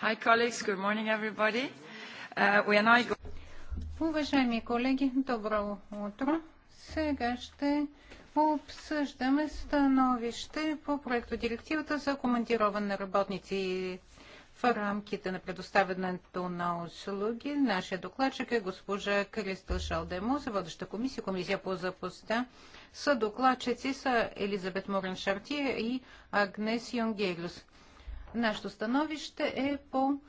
Hi, colleagues. Good morning, everybody. Uh, we are now... Уважаеми колеги, добро утро. Сега ще обсъждаме становище по проекто директивата за командироване на работници в рамките на предоставянето на услуги. Нашия докладчик е госпожа Кристо Шалдемо, заводеща водеща комисия, комисия по запуста. Са докладчици са Елизабет Морен Шартия и Агнес Йонгелюс. Нашето становище е по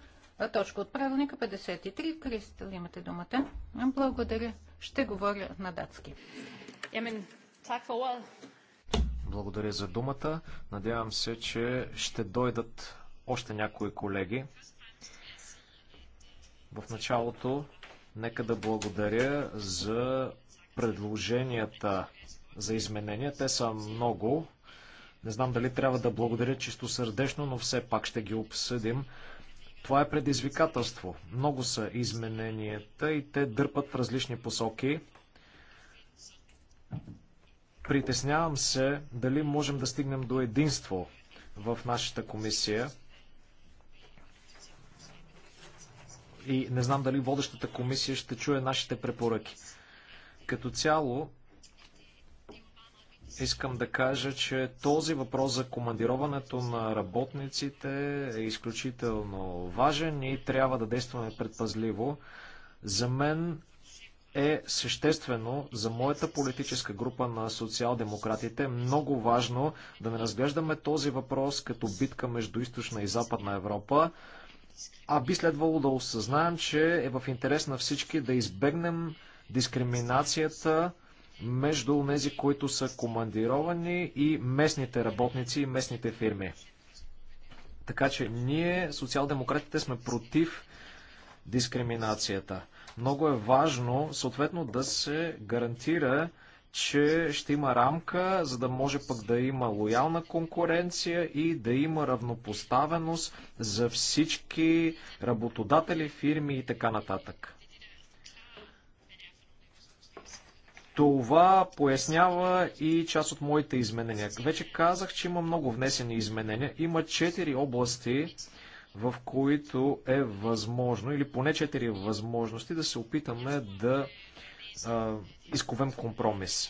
точка от правилника 53. Кристал, имате думата. Благодаря. Ще говоря на датски. Благодаря за думата. Надявам се, че ще дойдат още някои колеги. В началото нека да благодаря за предложенията за изменения. Те са много. Не знам дали трябва да благодаря чисто сърдечно, но все пак ще ги обсъдим. Това е предизвикателство. Много са измененията и те дърпат в различни посоки. Притеснявам се дали можем да стигнем до единство в нашата комисия. И не знам дали водещата комисия ще чуе нашите препоръки. Като цяло, искам да кажа, че този въпрос за командироването на работниците е изключително важен и трябва да действаме предпазливо. За мен е съществено за моята политическа група на социал-демократите много важно да не разглеждаме този въпрос като битка между източна и западна Европа, а би следвало да осъзнаем, че е в интерес на всички да избегнем дискриминацията, между тези, които са командировани и местните работници и местните фирми. Така че ние, социал-демократите, сме против дискриминацията. Много е важно, съответно, да се гарантира, че ще има рамка, за да може пък да има лоялна конкуренция и да има равнопоставеност за всички работодатели, фирми и така нататък. Това пояснява и част от моите изменения. Вече казах, че има много внесени изменения. Има четири области, в които е възможно, или поне четири възможности, да се опитаме да а, изковем компромис.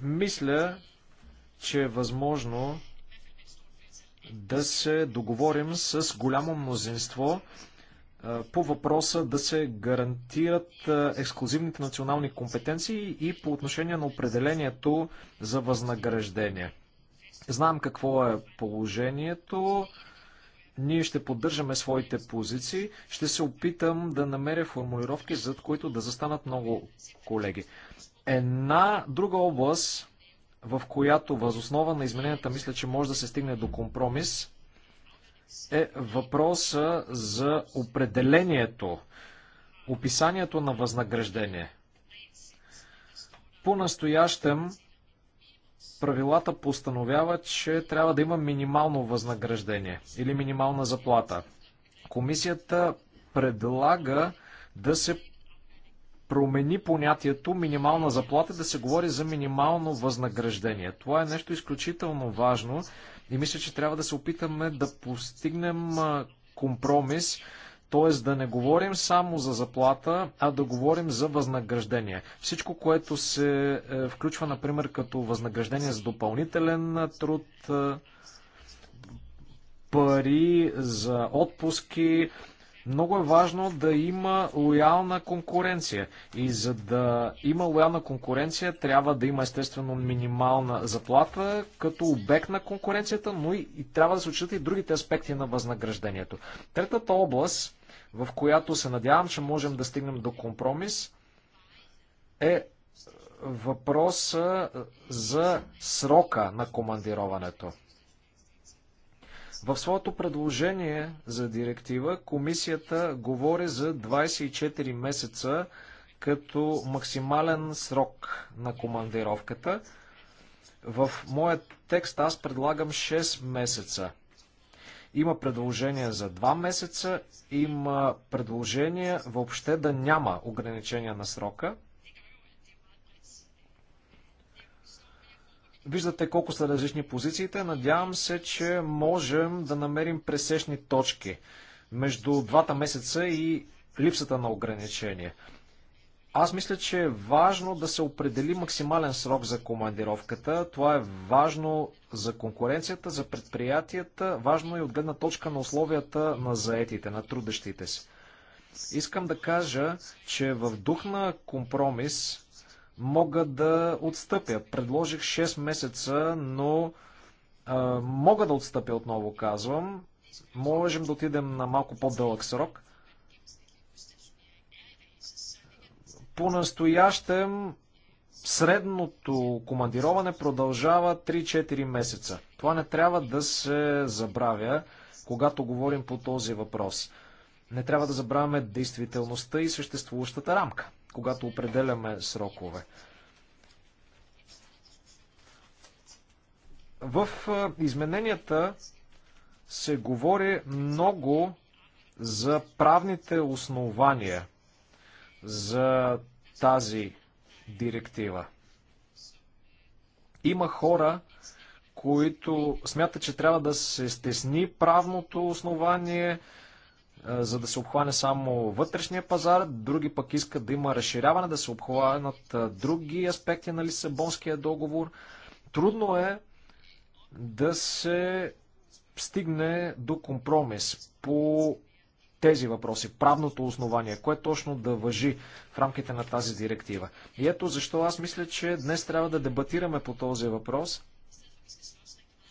Мисля, че е възможно да се договорим с голямо мнозинство по въпроса да се гарантират ексклюзивните национални компетенции и по отношение на определението за възнаграждение. Знам какво е положението. Ние ще поддържаме своите позиции. Ще се опитам да намеря формулировки, зад които да застанат много колеги. Една друга област, в която възоснова на измененията мисля, че може да се стигне до компромис, е въпроса за определението, описанието на възнаграждение. По-настоящем правилата постановяват, че трябва да има минимално възнаграждение или минимална заплата. Комисията предлага да се промени понятието минимална заплата, да се говори за минимално възнаграждение. Това е нещо изключително важно, и мисля, че трябва да се опитаме да постигнем компромис, т.е. да не говорим само за заплата, а да говорим за възнаграждение. Всичко, което се е, включва, например, като възнаграждение за допълнителен труд, пари за отпуски, много е важно да има лоялна конкуренция. И за да има лоялна конкуренция, трябва да има естествено минимална заплата като обект на конкуренцията, но и, и трябва да се учат и другите аспекти на възнаграждението. Третата област, в която се надявам, че можем да стигнем до компромис, е въпроса за срока на командироването. В своето предложение за директива комисията говори за 24 месеца като максимален срок на командировката. В моят текст аз предлагам 6 месеца. Има предложение за 2 месеца, има предложение въобще да няма ограничения на срока – Виждате колко са различни позициите. Надявам се, че можем да намерим пресечни точки между двата месеца и липсата на ограничения. Аз мисля, че е важно да се определи максимален срок за командировката. Това е важно за конкуренцията, за предприятията, важно и от гледна точка на условията на заетите, на трудещите си. Искам да кажа, че в дух на компромис мога да отстъпя. Предложих 6 месеца, но а, мога да отстъпя отново, казвам. Можем да отидем на малко по-дълъг срок. По-настоящем средното командироване продължава 3-4 месеца. Това не трябва да се забравя, когато говорим по този въпрос. Не трябва да забравяме действителността и съществуващата рамка когато определяме срокове. В измененията се говори много за правните основания за тази директива. Има хора, които смятат, че трябва да се стесни правното основание, за да се обхване само вътрешния пазар, други пък искат да има разширяване, да се обхванат други аспекти на Лисабонския договор. Трудно е да се стигне до компромис по тези въпроси, правното основание, кое точно да въжи в рамките на тази директива. И ето защо аз мисля, че днес трябва да дебатираме по този въпрос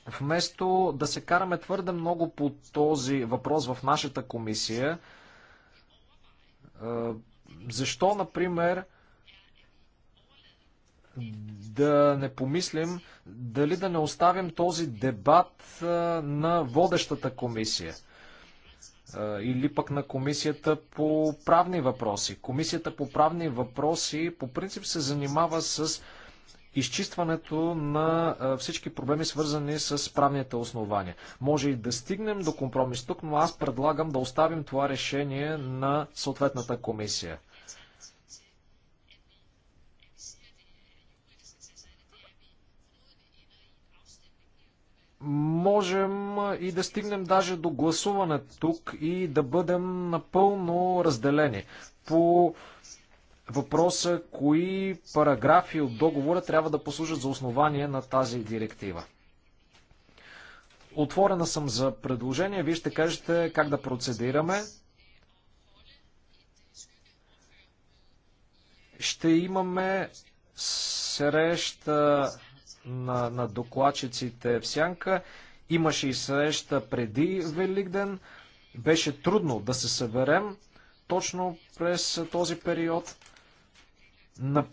Вместо да се караме твърде много по този въпрос в нашата комисия, е, защо, например, да не помислим дали да не оставим този дебат е, на водещата комисия е, или пък на комисията по правни въпроси. Комисията по правни въпроси по принцип се занимава с изчистването на всички проблеми, свързани с правните основания. Може и да стигнем до компромис тук, но аз предлагам да оставим това решение на съответната комисия. можем и да стигнем даже до гласуване тук и да бъдем напълно разделени. По въпроса кои параграфи от договора трябва да послужат за основание на тази директива. Отворена съм за предложение. Вие ще кажете как да процедираме. Ще имаме среща на, на докладчиците в Сянка. Имаше и среща преди Великден. Беше трудно да се съберем точно през този период. На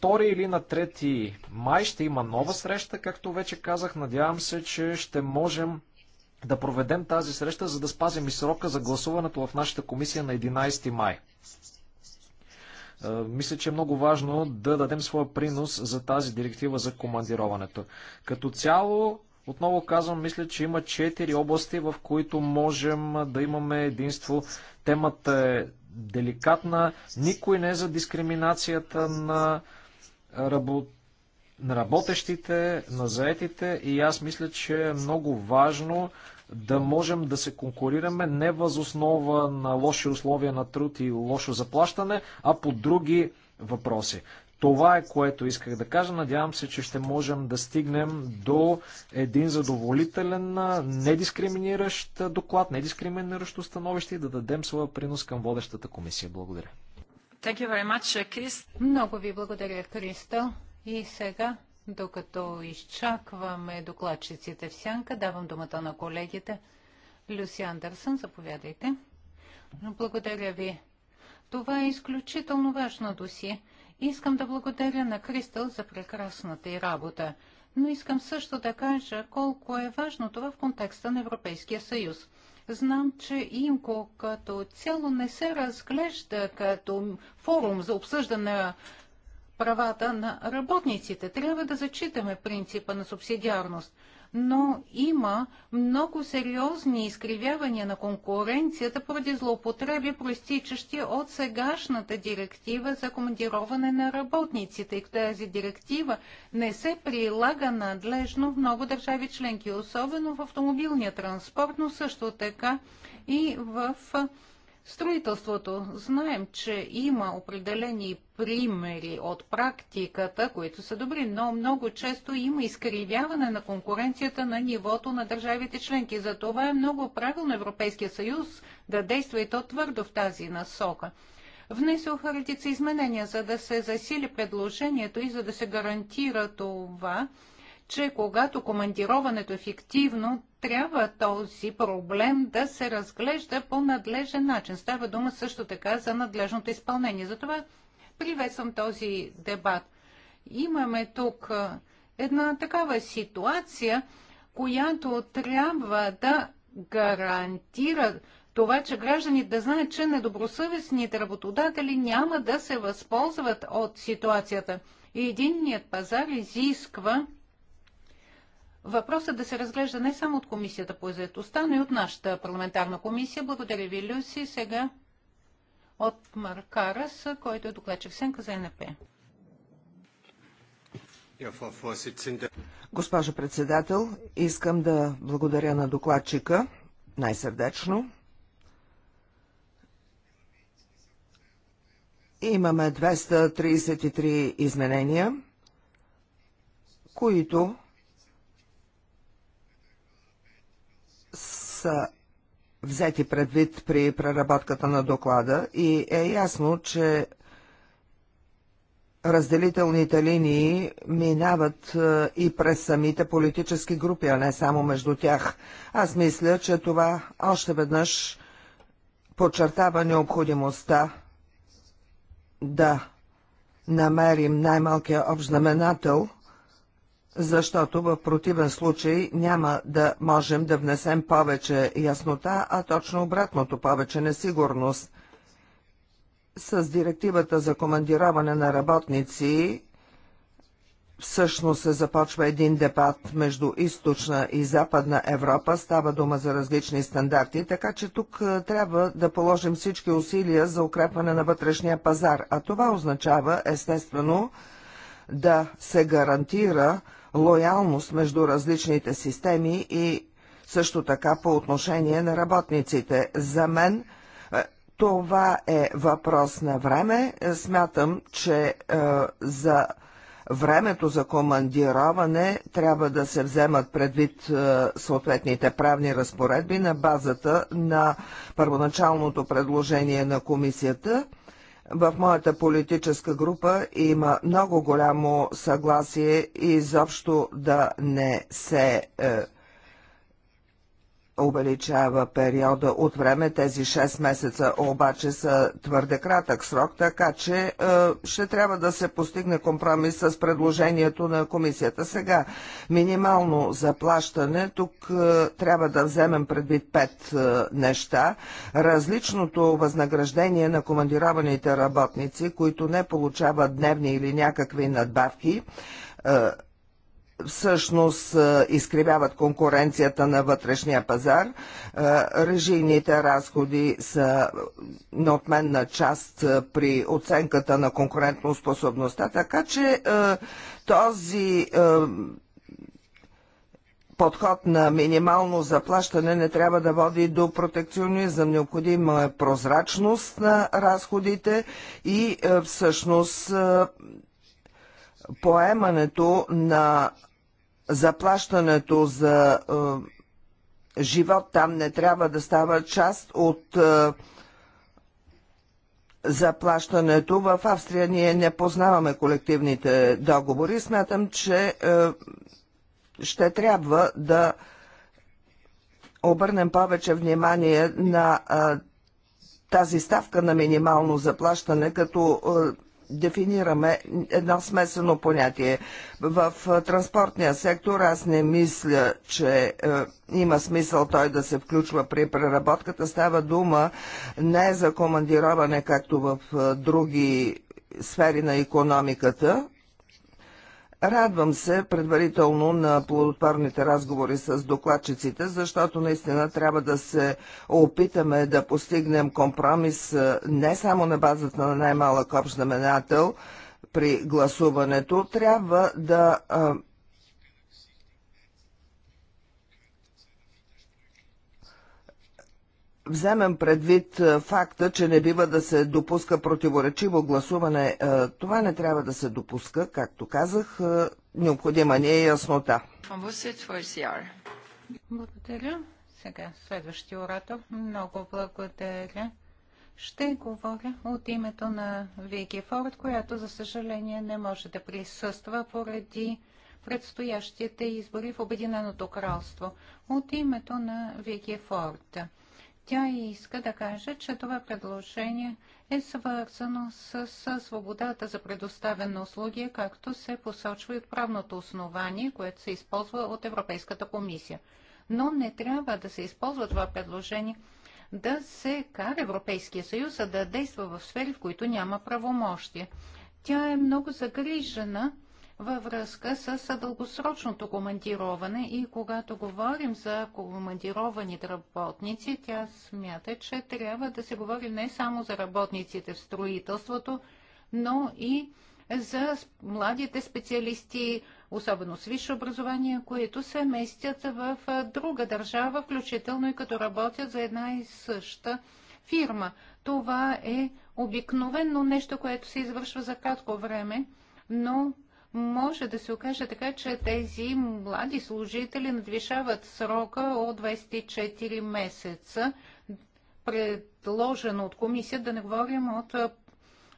2 или на 3 май ще има нова среща, както вече казах. Надявам се, че ще можем да проведем тази среща, за да спазим и срока за гласуването в нашата комисия на 11 май. Е, мисля, че е много важно да дадем своя принос за тази директива за командироването. Като цяло, отново казвам, мисля, че има 4 области, в които можем да имаме единство. Темата е деликатна. Никой не е за дискриминацията на, работ... на работещите, на заетите и аз мисля, че е много важно да можем да се конкурираме не възоснова на лоши условия на труд и лошо заплащане, а по други въпроси. Това е което исках да кажа. Надявам се, че ще можем да стигнем до един задоволителен, недискриминиращ доклад, недискриминиращо становище и да дадем своя принос към водещата комисия. Благодаря. Much, Много ви благодаря, Кристо. И сега, докато изчакваме докладчиците в сянка, давам думата на колегите. Люси Андерсън, заповядайте. Благодаря ви. Това е изключително важно досие. Искам да благодаря на Кристал за прекрасната й работа, но искам също да кажа колко е важно това в контекста на Европейския съюз. Знам, че ИМКО като цяло не се разглежда като форум за обсъждане на правата на работниците. Трябва да зачитаме принципа на субсидиарност но има много сериозни изкривявания на конкуренцията поради злоупотреби, проистичащи от сегашната директива за командироване на работниците. И тази директива не се прилага надлежно в много държави членки, особено в автомобилния транспорт, но също така и в строителството. Знаем, че има определени примери от практиката, които са добри, но много често има изкривяване на конкуренцията на нивото на държавите членки. Затова е много правилно Европейския съюз да действа и то твърдо в тази насока. Внесоха редица изменения, за да се засили предложението и за да се гарантира това, че когато командироването е фиктивно, трябва този проблем да се разглежда по надлежен начин. Става дума също така за надлежното изпълнение. Затова приветствам този дебат. Имаме тук една такава ситуация, която трябва да гарантира това, че гражданите да знаят, че недобросъвестните работодатели няма да се възползват от ситуацията. единният пазар изисква въпросът е да се разглежда не само от комисията по заедостта, но и от нашата парламентарна комисия. Благодаря ви, Люси. Сега от Маркарас, който е докладчик Сенка за НП. Госпожо председател, искам да благодаря на докладчика най-сърдечно. Имаме 233 изменения, които са взети предвид при преработката на доклада и е ясно, че разделителните линии минават е, и през самите политически групи, а не само между тях. Аз мисля, че това още веднъж подчертава необходимостта да намерим най-малкия общ знаменател защото в противен случай няма да можем да внесем повече яснота, а точно обратното повече несигурност. С директивата за командироване на работници всъщност се започва един дебат между източна и западна Европа. Става дума за различни стандарти, така че тук е, трябва да положим всички усилия за укрепване на вътрешния пазар. А това означава, естествено, да се гарантира лоялност между различните системи и също така по отношение на работниците. За мен е, това е въпрос на време. Е, смятам, че е, за времето за командироване трябва да се вземат предвид съответните правни разпоредби на базата на първоначалното предложение на комисията – в моята политическа група има много голямо съгласие и изобщо да не се е, увеличава периода от време. Тези 6 месеца обаче са твърде кратък срок, така че е, ще трябва да се постигне компромис с предложението на комисията. Сега минимално заплащане, тук е, трябва да вземем предвид 5 е, неща. Различното възнаграждение на командированите работници, които не получават дневни или някакви надбавки, е, всъщност е, изкривяват конкуренцията на вътрешния пазар. Е, режийните разходи са е, неотменна част при оценката на способността, така че този подход на минимално заплащане не трябва да води до протекционизъм. Необходима е прозрачност на разходите и всъщност поемането на заплащането за е, живот там не трябва да става част от е, заплащането. В Австрия ние не познаваме колективните договори. Смятам, че е, ще трябва да обърнем повече внимание на е, тази ставка на минимално заплащане като е, дефинираме едно смесено понятие. В транспортния сектор аз не мисля, че е, има смисъл той да се включва при преработката. Става дума не за командироване, както в други сфери на економиката, Радвам се предварително на плодотворните разговори с докладчиците, защото наистина трябва да се опитаме да постигнем компромис не само на базата на най-малък общ знаменател при гласуването. Трябва да вземем предвид е, факта, че не бива да се допуска противоречиво гласуване, е, това не трябва да се допуска, както казах, е, необходима ни е яснота. Благодаря. Сега следващия оратор. Много благодаря. Ще говоря от името на Вики Форд, която за съжаление не може да присъства поради предстоящите избори в Обединеното кралство. От името на Вики Форд. Тя иска да каже, че това предложение е свързано с, с свободата за предоставяне услуги, както се посочва и от правното основание, което се използва от Европейската комисия. Но не трябва да се използва това предложение да се кара Европейския съюз да действа в сфери, в които няма правомощие. Тя е много загрижена във връзка с дългосрочното командироване и когато говорим за командированите работници, тя смята, че трябва да се говори не само за работниците в строителството, но и за младите специалисти, особено с висше образование, които се местят в друга държава, включително и като работят за една и съща фирма. Това е обикновено нещо, което се извършва за кратко време, но може да се окаже така, че тези млади служители надвишават срока от 24 месеца, предложено от комисия, да не говорим от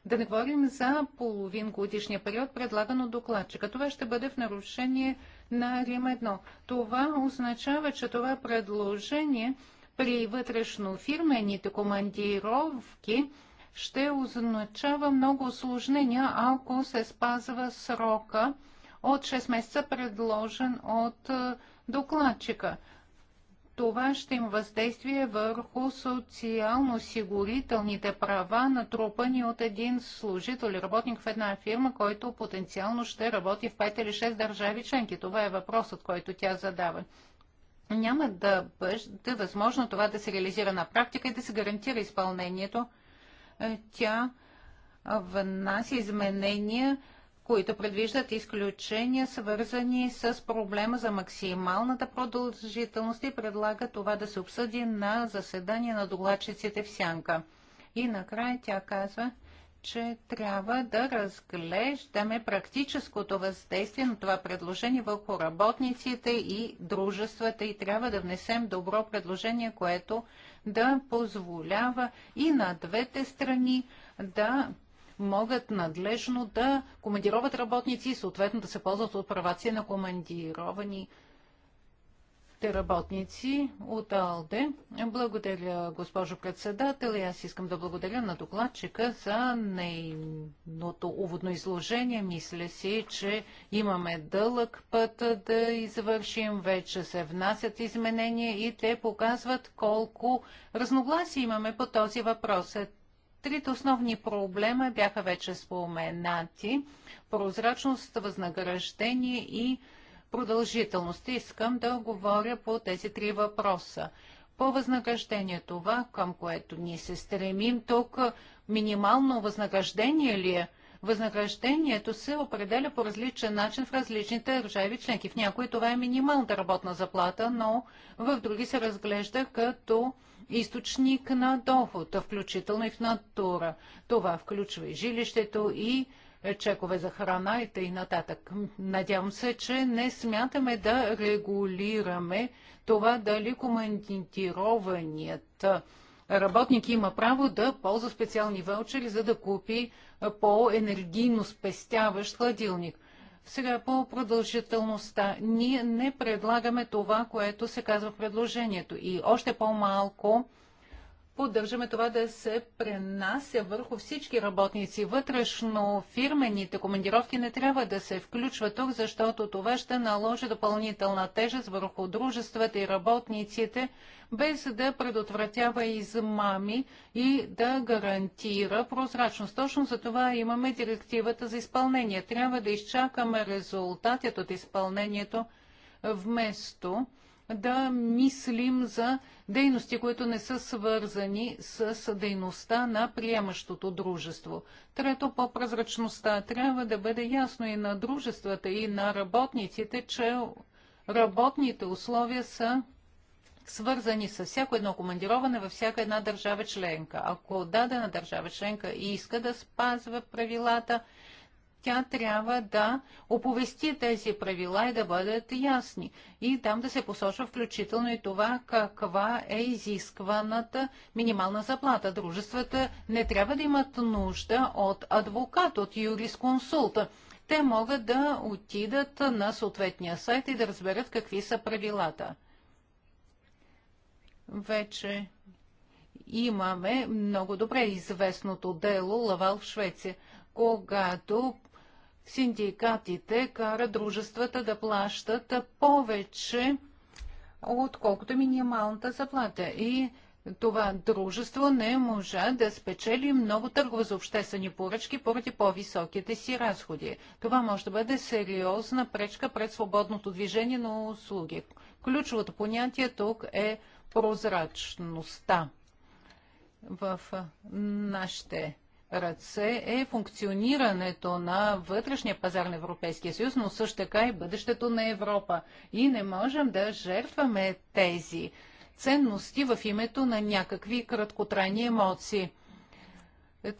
да не говорим за половин годишния период, предлаган от докладчика. Това ще бъде в нарушение на Рим 1. Това означава, че това предложение при вътрешно фирмените командировки ще означава много осложнения, ако се спазва срока от 6 месеца, предложен от е, докладчика. Това ще им въздействие върху социално-осигурителните права, натрупани от един служител или работник в една фирма, който потенциално ще работи в 5 или 6 държави членки. Това е въпросът, който тя задава. Няма да бъде възможно това да се реализира на практика и да се гарантира изпълнението тя внася изменения, които предвиждат изключения, свързани с проблема за максималната продължителност и предлага това да се обсъди на заседание на докладчиците в Сянка. И накрая тя казва, че трябва да разглеждаме практическото въздействие на това предложение върху работниците и дружествата и трябва да внесем добро предложение, което да позволява и на двете страни да могат надлежно да командироват работници и съответно да се ползват от правата си на командировани работници българските работници от АЛДЕ. Благодаря, госпожо председател. И аз искам да благодаря на докладчика за нейното уводно изложение. Мисля си, че имаме дълъг път да извършим. Вече се внасят изменения и те показват колко разногласия имаме по този въпрос. Трите основни проблема бяха вече споменати. Прозрачност, възнаграждение и продължителност. Искам да говоря по тези три въпроса. По възнаграждение това, към което ние се стремим тук, минимално възнаграждение ли е? Възнаграждението се определя по различен начин в различните държави членки. В някои това е минималната работна заплата, но в други се разглежда като източник на доход, включително и в натура. Това включва и жилището, и е, чекове за храна и т.н. Надявам се, че не смятаме да регулираме това дали командировният работник има право да ползва специални вълчери, за да купи по-енергийно спестяващ хладилник. Сега по продължителността. Ние не предлагаме това, което се казва в предложението. И още по-малко поддържаме това да се пренася върху всички работници. Вътрешно фирмените командировки не трябва да се включват тук, защото това ще наложи допълнителна тежест върху дружествата и работниците, без да предотвратява измами и да гарантира прозрачност. Точно за това имаме директивата за изпълнение. Трябва да изчакаме резултатът от изпълнението вместо да мислим за дейности, които не са свързани с дейността на приемащото дружество. Трето, по прозрачността трябва да бъде ясно и на дружествата, и на работниците, че работните условия са свързани с всяко едно командироване във всяка една държава членка. Ако дадена държава членка иска да спазва правилата, тя трябва да оповести тези правила и да бъдат ясни. И там да се посочва включително и това каква е изискваната минимална заплата. Дружествата не трябва да имат нужда от адвокат, от юрисконсулта. Те могат да отидат на съответния сайт и да разберат какви са правилата. Вече имаме много добре известното дело Лавал в Швеция, когато синдикатите карат дружествата да плащат повече, отколкото е минималната заплата. И това дружество не може да спечели много търгове за обществени поръчки поради по-високите си разходи. Това може да бъде сериозна пречка пред свободното движение на услуги. Ключовото понятие тук е прозрачността. В нашите ръце е функционирането на вътрешния пазар на Европейския съюз, но също така и бъдещето на Европа. И не можем да жертваме тези ценности в името на някакви краткотрайни емоции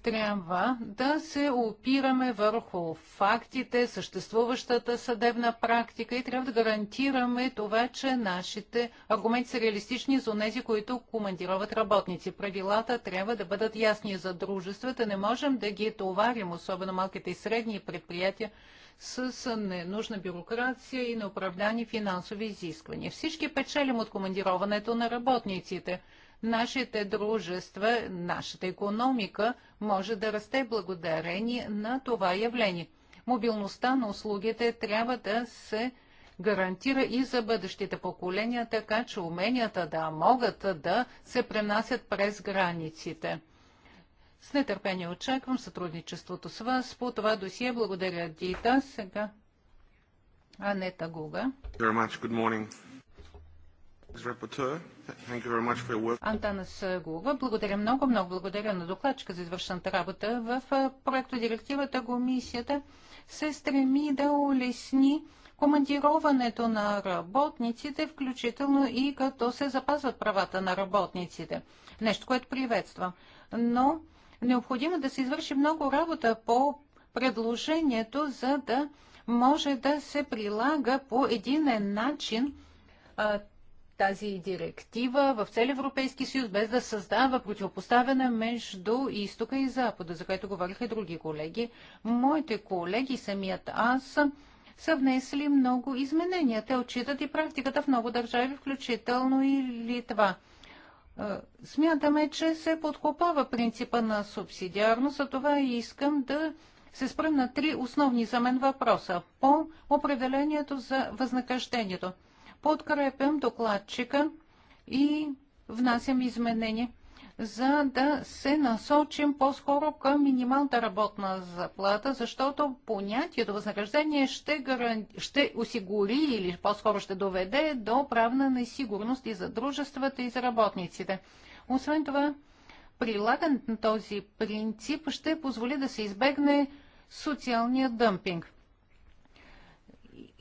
трябва да се опираме върху фактите, съществуващата съдебна практика и трябва да гарантираме това, че нашите аргументи са реалистични за тези, които командироват работници. Правилата трябва да бъдат ясни за дружествата. Не можем да ги товарим, особено малките и средни предприятия, с ненужна бюрокрация и неуправляни финансови изисквания. Всички печелим от командироването на работниците – нашите дружества, нашата економика може да расте благодарение на това явление. Мобилността на услугите трябва да се гарантира и за бъдещите поколения, така че уменията да могат да се пренасят през границите. С нетърпение очаквам сътрудничеството с вас по това досие. Благодаря, Дита. Сега Анета Гуга. Антанас Голова, благодаря много, много благодаря на докладчика за извършената работа. В проекта директивата комисията се стреми да улесни командироването на работниците, включително и като се запазват правата на работниците. Нещо, което приветствам. Но необходимо да се извърши много работа по предложението, за да може да се прилага по един начин тази директива в цели Европейски съюз, без да създава противопоставяне между изтока и запада, за което говориха и други колеги. Моите колеги, самият аз, са внесли много изменения. Те отчитат и практиката в много държави, включително и Литва. Е, смятаме, че се подкопава принципа на субсидиарност, а това искам да се спрем на три основни за мен въпроса по определението за възнаграждението. Подкрепям докладчика и внасям изменения, за да се насочим по-скоро към минималната работна заплата, защото понятието възнаграждение ще, гаран... ще осигури или по-скоро ще доведе до правна несигурност и за дружествата и за работниците. Освен това, прилагането на този принцип ще позволи да се избегне социалния дъмпинг.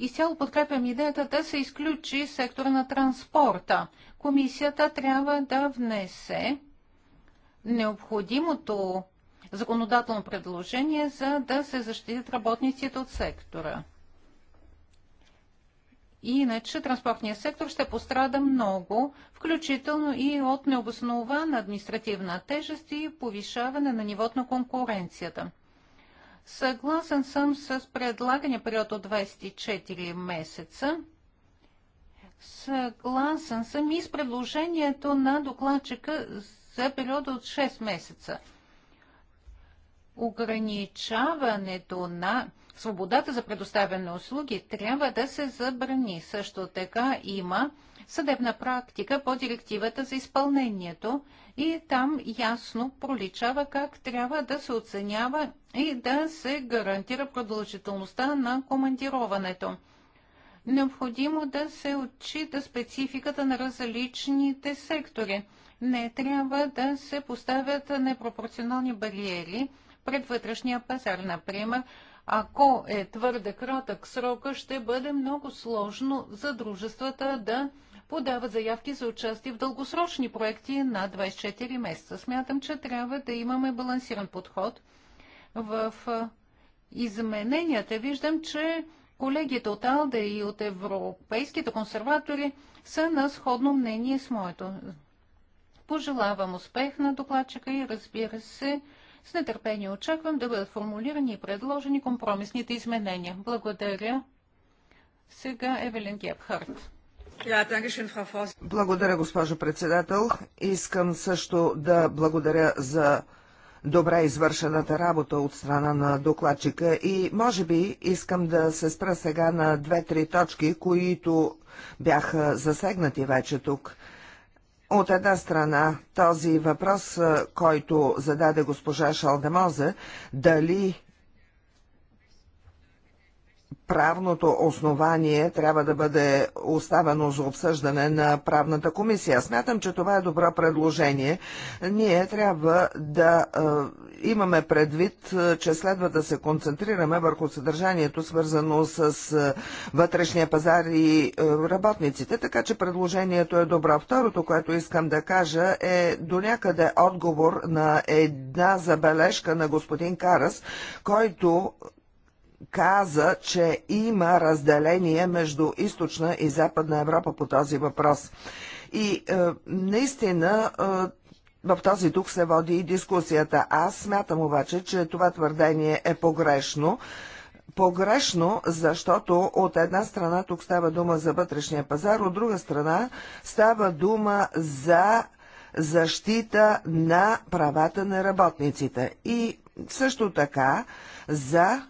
Изцяло подкрепям идеята да се изключи сектора на транспорта. Комисията трябва да внесе необходимото законодателно предложение, за да се защитят работниците от сектора. Иначе транспортният сектор ще пострада много, включително и от необоснована административна тежест и повишаване на нивото на конкуренцията. Съгласен съм с предлагания период от 24 месеца. Съгласен съм и с предложението на докладчика за период от 6 месеца. Ограничаването на свободата за предоставяне услуги трябва да се забрани. Също така има съдебна практика по директивата за изпълнението и там ясно проличава как трябва да се оценява и да се гарантира продължителността на командироването. Необходимо да се отчита спецификата на различните сектори. Не трябва да се поставят непропорционални бариери пред вътрешния пазар. Например, ако е твърде кратък срока, ще бъде много сложно за дружествата да подават заявки за участие в дългосрочни проекти на 24 месеца. Смятам, че трябва да имаме балансиран подход. В измененията виждам, че колегите от АЛДА и от европейските консерватори са на сходно мнение с моето. Пожелавам успех на докладчика и разбира се, с нетърпение очаквам да бъдат формулирани и предложени компромисните изменения. Благодаря. Сега Евелин Гепхарт. Благодаря, госпожо председател. Искам също да благодаря за добре извършената работа от страна на докладчика и може би искам да се спра сега на две-три точки, които бяха засегнати вече тук. От една страна този въпрос, който зададе госпожа Шалдемозе, дали правното основание трябва да бъде оставено за обсъждане на правната комисия. Смятам, че това е добро предложение. Ние трябва да е, имаме предвид, че следва да се концентрираме върху съдържанието, свързано с е, вътрешния пазар и е, работниците, така че предложението е добро. Второто, което искам да кажа е до някъде отговор на една забележка на господин Карас, който каза, че има разделение между източна и западна Европа по този въпрос. И е, наистина е, в този дух се води и дискусията. Аз смятам обаче, че това твърдение е погрешно. Погрешно, защото от една страна тук става дума за вътрешния пазар, от друга страна става дума за защита на правата на работниците. И също така за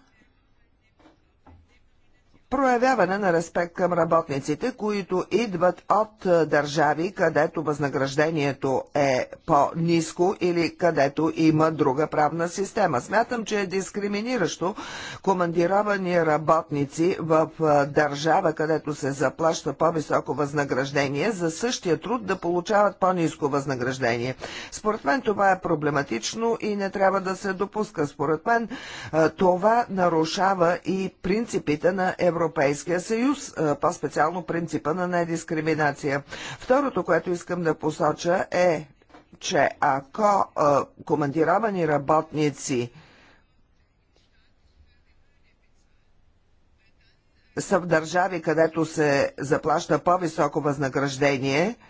проявяване на респект към работниците, които идват от е, държави, където възнаграждението е по-низко или където има друга правна система. Смятам, че е дискриминиращо командировани работници в е, държава, където се заплаща по-високо възнаграждение, за същия труд да получават по-низко възнаграждение. Според мен това е проблематично и не трябва да се допуска. Според мен е, това нарушава и принципите на Европейския Европейския съюз, по-специално принципа на недискриминация. Второто, което искам да посоча е, че ако командировани работници са в държави, където се заплаща по-високо възнаграждение –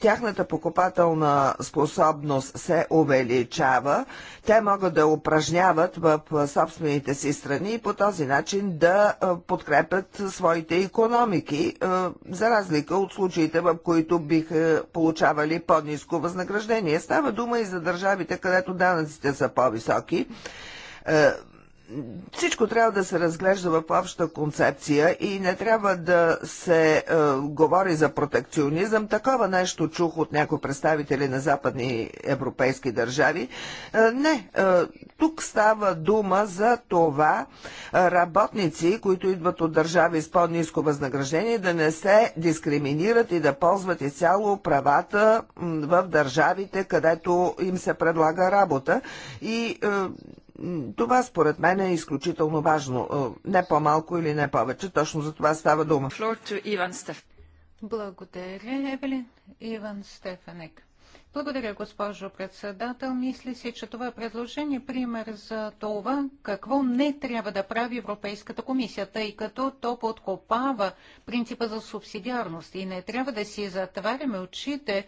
тяхната покупателна способност се увеличава, те могат да упражняват в собствените си страни и по този начин да подкрепят своите економики, за разлика от случаите, в които биха получавали по-низко възнаграждение. Става дума и за държавите, където данъците са по-високи всичко трябва да се разглежда в обща концепция и не трябва да се е, говори за протекционизъм. Такова нещо чух от някои представители на западни европейски държави. Е, не, е, тук става дума за това е, работници, които идват от държави с по-низко възнаграждение, да не се дискриминират и да ползват изцяло правата в държавите, където им се предлага работа. И е, това според мен е изключително важно. Е, не по-малко или не повече. Точно за това става дума. Благодаря, Евелин. Иван Стефанек. Благодаря, госпожо председател. мисли си, че това предложение е пример за това, какво не трябва да прави Европейската комисия, тъй като то подкопава принципа за субсидиарност и не трябва да си затваряме очите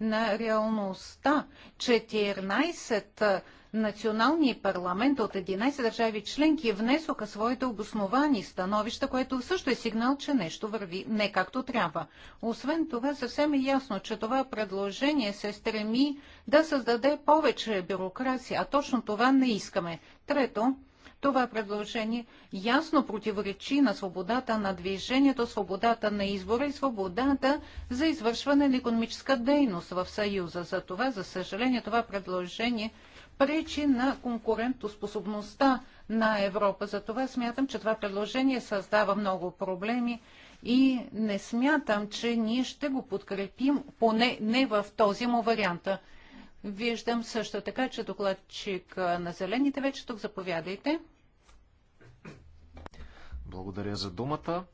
на реалността. 14 национални парламент от 11 държави членки внесоха своите обосновани становища, което също е сигнал, че нещо върви не както трябва. Освен това, съвсем е ясно, че това предложение се стреми да създаде повече бюрокрация, а точно това не искаме. Трето, това предложение ясно противоречи на свободата на движението, свободата на избора и свободата за извършване на економическа дейност в Съюза. За това, за съжаление, това предложение – пречи на конкурентоспособността на Европа. Затова смятам, че това предложение създава много проблеми и не смятам, че ние ще го подкрепим, поне не в този му вариант. Виждам също така, че докладчик на Зелените вече тук заповядайте. Благодаря за думата.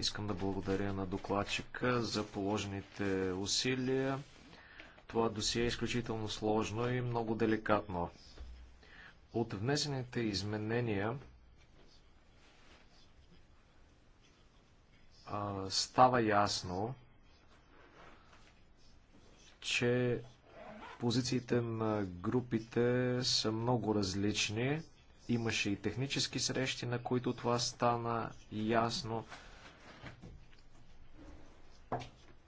Искам да благодаря на докладчика за положените усилия. Това досие е изключително сложно и много деликатно. От внесените изменения а, става ясно, че позициите на групите са много различни. Имаше и технически срещи, на които това стана ясно.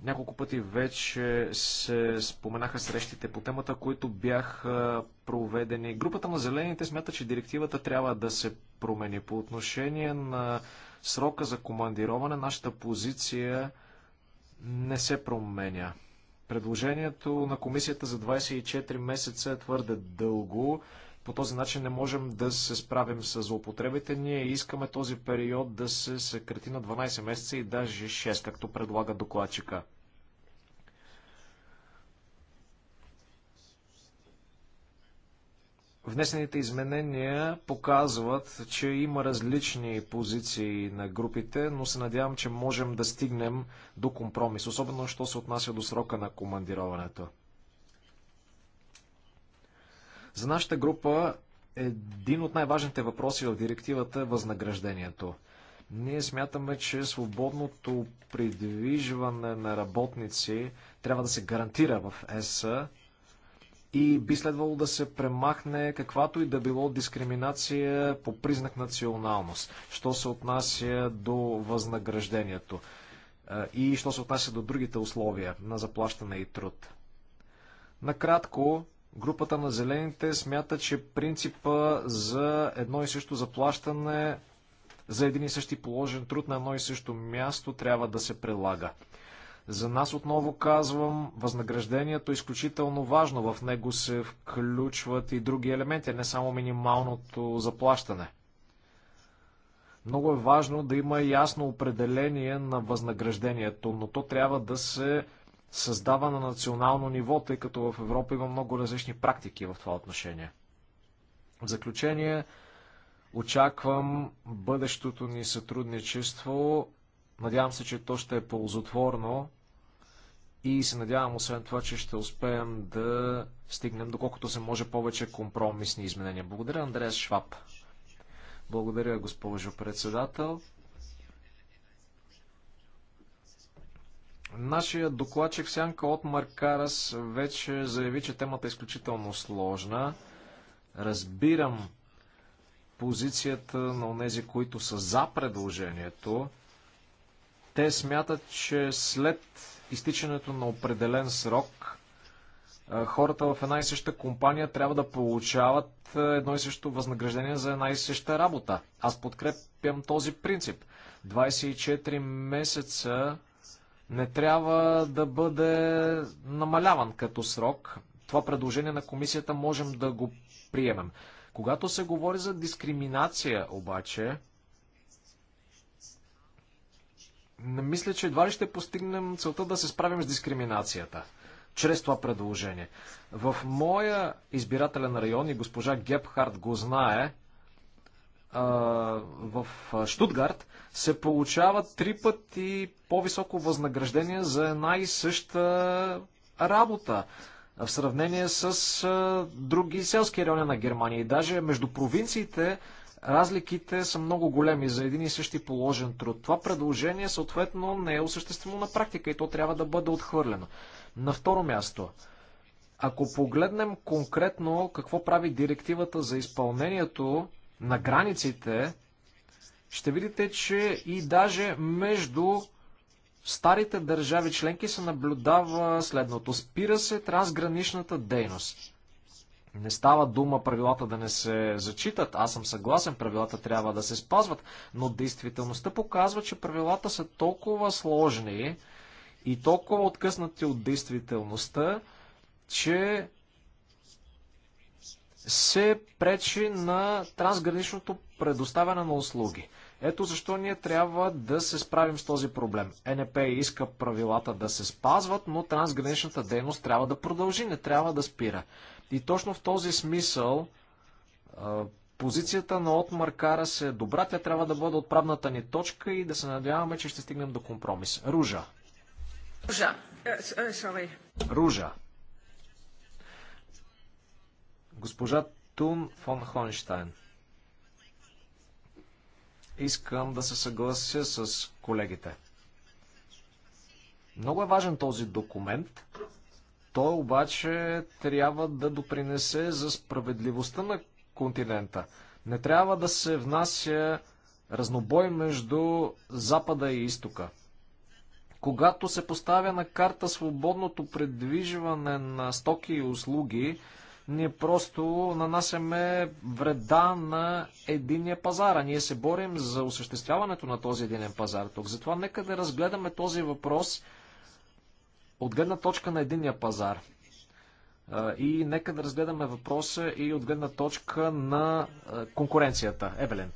Няколко пъти вече се споменаха срещите по темата, които бяха проведени. Групата на зелените смята, че директивата трябва да се промени. По отношение на срока за командироване, нашата позиция не се променя. Предложението на комисията за 24 месеца е твърде дълго. По този начин не можем да се справим с злоупотребите. Ние искаме този период да се съкрати на 12 месеца и даже 6, както предлага докладчика. Внесените изменения показват, че има различни позиции на групите, но се надявам, че можем да стигнем до компромис, особено що се отнася до срока на командироването. За нашата група един от най-важните въпроси е в директивата е възнаграждението. Ние смятаме, че свободното придвижване на работници трябва да се гарантира в ЕС и би следвало да се премахне каквато и да било дискриминация по признак националност, що се отнася до възнаграждението и що се отнася до другите условия на заплащане и труд. Накратко, Групата на зелените смята, че принципа за едно и също заплащане за един и същи положен труд на едно и също място трябва да се прилага. За нас отново казвам, възнаграждението е изключително важно. В него се включват и други елементи, не само минималното заплащане. Много е важно да има ясно определение на възнаграждението, но то трябва да се създава на национално ниво, тъй като в Европа има много различни практики в това отношение. В заключение, очаквам бъдещото ни сътрудничество. Надявам се, че то ще е ползотворно и се надявам, освен това, че ще успеем да стигнем доколкото се може повече компромисни изменения. Благодаря, Андреас Шваб. Благодаря, госпожо председател. Нашия докладчик Сянка от Маркарас вече заяви, че темата е изключително сложна. Разбирам позицията на тези, които са за предложението. Те смятат, че след изтичането на определен срок, хората в една и съща компания трябва да получават едно и също възнаграждение за една и съща работа. Аз подкрепям този принцип. 24 месеца не трябва да бъде намаляван като срок. Това предложение на комисията можем да го приемем. Когато се говори за дискриминация обаче, не мисля, че едва ли ще постигнем целта да се справим с дискриминацията чрез това предложение. В моя избирателен район и госпожа Гепхард го знае, в Штутгарт се получават три пъти по-високо възнаграждение за една и съща работа в сравнение с други селски райони на Германия. И даже между провинциите разликите са много големи за един и същи положен труд. Това предложение съответно не е осъществимо на практика и то трябва да бъде отхвърлено. На второ място, ако погледнем конкретно какво прави директивата за изпълнението на границите, ще видите, че и даже между старите държави членки се наблюдава следното. Спира се трансграничната дейност. Не става дума правилата да не се зачитат, аз съм съгласен, правилата трябва да се спазват, но действителността показва, че правилата са толкова сложни и толкова откъснати от действителността, че се пречи на трансграничното предоставяне на услуги. Ето защо ние трябва да се справим с този проблем. НП иска правилата да се спазват, но трансграничната дейност трябва да продължи, не трябва да спира. И точно в този смисъл позицията на Отмар се е добра, тя трябва да бъде отправната ни точка и да се надяваме, че ще стигнем до компромис. Ружа. Ружа. Е, е, Ружа. Госпожа Тун фон Хонштайн. Искам да се съглася с колегите. Много е важен този документ. Той обаче трябва да допринесе за справедливостта на континента. Не трябва да се внася разнобой между Запада и Изтока. Когато се поставя на карта свободното предвижване на стоки и услуги, ние просто нанасяме вреда на единния пазар, а ние се борим за осъществяването на този единен пазар тук. Затова нека да разгледаме този въпрос от гледна точка на единния пазар. И нека да разгледаме въпроса и от гледна точка на конкуренцията. Евелин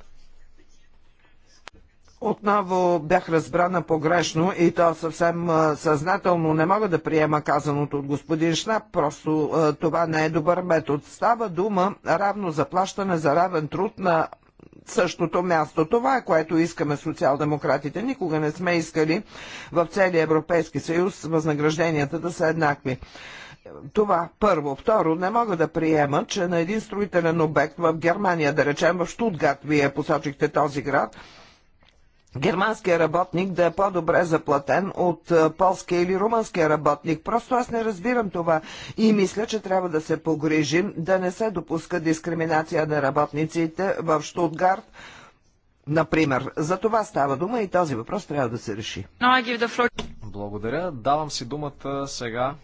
отново бях разбрана погрешно и то съвсем съзнателно не мога да приема казаното от господин Шнап, просто това не е добър метод. Става дума равно заплащане за равен труд на същото място. Това е което искаме социал-демократите. Никога не сме искали в целия Европейски съюз възнагражденията да са еднакви. Това първо. Второ, не мога да приема, че на един строителен обект в Германия, да речем в Штутгарт, вие посочихте този град, германския работник да е по-добре заплатен от е, полския или румънския работник. Просто аз не разбирам това и мисля, че трябва да се погрижим да не се допуска дискриминация на работниците в Штутгарт. Например, за това става дума и този въпрос трябва да се реши. Благодаря. Давам си думата сега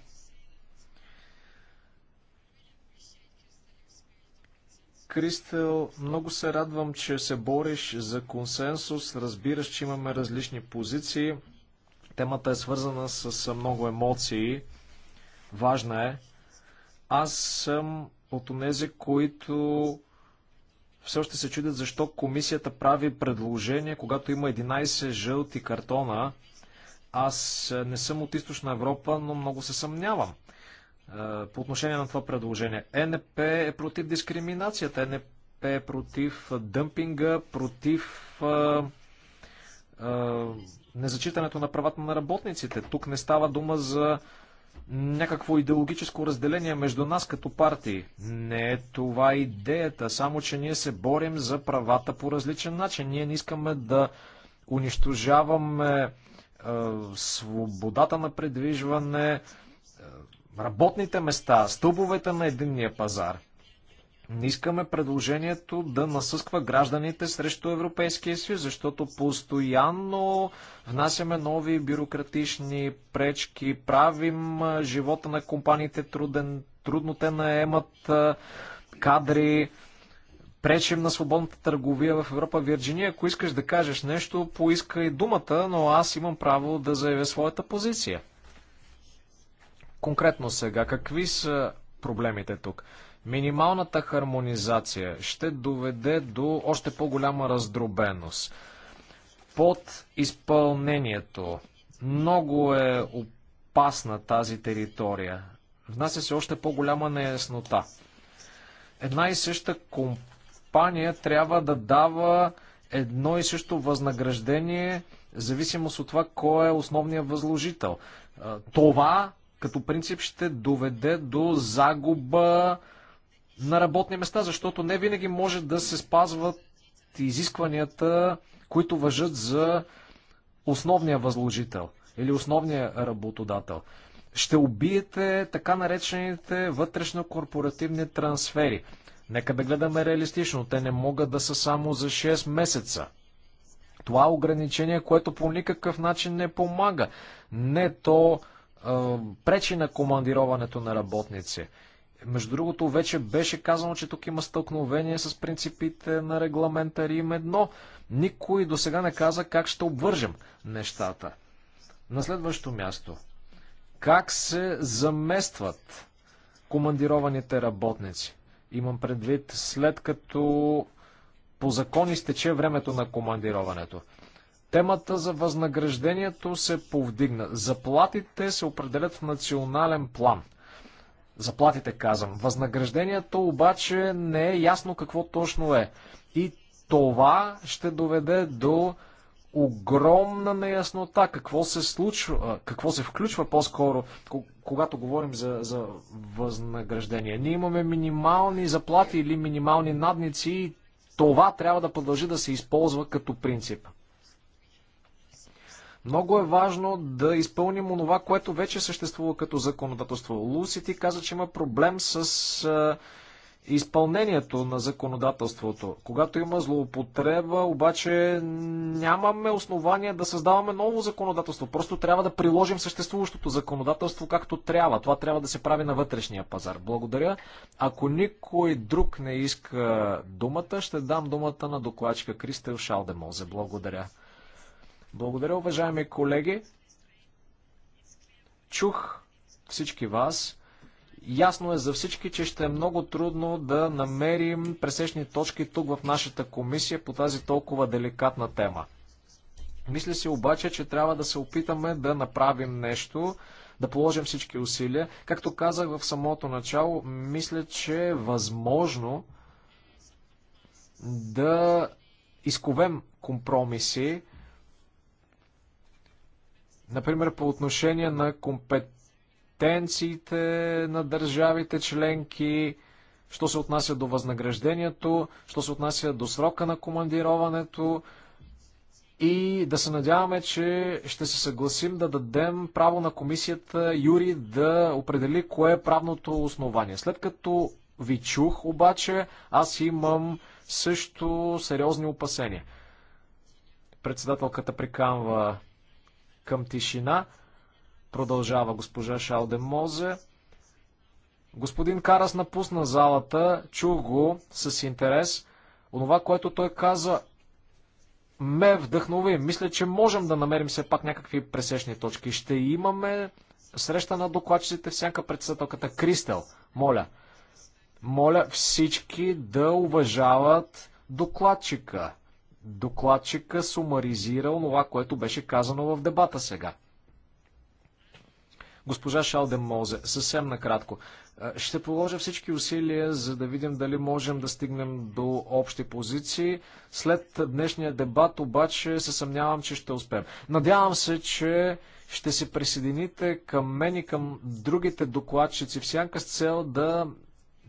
Кристел, много се радвам, че се бориш за консенсус. Разбираш, че имаме различни позиции. Темата е свързана с много емоции. Важна е. Аз съм от тези, които все още се чудят защо комисията прави предложение, когато има 11 жълти картона. Аз не съм от източна Европа, но много се съмнявам по отношение на това предложение. Е НП е против дискриминацията, е НП е против дъмпинга, против а, а, незачитането на правата на работниците. Тук не става дума за някакво идеологическо разделение между нас като партии. Не е това идеята, само че ние се борим за правата по различен начин. Ние не искаме да унищожаваме свободата на предвижване, работните места, стълбовете на единния пазар. Не искаме предложението да насъсква гражданите срещу Европейския съюз, защото постоянно внасяме нови бюрократични пречки, правим живота на компаниите труден, трудно те наемат кадри, пречим на свободната търговия в Европа. Вирджиния, ако искаш да кажеш нещо, поиска и думата, но аз имам право да заявя своята позиция. Конкретно сега, какви са проблемите тук? Минималната хармонизация ще доведе до още по-голяма раздробеност. Под изпълнението много е опасна тази територия. Внася се още по-голяма неяснота. Една и съща компания трябва да дава едно и също възнаграждение, зависимост от това кой е основният възложител. Това като принцип ще доведе до загуба на работни места, защото не винаги може да се спазват изискванията, които въжат за основния възложител или основния работодател. Ще убиете така наречените вътрешно-корпоративни трансфери. Нека да гледаме реалистично, те не могат да са само за 6 месеца. Това е ограничение, което по никакъв начин не помага. Не, то пречи на командироването на работници. Между другото, вече беше казано, че тук има стълкновение с принципите на регламента Рим 1. Никой до сега не каза как ще обвържем нещата. На следващо място. Как се заместват командированите работници? Имам предвид след като по закон изтече времето на командироването. Темата за възнаграждението се повдигна. Заплатите се определят в национален план. Заплатите, казвам. Възнаграждението обаче не е ясно какво точно е. И това ще доведе до огромна неяснота. Какво се случва, какво се включва по-скоро, когато говорим за, за възнаграждение. Ние имаме минимални заплати или минимални надници и това трябва да продължи да се използва като принцип. Много е важно да изпълним онова, което вече съществува като законодателство. Луси ти каза, че има проблем с изпълнението на законодателството. Когато има злоупотреба, обаче нямаме основания да създаваме ново законодателство. Просто трябва да приложим съществуващото законодателство както трябва. Това трябва да се прави на вътрешния пазар. Благодаря. Ако никой друг не иска думата, ще дам думата на докладчика Кристел Шалдемозе. Благодаря. Благодаря, уважаеми колеги. Чух всички вас. Ясно е за всички, че ще е много трудно да намерим пресечни точки тук в нашата комисия по тази толкова деликатна тема. Мисля си обаче, че трябва да се опитаме да направим нещо, да положим всички усилия. Както казах в самото начало, мисля, че е възможно да изковем компромиси, Например, по отношение на компетенциите на държавите членки, що се отнася до възнаграждението, що се отнася до срока на командироването, и да се надяваме, че ще се съгласим да дадем право на комисията Юри да определи кое е правното основание. След като ви чух, обаче, аз имам също сериозни опасения. Председателката приканва към тишина. Продължава госпожа Шалдемозе. Господин Карас напусна залата, чух го с интерес. Онова, което той каза, ме и Мисля, че можем да намерим все пак някакви пресечни точки. Ще имаме среща на докладчиците всяка председателката. Кристел, моля, моля всички да уважават докладчика. Докладчика сумаризира това, което беше казано в дебата сега. Госпожа Шалден Мозе, съвсем накратко. Е, ще положа всички усилия, за да видим дали можем да стигнем до общи позиции. След днешния дебат обаче се съмнявам, че ще успеем. Надявам се, че ще се присъедините към мен и към другите докладчици в сянка с цел да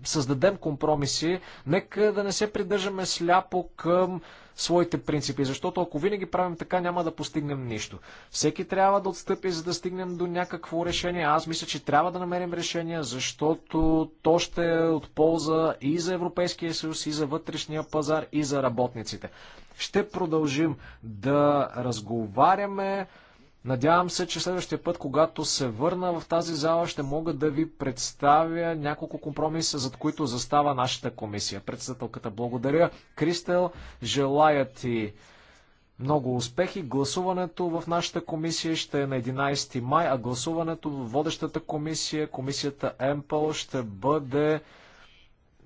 създадем компромиси. Нека да не се придържаме сляпо към своите принципи, защото ако винаги правим така, няма да постигнем нищо. Всеки трябва да отстъпи, за да стигнем до някакво решение. Аз мисля, че трябва да намерим решение, защото то ще е от полза и за Европейския съюз, и за вътрешния пазар, и за работниците. Ще продължим да разговаряме Надявам се, че следващия път, когато се върна в тази зала, ще мога да ви представя няколко компромиса, зад които застава нашата комисия. Председателката, благодаря. Кристел, желая ти много успехи. Гласуването в нашата комисия ще е на 11 май, а гласуването в водещата комисия, комисията МПЛ, ще бъде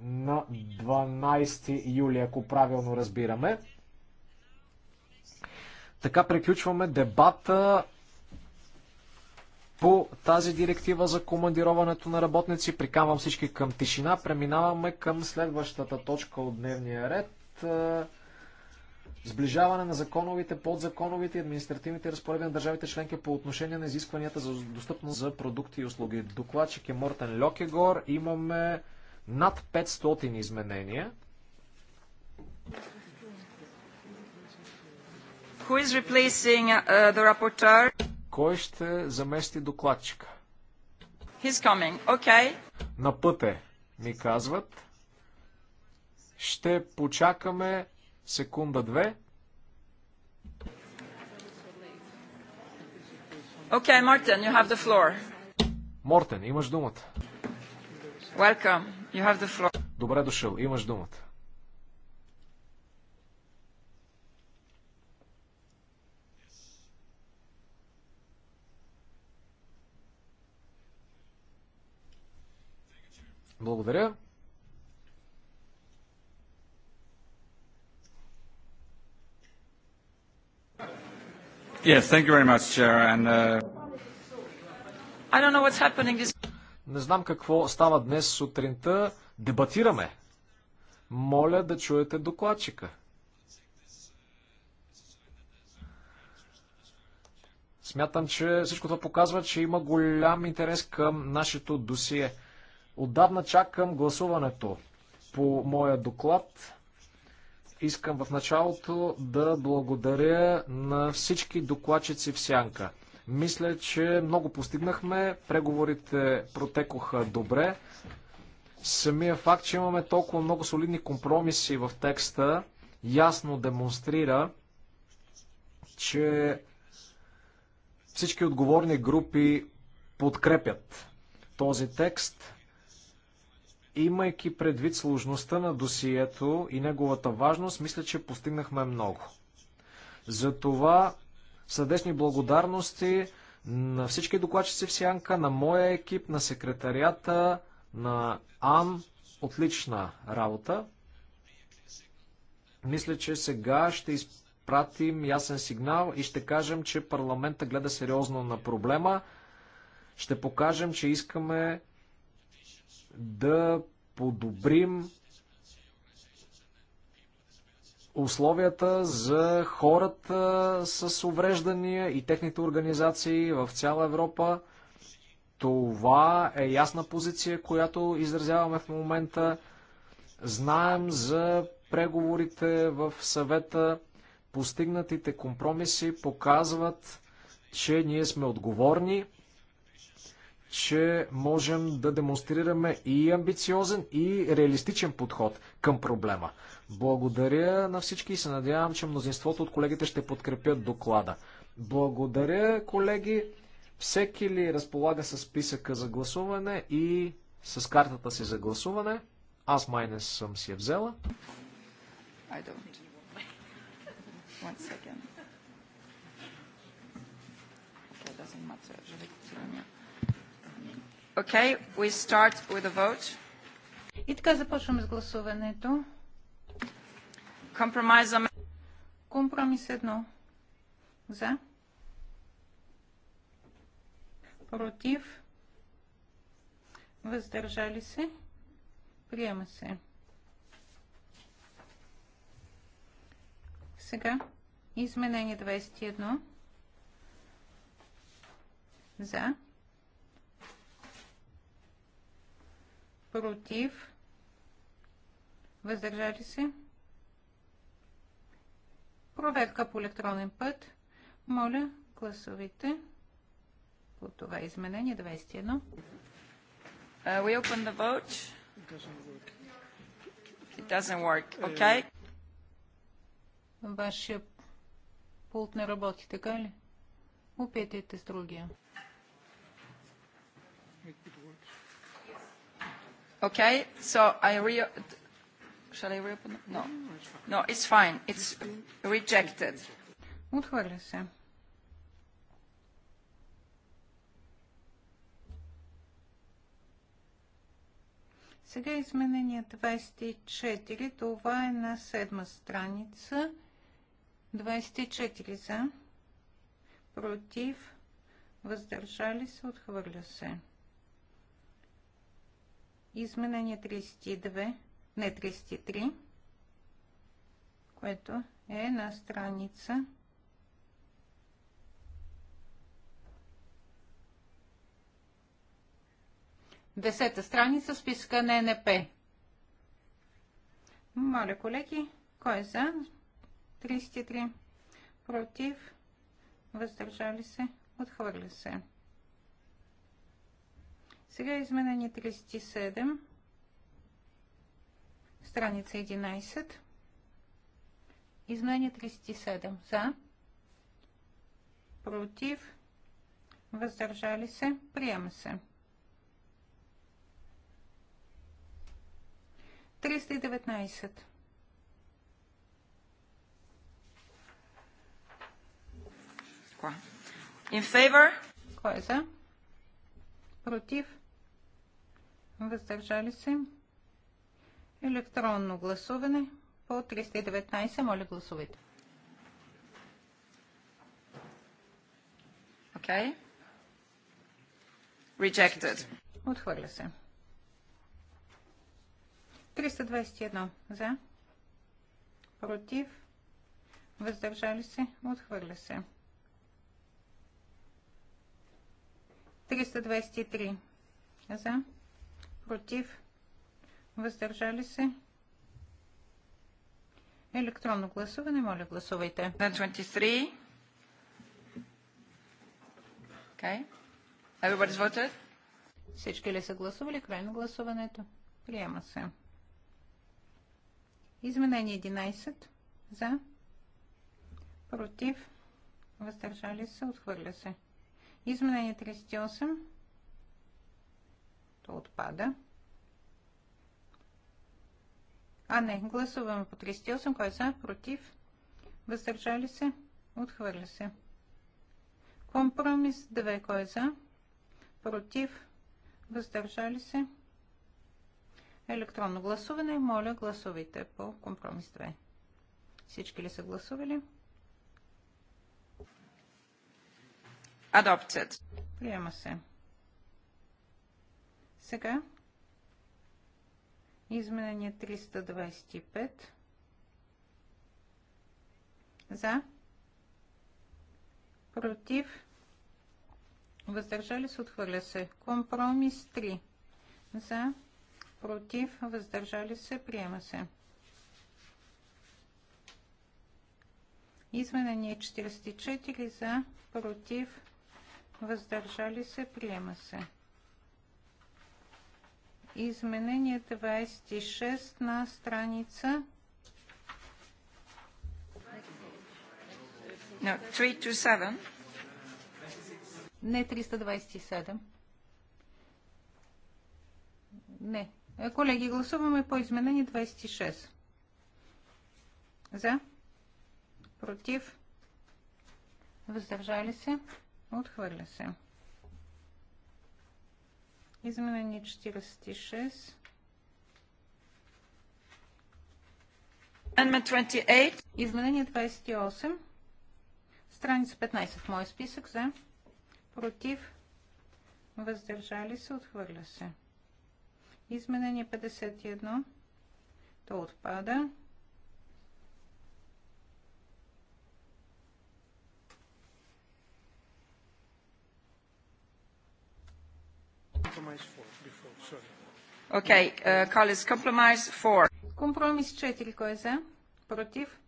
на 12 юли, ако правилно разбираме. Така приключваме дебата по тази директива за командироването на работници. Прикамвам всички към тишина. Преминаваме към следващата точка от дневния ред. Е, сближаване на законовите, подзаконовите и административните разпореди на държавите членки по отношение на изискванията за достъпност за продукти и услуги. Докладчик е Мортен Льокегор. Имаме над 500 изменения. Who is replacing uh, the rapporteur? Кой ще замести докладчика? He's coming. Okay. На път е, ми казват. Ще почакаме секунда-две. Okay, Martin, you have the floor. Мортен, имаш думата. Welcome. You have the floor. Добре дошъл, имаш думата. Благодаря. Yes, thank you very much, Chair. And, uh... I don't know what's happening this... Не знам какво става днес сутринта. Дебатираме. Моля да чуете докладчика. Смятам, че всичко това показва, че има голям интерес към нашето досие. Отдавна чакам гласуването по моя доклад. Искам в началото да благодаря на всички докладчици в Сянка. Мисля, че много постигнахме. Преговорите протекоха добре. Самия факт, че имаме толкова много солидни компромиси в текста, ясно демонстрира, че всички отговорни групи подкрепят този текст. Имайки предвид сложността на досието и неговата важност, мисля, че постигнахме много. Затова сърдечни благодарности на всички докладчици в Сянка, на моя екип, на секретарията, на Ам Отлична работа. Мисля, че сега ще изпратим ясен сигнал и ще кажем, че парламента гледа сериозно на проблема. Ще покажем, че искаме да подобрим условията за хората с увреждания и техните организации в цяла Европа. Това е ясна позиция, която изразяваме в момента. Знаем за преговорите в съвета. Постигнатите компромиси показват, че ние сме отговорни че можем да демонстрираме и амбициозен, и реалистичен подход към проблема. Благодаря на всички и се надявам, че мнозинството от колегите ще подкрепят доклада. Благодаря, колеги. Всеки ли разполага с списъка за гласуване и с картата си за гласуване? Аз май не съм си я взела. I don't. One second. Okay, doesn't matter. Okay, we start with a vote. И така започваме с гласуването. Компромис, едно. За. Против. Въздържали се. Приема се. Сега изменение 21. За. против, въздържали се. Проверка по електронен път. Моля, гласовите. по това изменение 21. Uh, we open the vote. It doesn't work. Okay. Вашия пулт не работи, така ли? Опитайте с другия. Okay, so I re... Shall I reopen? No. No, it's fine. It's rejected. Отхвърля се. Сега изменение 24. Това е на седма страница. 24 за. Против. Въздържали се. Отхвърля се изменение 32, не 33, което е на страница 10 страница списка на НП. Моля, колеги, кой е за? 33. Против. Въздържали се. Отхвърля се. Сега изменение 37, страница 11. Изменение 37. За. Против. Въздържали се. Приема се. 319. In favor? Кой е за? Против? въздържали се. Електронно гласуване по 319. Моля гласувайте. Okay. Rejected. Отхвърля се. 321 за. Против. Въздържали се. Отхвърля се. 323 за против, въздържали се. Електронно гласуване, моля гласувайте. 23. Okay. Everybody's voted? Всички ли са гласували? Край на гласуването. Приема се. Изменение 11. За. Против. Въздържали се. Отхвърля се. Изменение 38 отпада. А не, гласуваме по 38, кой е за, против, въздържали се, отхвърля се. Компромис 2, кой е за, против, въздържали се. Електронно гласуване, моля гласувайте по компромис 2. Всички ли са гласували? Адопцият. Приема се. Сега изменение 325 за против въздържали се отхвърля се компромис 3 за против въздържали се приема се Изменение 44 за, против, въздържали се, приема се изменение 26 на страница. No, 327. Не 327. Не. Колеги, гласуваме по изменение 26. За? Против? Въздържали се? Отхвърля се. Изменение 46. Изменение 28. Страница 15 в мой списък за против въздържали се, отхвърля се. Изменение 51. То отпада. compromise four before, sorry. Okay, uh, colleagues, compromise four. Компромис 4. Кой е за? Против?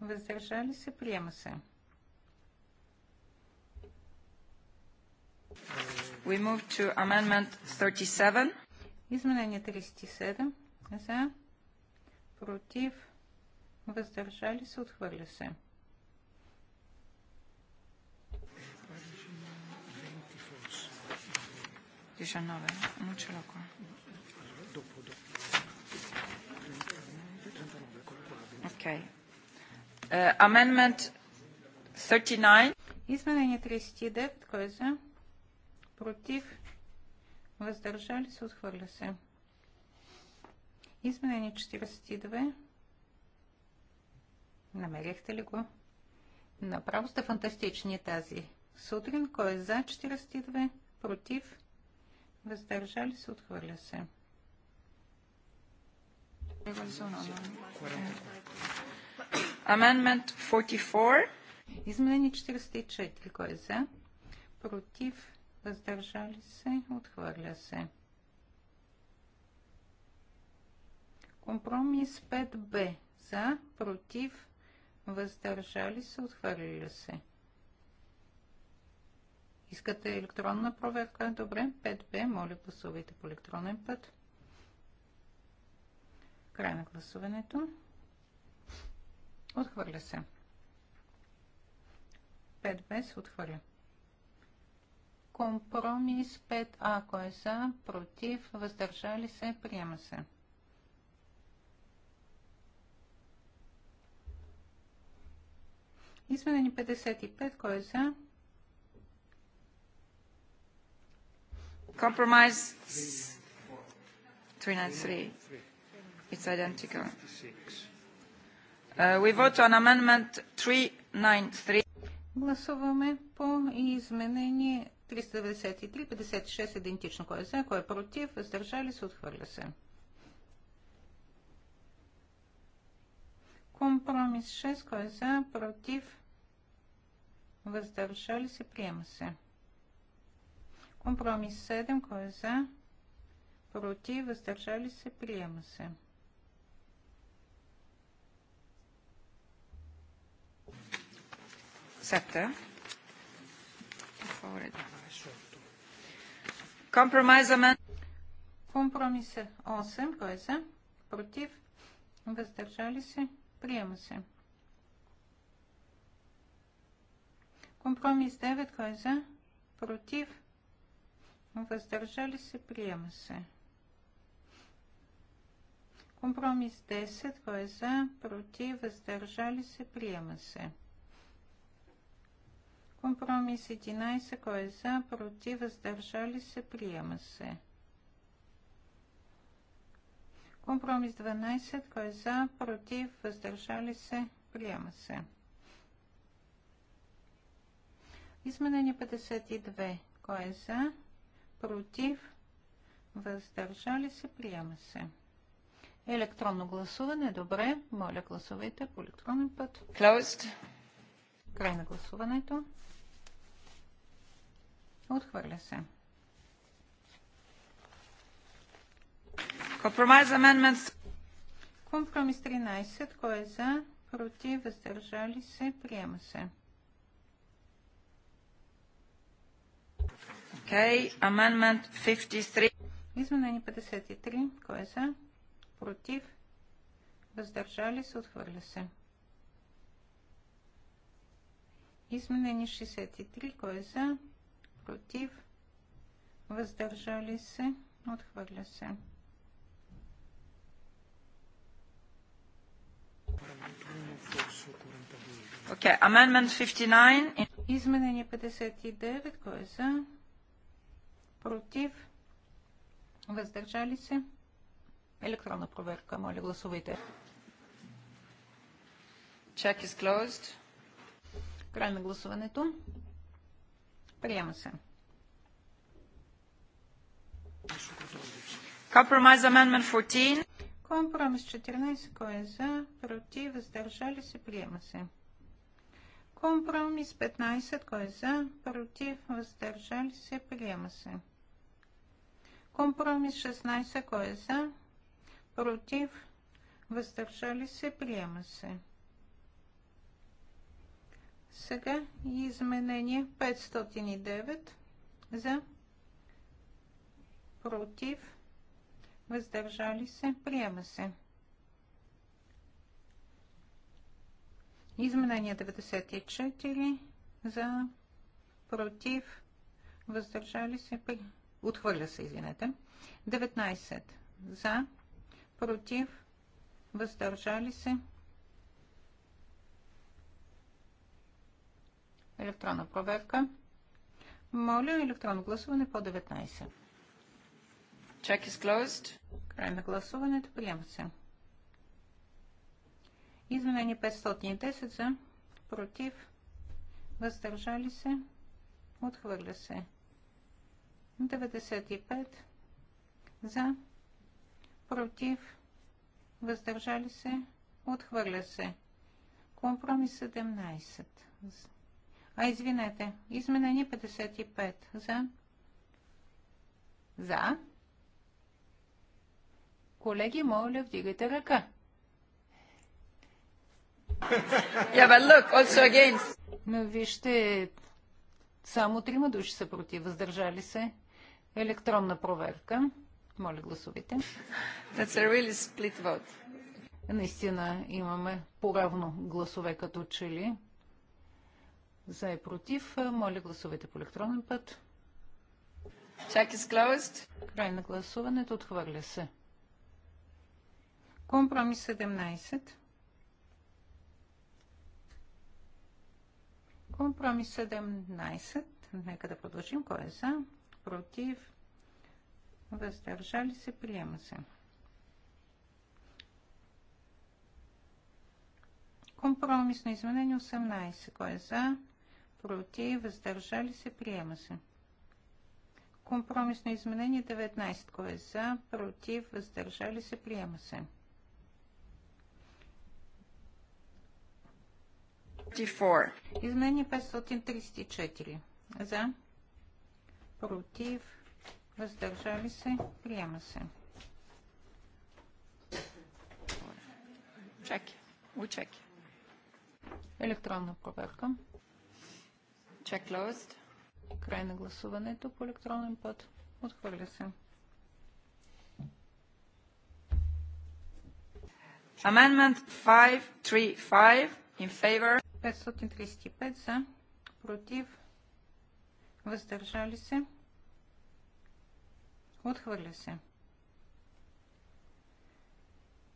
Въздържали се? Приема се. We move to amendment 37. Изменение 37. За? Против? Въздържали се? Отхвърля се. 19, ce Ok. Uh, amendment 39. Изменение 39. Кой е за? Против? Въздържали се? Отхвърля се. Изменение 42. Намерихте ли го? Направо сте фантастични тази сутрин. Кой е за 42? Против? въздържали се, отхвърля се. 44. Изменение 44. Кой е за? Против. Въздържали се. Отхвърля се. Компромис 5Б. За. Против. Въздържали се. Отхвърля се. Искате електронна проверка? Добре. 5Б. Моля, гласувайте по електронен път. Край на гласуването. Отхвърля се. 5Б се отхвърля. Компромис 5А. Кой е за? Против? Въздържали се? Приема се. Изменени 55. Кой е за? Compromise 393. It's identical. Uh, we vote on amendment 393. Гласуваме по изменение 393, 56 идентично. Кой е за, кой е против, въздържали се, отхвърля се. Компромис 6, кой е за, против, въздържали се, приема се. Компромис 7. Кой е за? Против. Въздържали се. Приема се. Сета. Компромис 8. Кой е за? Против. Въздържали се. Приема се. Компромис 9. Кой е за? Против въздържали се, приема се. Компромис 10, кой е за, против, въздържали се, приема се. Компромис 11, кой е за, против, въздържали се, приема се. Компромис 12, кой е за, против, въздържали се, приема се. Изменение 52, кой е за, против, въздържали се, приема се. Електронно гласуване, добре. Моля, гласувайте по електронен път. Closed. Край на гласуването. Отхвърля се. Compromise amendments. Компромис 13. Кой е за? Против? Въздържали се? Приема се. Okay, amendment 53. Изменение 53. Кой е за? Против? Въздържали се? Отхвърля се. Изменение 63. Кой е за? Против? Въздържали се? Отхвърля се. Okay, amendment 59. Изменение 59. Кой е за? против, въздържали се. Електронна проверка. Моля, гласувайте. Check is closed. Край на гласуването. Приема се. Compromise Amendment 14. Компромис 14. Кой е за? Против? Въздържали се? Приема се. Компромис 15. Кой е за? Против? Въздържали се? Приема се. Компромис 16. Кой е за? Против? Въздържали се? Приема се. Сега изменение 509 за против въздържали се приема се. Изменение 94 за против въздържали се приема Отхвърля се, извинете. 19 за, против, въздържали се. Електронна проверка. Моля, електронно гласуване по 19. Check is closed. Край на гласуването. Приема се. Изменение 510 за, против, въздържали се, отхвърля се. 95 за, против, въздържали се, отхвърля се. Компромис 17. А извинете, изменение 55 за, за. Колеги, моля, вдигайте ръка. Yeah, but look, also against. Но вижте, само трима души са против, въздържали се. Електронна проверка. Моля, гласувайте. That's a really split vote. Наистина имаме по-равно гласове като че ли. За и против. Моля, гласувайте по електронен път. Check is closed. Край на гласуването. Отхвърля се. Компромис 17. Компромис 17. Нека да продължим. Кой е за? против, въздържали се, приема се. Компромисно изменение 18. Кой е за? Против, въздържали се, приема се. Компромисно изменение 19. Кой е за? Против, въздържали се, приема се. Изменение 534. За? против, въздържали се, приема се. Чеки. Учеки. Електронна проверка. Check лост. Край на гласуването по електронен път. Отхвърля се. Amendment 535 in favor. 535 за, против, въздържали се, отхвърля се.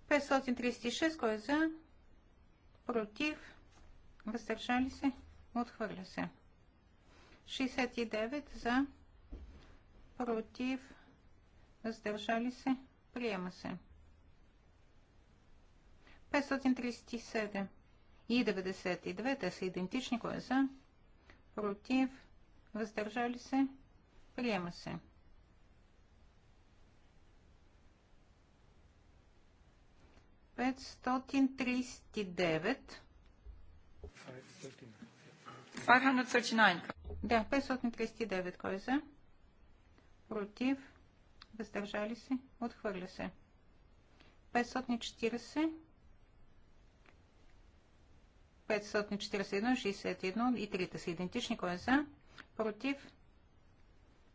536, кой е за, против, въздържали се, отхвърля се. 69 за, против, въздържали се, приема се. 537 и 92, те са идентични, кой е за, против, въздържали се, приема се. Петстотин тридесет девет. 539. Да, 539. Кой е за? Против. Въздържали се. Отхвърля се. 540. 541, 61 и трите са идентични. Кой е за? против,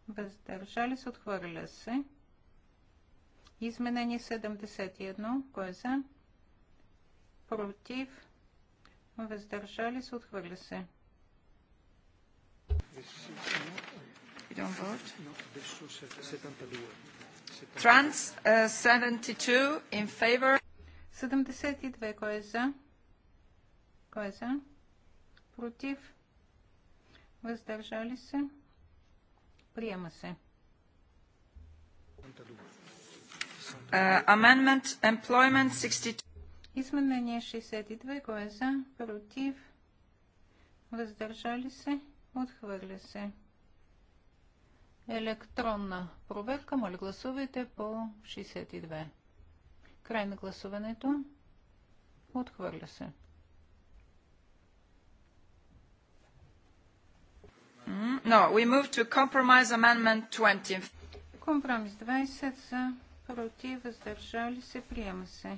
въздържали се, отхвърля се. Изменение 71, кой е за, против, въздържали се, отхвърля се. Транс 72 uh, in favor. 72, кой е за? Кой е за? Против? въздържали се, приема се. Uh, Employment 62. Изменение 62. Кой е за? Против? Въздържали се? Отхвърля се. Електронна проверка. Моля, гласувайте по 62. Край на гласуването. Отхвърля се. No, we move to compromise amendment 20. Компромис 20 за, против, въздържали се, приема се.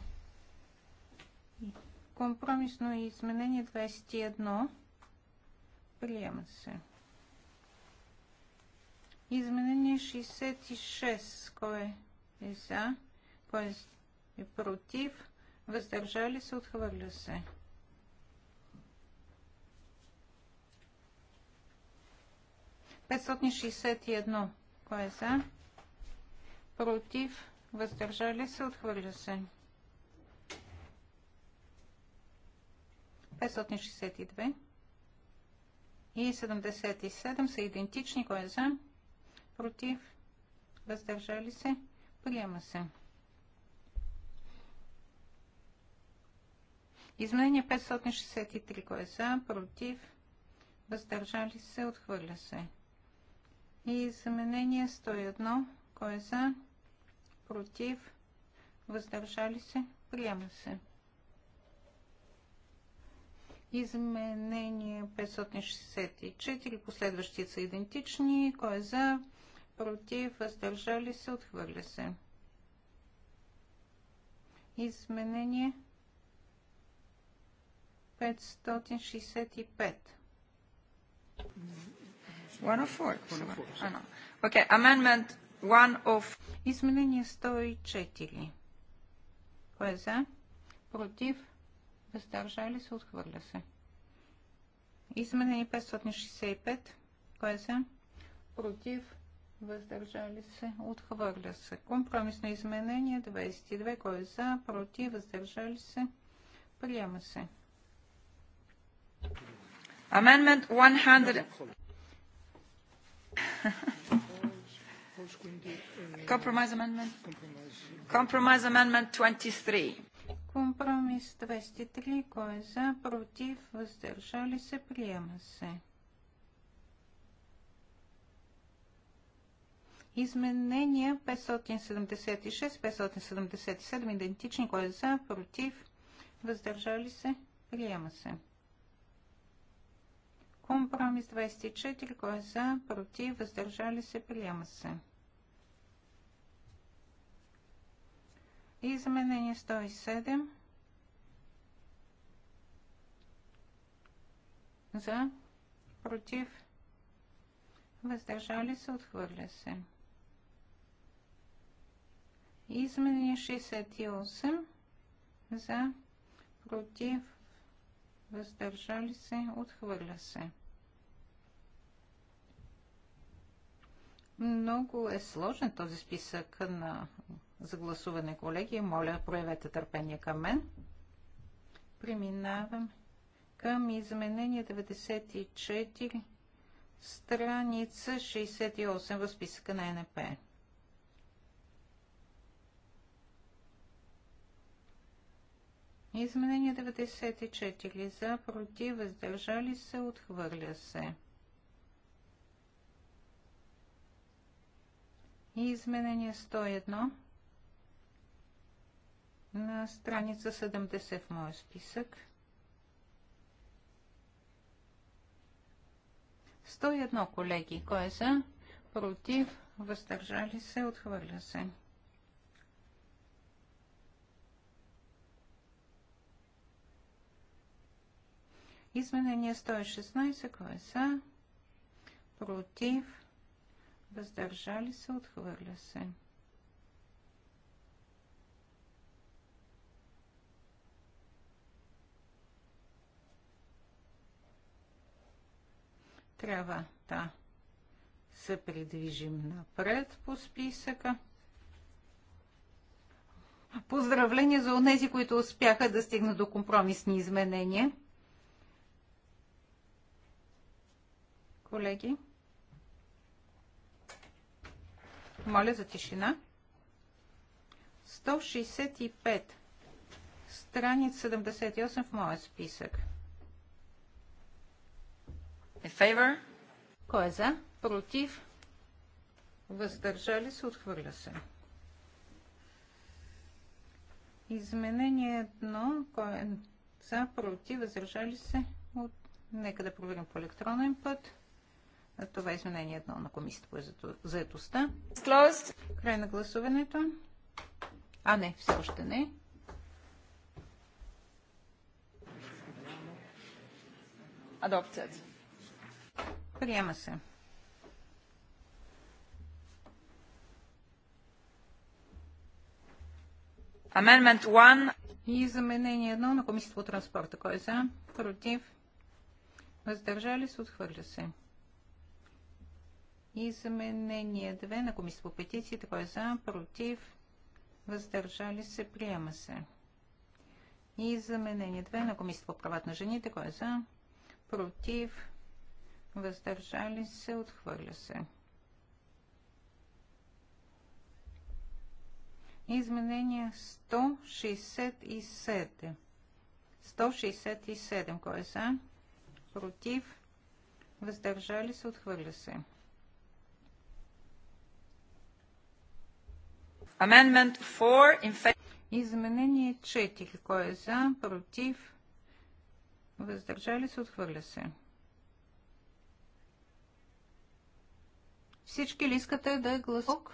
Компромисно изменение 21. Приема се. Изменение 66. Кой е, е за? Кой е против? Въздържали се, отхвърля се. 561. Кой е за? Против? Въздържали се? Отхвърля се. 562 и 77 са идентични. Кой е за? Против? Въздържали се? Приема се. Изменение 563. Кой е за? Против? Въздържали се? Отхвърля се. И заменение 101. Кой е за? Против? Въздържали се? Приема се. Изменение 564. Последващи са идентични. Кой е за? Против? Въздържали се? Отхвърля се. Изменение 565. Oh oh oh изменение 104. Кой е за? Против? Въздържали се? Отхвърля се. Изменение 565. Кой е за? Против? Въздържали се? Отхвърля се. Компромисно изменение 22. Кой е за? Против? Въздържали се? Приема се. Amendment 100. Compromise amendment. Compromise amendment 23. Компромис 23. Кой е за, против, въздържали се, приема се. Изменения 576, 577 идентични. Кой е за, против, въздържали се, приема се. Компромис 24. Кой е за? Против? Въздържали се? Приема се. Изменение 107. За? Против? Въздържали се? Отхвърля се. Изменение 68. За? Против? Въздържали се? Отхвърля се. Много е сложен този списък на загласуване, колеги. Моля, проявете търпение към мен. Преминавам към изменение 94, страница 68 в списъка на НП. Изменение 94 за против въздържали се отхвърля се. Изменение 101 на страница 70 в моя списък. 101, колеги. Кой е за? Против? Въздържали се? Отхвърля се. Изменение 116. Кой е за? Против? въздържали се, отхвърля се. Трябва да се придвижим напред по списъка. Поздравление за онези, които успяха да стигнат до компромисни изменения. Колеги, Моля за тишина. 165. Страница 78 в моя списък. In favor? Кой е за? Против? Въздържали се? Отхвърля се. Изменение едно. Кой е за? Против? Въздържали се? От... Нека да проверим по електронен път. Това е изменение едно на комисията по заедостта. Край на гласуването. А, не, все още не. Adopted. Приема се. Amendment 1. И заменение едно на Комисията по транспорта. Кой е за? Против? Въздържали се? Отхвърля се. Изменение 2 на комисията по петиции, Кой е за? Против? Въздържали се? Приема се. Изменение 2 на комисията по правата на жените. Кой е за? Против? Въздържали се? Отхвърля се. Изменение 167. 167. Кой е за? Против? Въздържали се? Отхвърля се. Amendment in Изменение 4. Кой е за? Против? Въздържали се? Отхвърля се. Всички ли искате да гласуват?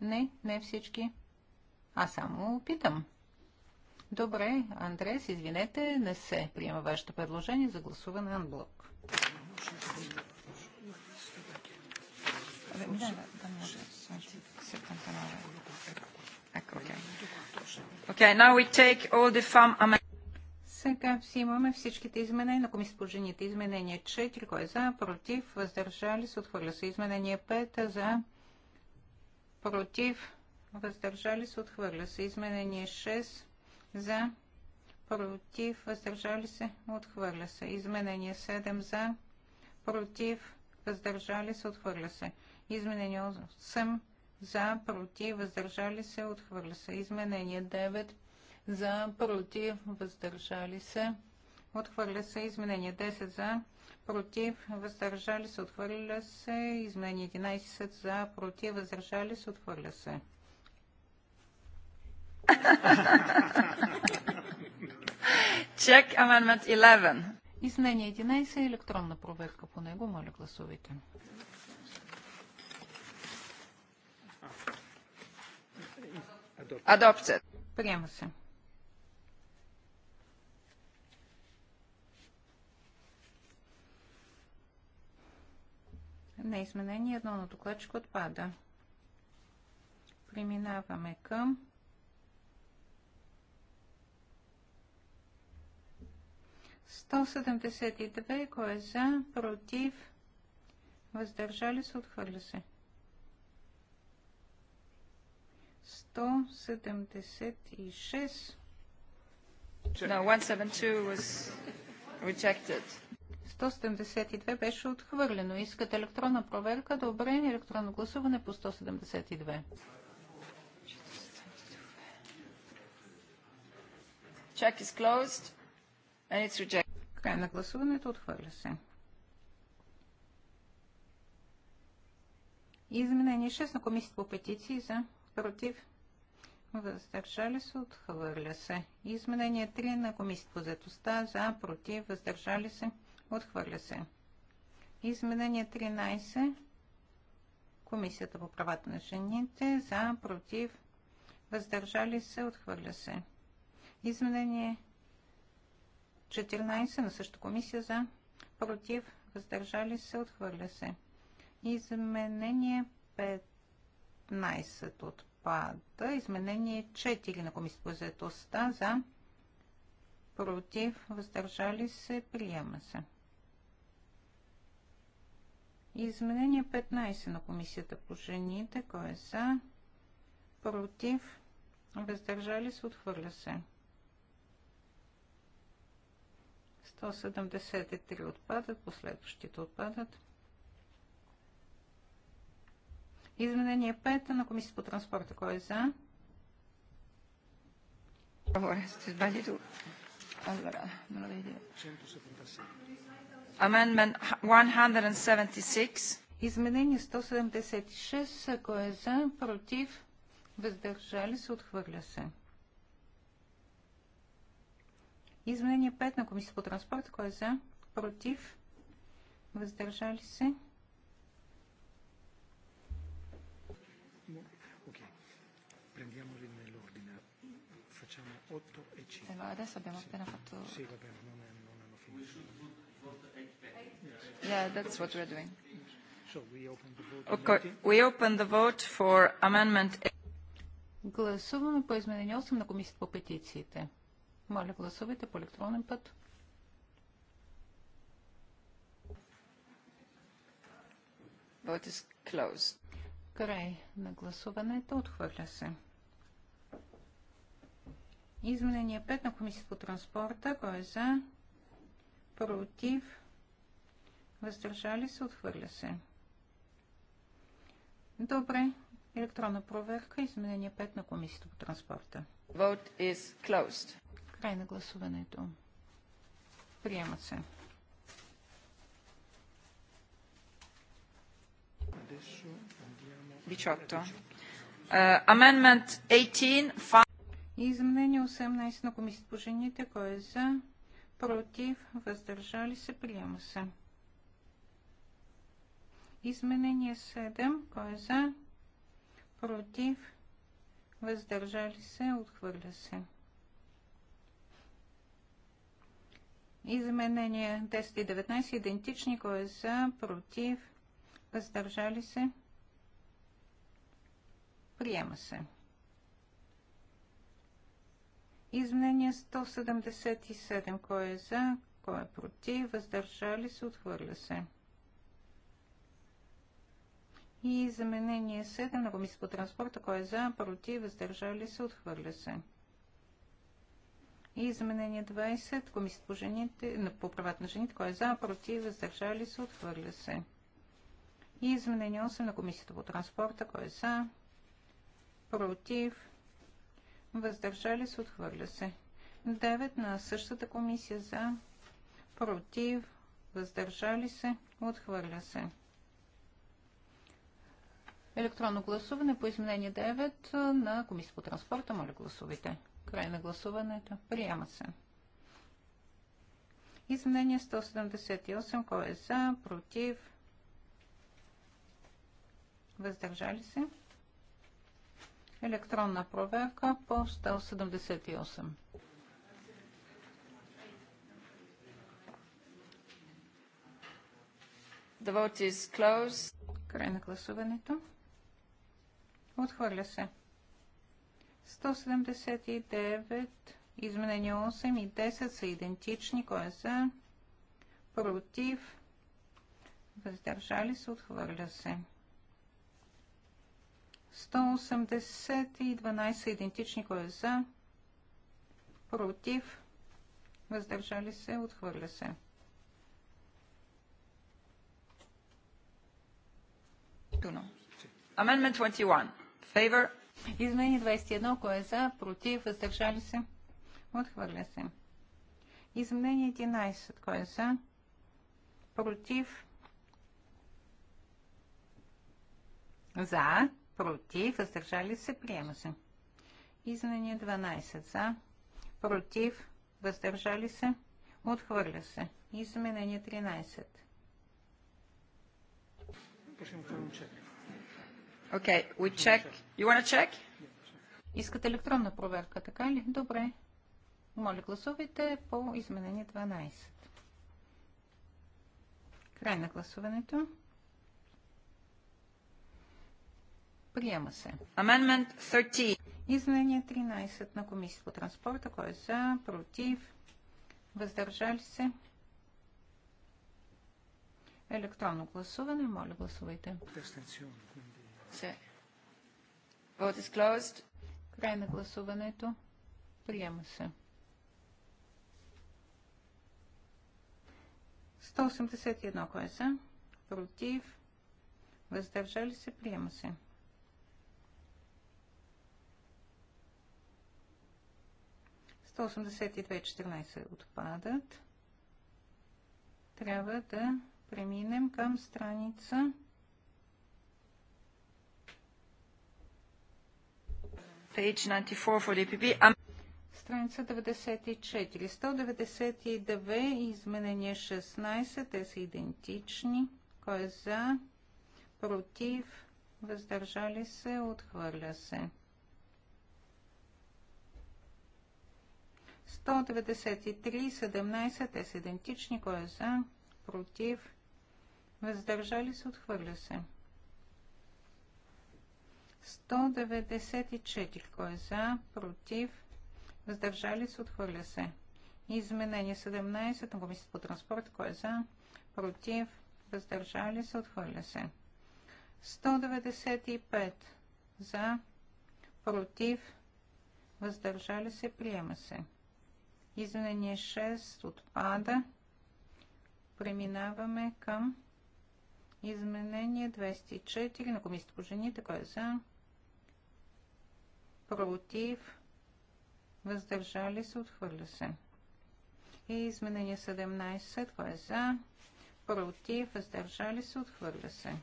Не, не всички. Аз само питам. Добре, Андрес, извинете, не се приема вашето предложение за гласуване на блок. Да, да, да, може. Сега Сега имаме всичките изменения на комисията по жените. Изменение 4, кой е за, против, въздържали се, отхвърля се. Изменение 5, за, против, въздържали се, отхвърля се. Изменение 6, за, против, въздържали се, отхвърля се. Изменение 7, за, против, въздържали се, отхвърля се. Изменение 8, за, против, въздържали се, отхвърля се. Изменение 9 за, против, въздържали се, отхвърля се. Изменение 10 за, против, въздържали се, отхвърля се. Изменение 11 за, против, въздържали се, отхвърля се. Чек amendment 11. Изменение 11 електронна проверка по него. Моля гласувайте. Adopted. Приема се. На изменение едно на докладчик отпада. Преминаваме към Сто седемдесет и две, кое за, против, въздържали се, отхвърля се. 176. 172 беше отхвърлено. Искат електронна проверка. Да Добре, електронно гласуване по 172. Check is closed and it's rejected. Край на гласуването отхвърля се. Изменение 6 на комисията по петиции за против, въздържали се, отхвърля се. Изменение 3 на комисията по заедостта за, против, въздържали се, отхвърля се. Изменение 13 Комисията по правата на жените за, против, въздържали се, отхвърля се. Изменение 14 на същата комисия за, против, въздържали се, отхвърля се. Изменение 5 15 отпада. Изменение 4 на комисията по заедостта за против, въздържали се, приема се. Изменение 15 на комисията по жените, кой е за, против, въздържали се, отхвърля се. 173 отпадат, последващите отпадат. Изменение 5 на Комисията по транспорта. Кой е за? Amendment 176. Изменение 176. Кой е за? Против? Въздържали се? Отхвърля се. Изменение 5 на Комисията по транспорта. Кой е за? Против? Въздържали се? prendiamoli nell'ordine, facciamo 8 e 5. Eh, adesso abbiamo sì. appena fatto... Sì, vabbè, non, è, non hanno finito. Yeah, that's what we're doing. So we open the vote. Okay, we open the vote for amendment... Гласуваме по изменение 8 на комисията по петициите. Моля, гласувайте по електронен път. Vote is closed. Край на гласуването. Отхвърля се. Изменение 5 на Комисията по транспорта. Кой е за? Против? Въздържали се? Отхвърля се. Добре. Електронна проверка. Изменение 5 на Комисията по транспорта. Vote is closed. Край на гласуването. Приема се. Adesso Uh, amendment 18. И изменение 18 на комисията по жените, кой е за, против, въздържали се, приема се. Изменение 7, кой е за, против, въздържали се, отхвърля се. Изменение 10 и 19 идентични, кой е за, против, въздържали се, приема се. Изменение 177. Кой е за? Кой е против? Въздържали се? Отхвърля се. И заменение 7 на комисия по транспорта. Кой е за? Против? Въздържали се? Отхвърля се. И изменение 20. Комисията по, жените, по правата на жените. Кой е за? Против? Въздържали се? Отхвърля се. И изменение 8 на комисията по транспорта. Кой е за? Против? въздържали се, отхвърля се. 9 на същата комисия за, против, въздържали се, отхвърля се. Електронно гласуване по изменение 9 на Комисия по транспорта. Моля гласувайте. Край на гласуването. Приема се. Изменение 178. Кой е за? Против? Въздържали се? Електронна проверка по 178. The vote is closed. Край на гласуването. Отхвърля се. 179, изменени 8 и 10 са идентични. Кой е за? Против? Въздържали се? Отхвърля се. 180 и 12 идентични. кое е за? Против? Въздържали се? Отхвърля се. Amendment 21. Favor. Изменение 21. Кой е за? Против? Въздържали се? Отхвърля се. Изменение 11. Кой е за? Против? За против, въздържали се, приема се. Изменение 12 за, против, въздържали се, отхвърля се. Изменение 13. Okay, we check. You want to check? Искате електронна проверка, така ли? Добре. Моля, гласувайте по изменение 12. Край на гласуването. Приема се. Amendment 13. Изменение 13 на Комисията по транспорта. Кой е за? Против? Въздържали се? Електронно гласуване. Моля, гласувайте. Vote is closed. Край на гласуването. Приема се. 181 кой е за? Против? Въздържали се? Приема се. 182 14 отпадат. Трябва да преминем към страница 94 for DPP. Страница 94. 192 и 16. Те са идентични. Кой е за? Против? Въздържали се? Отхвърля се. 193, 17, те са идентични, кой е за, против, въздържали се, отхвърля се. 194, кой е за, против, въздържали се, отхвърля се. Изменение 17 на комисията по транспорт, кой е за, против, въздържали се, отхвърля се. 195 за, против, въздържали се, приема се. Изменение 6 отпада. Преминаваме към изменение 204 на комисията по жените. Кой е за? Против. Въздържали се. Отхвърля се. И изменение 17. Кой е за? Против. Въздържали се. Отхвърля се.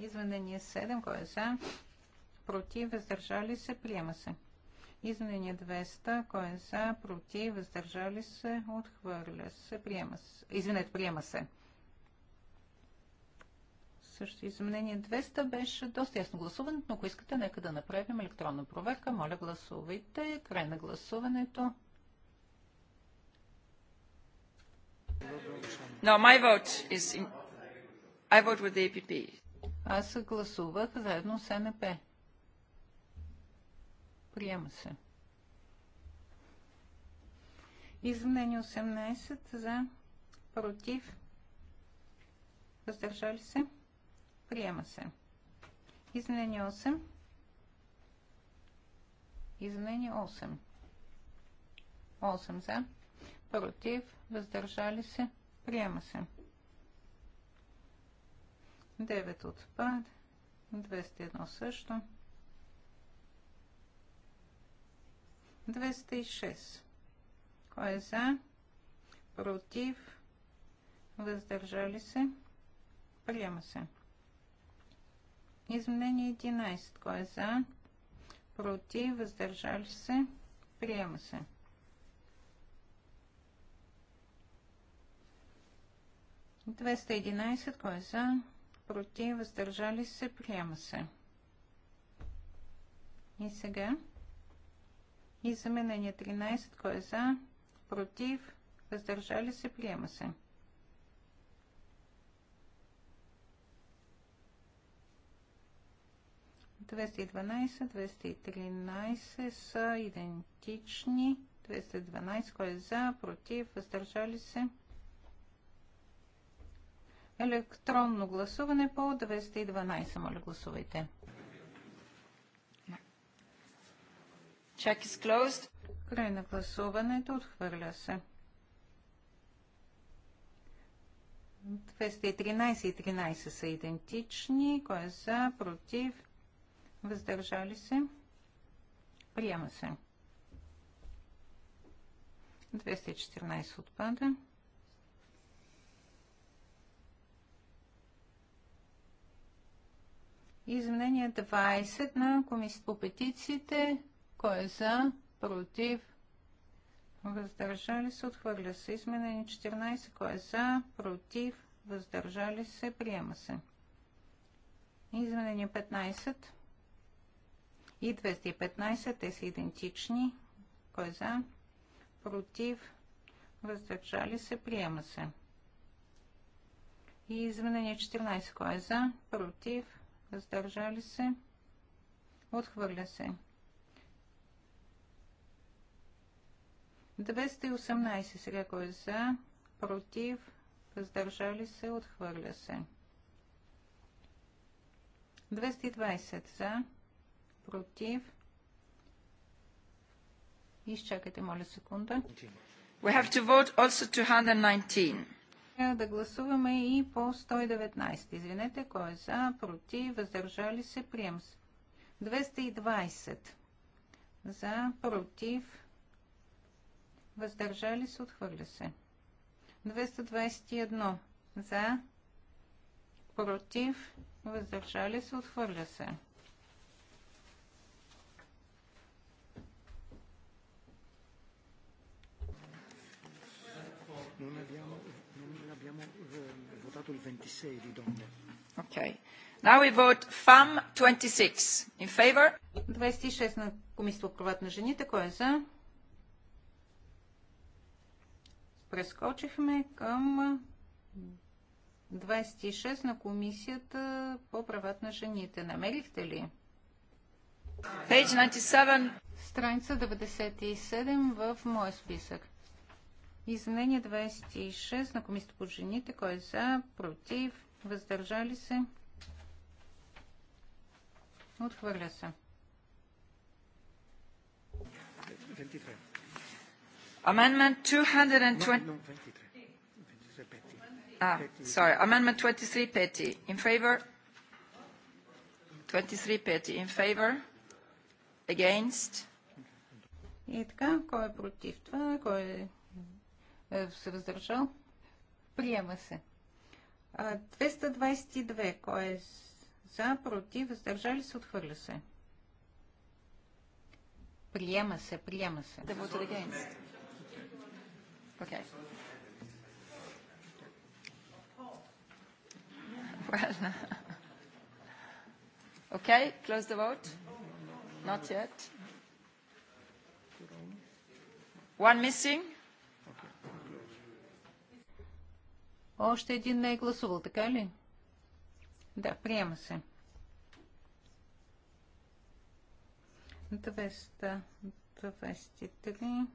Изменение 7. Кой е за? Против. Въздържали се. Приема се. Изменение 200. Кой е за? Против? Въздържали се? Отхвърля се. Приема се. Извинете, приема се. Също изменение 200 беше доста ясно гласуване, но ако искате, нека да направим електронна проверка. Моля, гласувайте. Край на гласуването. No, my vote is in... I vote with the EPP. Аз гласувах заедно с НП. Приема се. Изменение 18 за против. Въздържали се. Приема се. Изменение 8. Изменение 8. 8 за. Против. Въздържали се. Приема се. 9 отпад. 201 също. 206. Кой е за? Против? Въздържали се? Приема се. Изменение 11. Кой е за? Против? Въздържали се? Приема се. Двеста кой е за? Против, въздържали се, приема се. И сега? И заменение 13. Кой е за? Против? Въздържали се? Приема се. Двеста и 213 са идентични. 212, кой е за, против, въздържали се. Електронно гласуване по 212, моля гласувайте. Check is closed. Край на гласуването. Отхвърля се. 213 и 13 са идентични. Кой е за, против, въздържали се? Приема се. 214 отпада. Изменение 20 на комисията по петициите. Кой е за? Против? Въздържали се? Отхвърля се. Изменени 14. Кой е за? Против? Въздържали се? Приема се. Изменени 15 и 215. Те са идентични. Кой е за? Против? Въздържали се? Приема се. И изменение 14. Кой е за? Против? Въздържали се? Отхвърля се. 218 сега кой е за, против, въздържали се, отхвърля се. 220 за, против. Изчакайте, моля, секунда. We have to vote also 219. Да гласуваме и по 119. Извинете, кой е за, против, въздържали се, прием се. 220 за, против, въздържали се, отхвърля се. 221 за, против, въздържали се, отхвърля се. 26 eh, okay. Now we vote FAM 26. In favor? 26 на Комисията по правата на жените. Кой е за? прескочихме към 26 на комисията по правата на жените. Намерихте ли? Page 97. Страница 97 в моя списък. Изменение 26 на комисията по жените. Кой е за? Против? Въздържали се? Отхвърля се. 23. Amendment 23 ah, Petty. In favor? 23 Petty. In favor? Against? И така, кой е против това, кой е, е се въздържал? Приема се. 222, кой е за, против, въздържали се, отхвърля се. Приема се, приема се. Да бъдат against. Okay. Well, okay, close the vote. Not yet. One missing. Още един не е гласувал, така ли? Да, приема се. 223.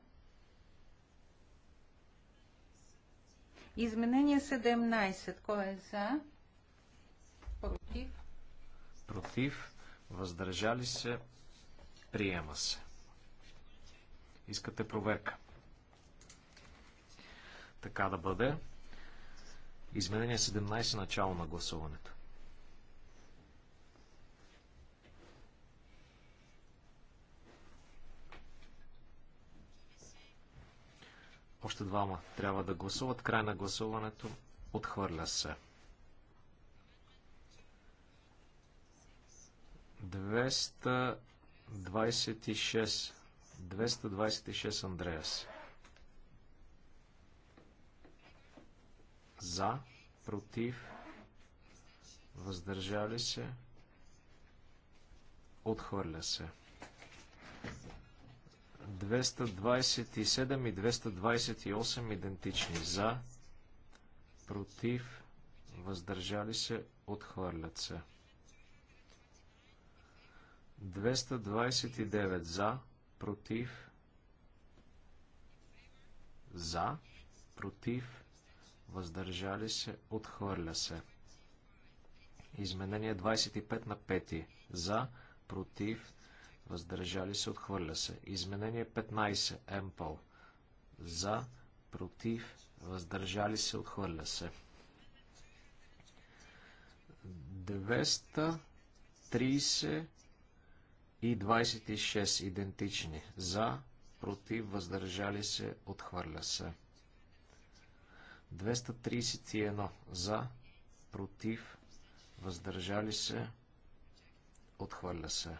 Изменение 17. Кой е за? Против? Против. Въздържали се. Приема се. Искате проверка. Така да бъде. Изменение 17. Начало на гласуването. Още двама трябва да гласуват. Край на гласуването. Отхвърля се. 226. 226 Андреас. За, против, въздържали се, отхвърля се. 227 и 228 идентични. За, против, въздържали се, отхвърлят се. 229 за, против, за, против, въздържали се, отхвърля се. Изменение 25 на 5. За, против, въздържали се, отхвърля се. Изменение 15, Емпъл, за, против, въздържали се, отхвърля се. 230 и 26 идентични. За, против, въздържали се, отхвърля се. 231 за, против, въздържали се, отхвърля се.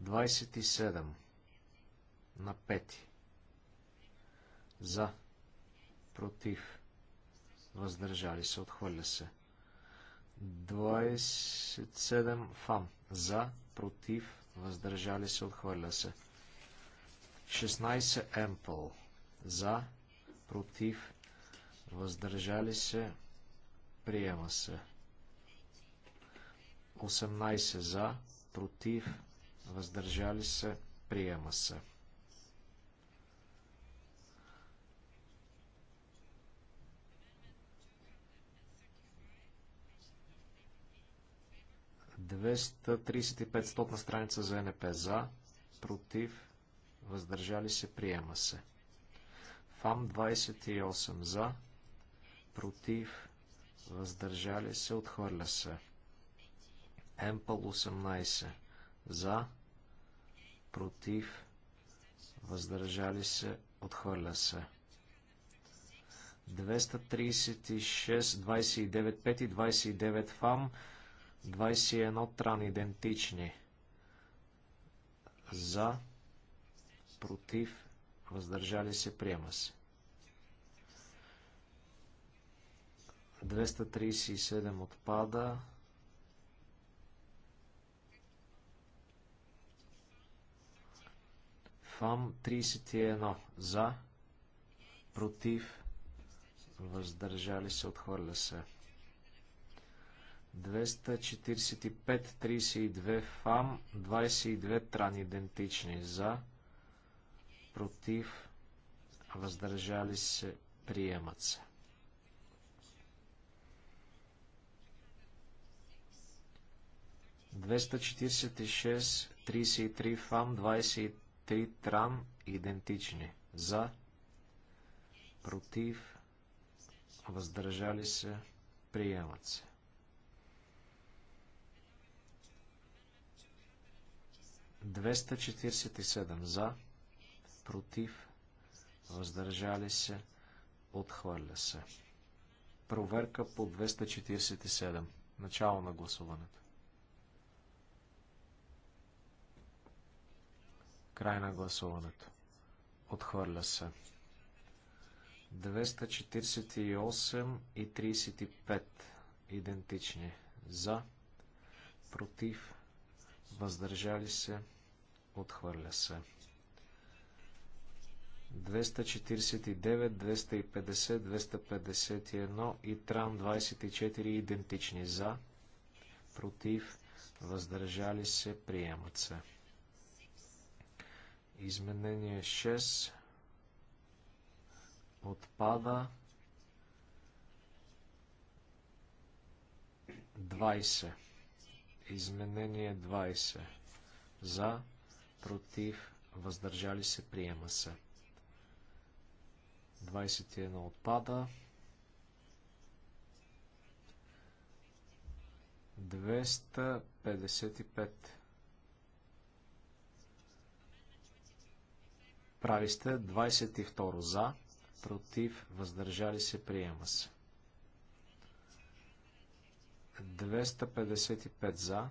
27 на 5 за против въздържали се отхвърля се 27 Фан. за против въздържали се отхвърля се 16 Ампл, за против въздържали се приема се 18 за против въздържали се, приема се. Двеста страница за НП за, против, въздържали се, приема се. ФАМ 28 за, против, въздържали се, отхвърля се. Емпъл 18 за, против, въздържали се, отхвърля се. 236, 29, 5 и 29 фам, 21 тран идентични. За, против, въздържали се, приема се. 237 отпада, ФАМ 31 за, против, въздържали се, отхвърля се. 245-32 ФАМ, 22 тран идентични за, против, въздържали се, приемат се. Двеста 33 и шест, и три фам, 23. 3 идентични. За, против, въздържали се, приемат се. Двеста и седем за, против, въздържали се, отхвърля се. Проверка по 247. Начало на гласуването. Край на гласуването. Отхвърля се. 248 и 35 идентични. За, против, въздържали се, отхвърля се. 249, 250, 251 и Тран 24 идентични за, против, въздържали се, приемат се. Изменение 6 отпада 20. Изменение 20. За, против, въздържали се, приема се. 21 отпада. 255 Прави сте 22 за, против, въздържали се, приема се. 255 за,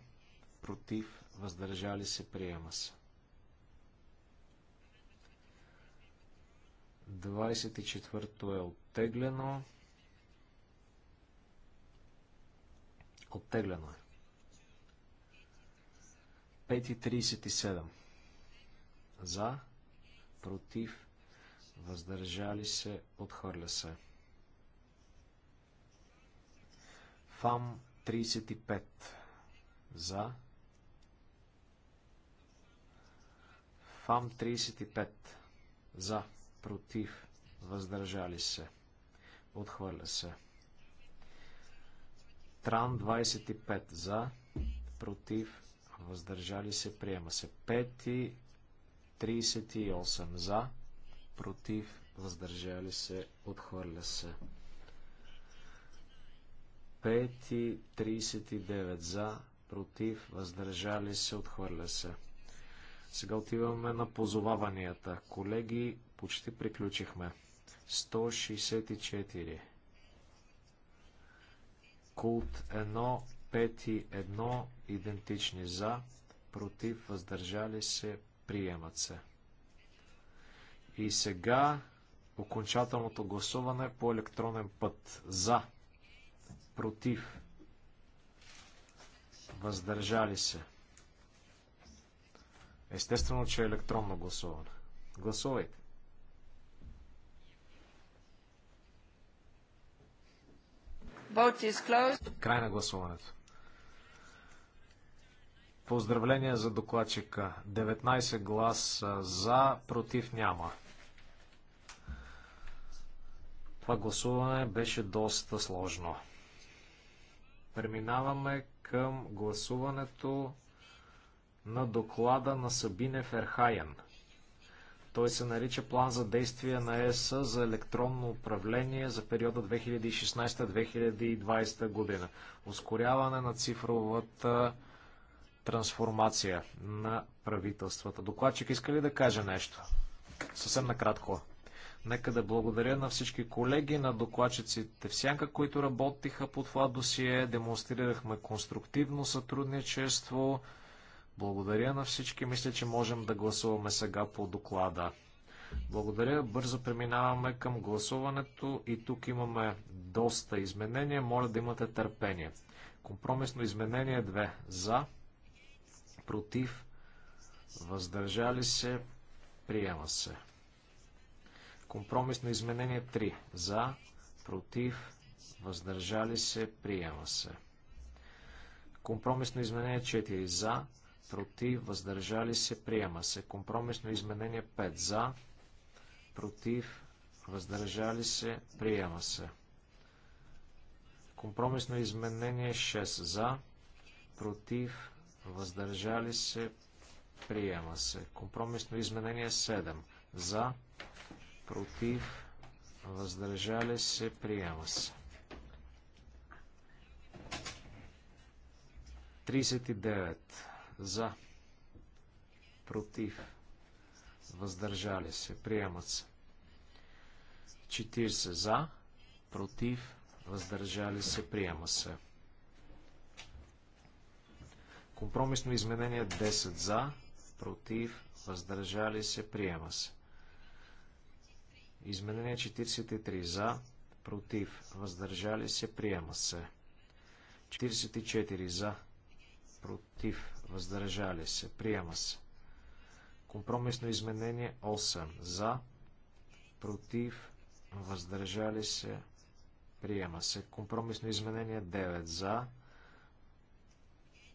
против, въздържали се, приема се. 24 е оттеглено. Оттеглено е. 5.37 за, против, въздържали се, отхвърля се. ФАМ 35 за ФАМ 35 за против, въздържали се, отхвърля се. Тран 25 за, против, въздържали се, приема се. Пети 38 за, против, въздържали се, отхвърля се. 539 за, против, въздържали се, отхвърля се. Сега отиваме на позоваванията. Колеги, почти приключихме. 164. Култ 1, 5 1, идентични за, против, въздържали се, приемат се. И сега окончателното гласуване по електронен път. За, против, въздържали се. Естествено, че е електронно гласуване. Гласувайте. Край на гласуването. Поздравления за докладчика. 19 гласа за, против няма. Това гласуване беше доста сложно. Преминаваме към гласуването на доклада на Сабине Ферхайен. Той се нарича План за действие на ЕС за електронно управление за периода 2016-2020 година. Ускоряване на цифровата трансформация на правителствата. Докладчик иска ли да каже нещо? Съвсем накратко. Нека да благодаря на всички колеги, на докладчиците всяка, сянка, които работиха по това досие. Демонстрирахме конструктивно сътрудничество. Благодаря на всички. Мисля, че можем да гласуваме сега по доклада. Благодаря. Бързо преминаваме към гласуването и тук имаме доста изменения. Моля да имате търпение. Компромисно изменение 2. За против, въздържали се, приема се. на изменение 3. За, против, въздържали се, приема се. Компромисно изменение 4. За, против, въздържали се, приема се. Компромисно изменение 5. За, против, въздържали се, приема се. Компромисно изменение 6. За, против, въздържали се, приема се. Компромисно изменение 7 за, против, въздържали се, приема се. 39 за, против, въздържали се, приемат се. 40 за, против, въздържали се, приема се. Компромисно изменение 10 за, против, въздържали се, приема се. Изменение 43 за, против, въздържали се, приема се. 44 за, против, въздържали се, приема се. Компромисно изменение 8 за, против, въздържали се, приема се. Компромисно изменение 9 за, против,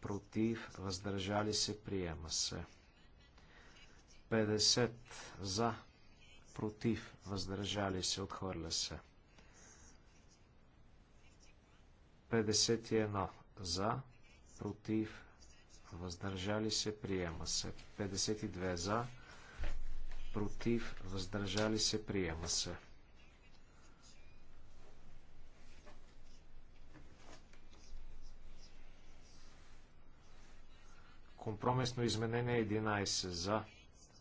против, въздържали се, приема се. 50 за, против, въздържали се, отхвърля се. 51 за, против, въздържали се, приема се. 52 за, против, въздържали се, приема се. Компромисно изменение 11 за,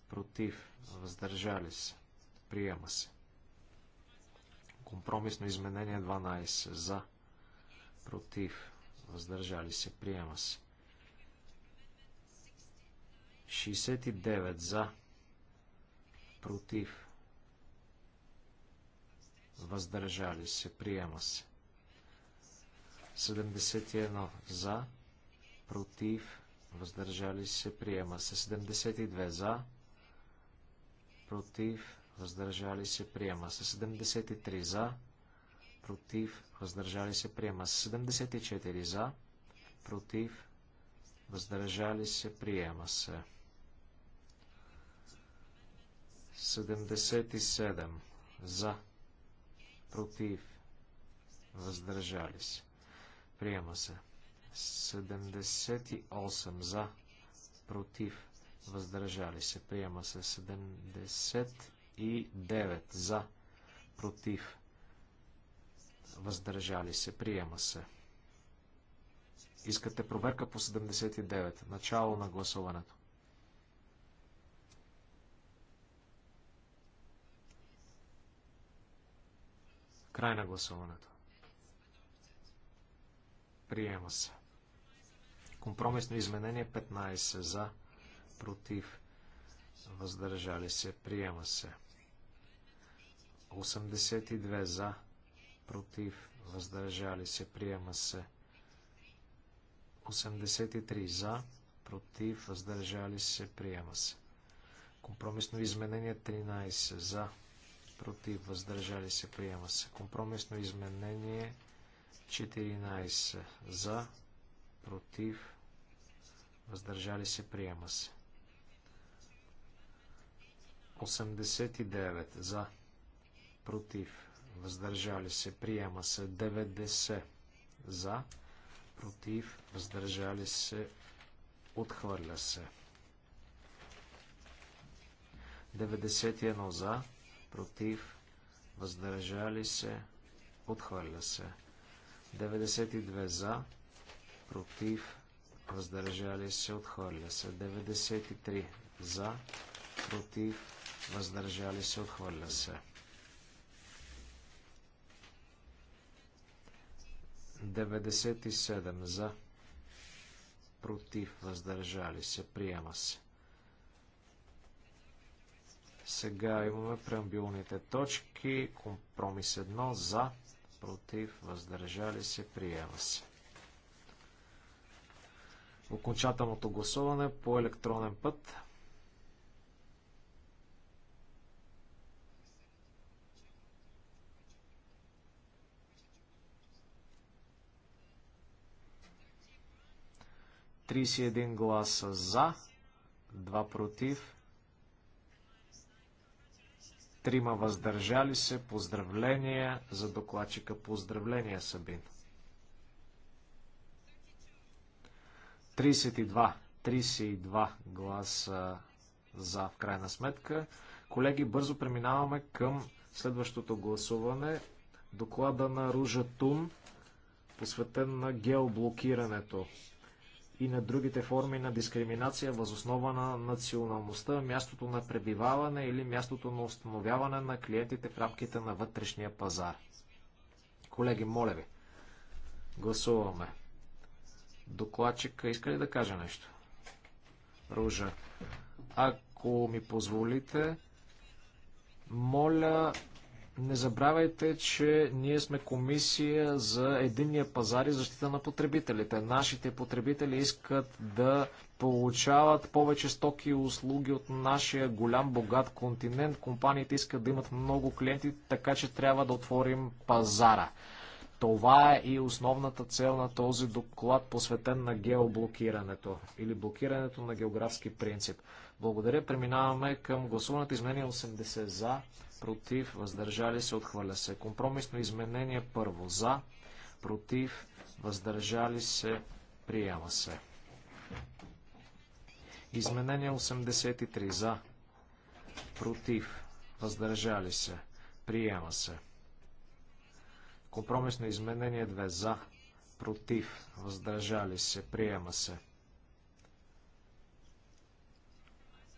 против, въздържали се, приема се. Компромисно изменение 12 за, против, въздържали се, приема се. 69 за, против, въздържали се, приема се. 71 за, против, въздържали се, приема с 72 за, против, въздържали се, приема с 73 за, против, въздържали се, приема с 74 за, против, въздържали се, приема се. 77 за, против, въздържали се, приема се. 78 за, против, въздържали се. Приема се 79 за, против, въздържали се. Приема се. Искате проверка по 79. Начало на гласуването. Край на гласуването. Приема се. Компромисно изменение 15 за, против, въздържали се, приема се. 82 за, против, въздържали се, приема се. 83 за, против, въздържали се, приема се. Компромисно изменение 13 за, против, въздържали се, приема се. Компромисно изменение 14 за, против, въздържали се, приема се. 89 за, против, въздържали се, приема се. 90 за, против, въздържали се, отхвърля се. 91 за, против, въздържали се, отхвърля се. 92 за, против, въздържали се, отхвърля се. 93 за, против, въздържали се, отхвърля се. 97 за, против, въздържали се, приема се. Сега имаме преамбилните точки. Компромис 1 за, против, въздържали се, приема се окончателното гласуване по електронен път. Тридесет един гласа за, два против, трима въздържали се. Поздравления за докладчика. Поздравления, Сабин. 32. 32 гласа за в крайна сметка. Колеги, бързо преминаваме към следващото гласуване. Доклада на Ружа Тун, посветен на геоблокирането и на другите форми на дискриминация възоснова на националността, мястото на пребиваване или мястото на установяване на клиентите в рамките на вътрешния пазар. Колеги, моля ви, гласуваме. Докладчика иска ли да каже нещо? Ружа. Ако ми позволите, моля, не забравяйте, че ние сме комисия за единния пазар и защита на потребителите. Нашите потребители искат да получават повече стоки и услуги от нашия голям богат континент. Компаниите искат да имат много клиенти, така че трябва да отворим пазара. Това е и основната цел на този доклад, посветен на геоблокирането или блокирането на географски принцип. Благодаря. Преминаваме към гласуването. Изменение 80 за, против, въздържали се, отхвърля се. Компромисно изменение първо за, против, въздържали се, приема се. Изменение 83 за, против, въздържали се, приема се на изменение 2 за, против, въздържали се, приема се.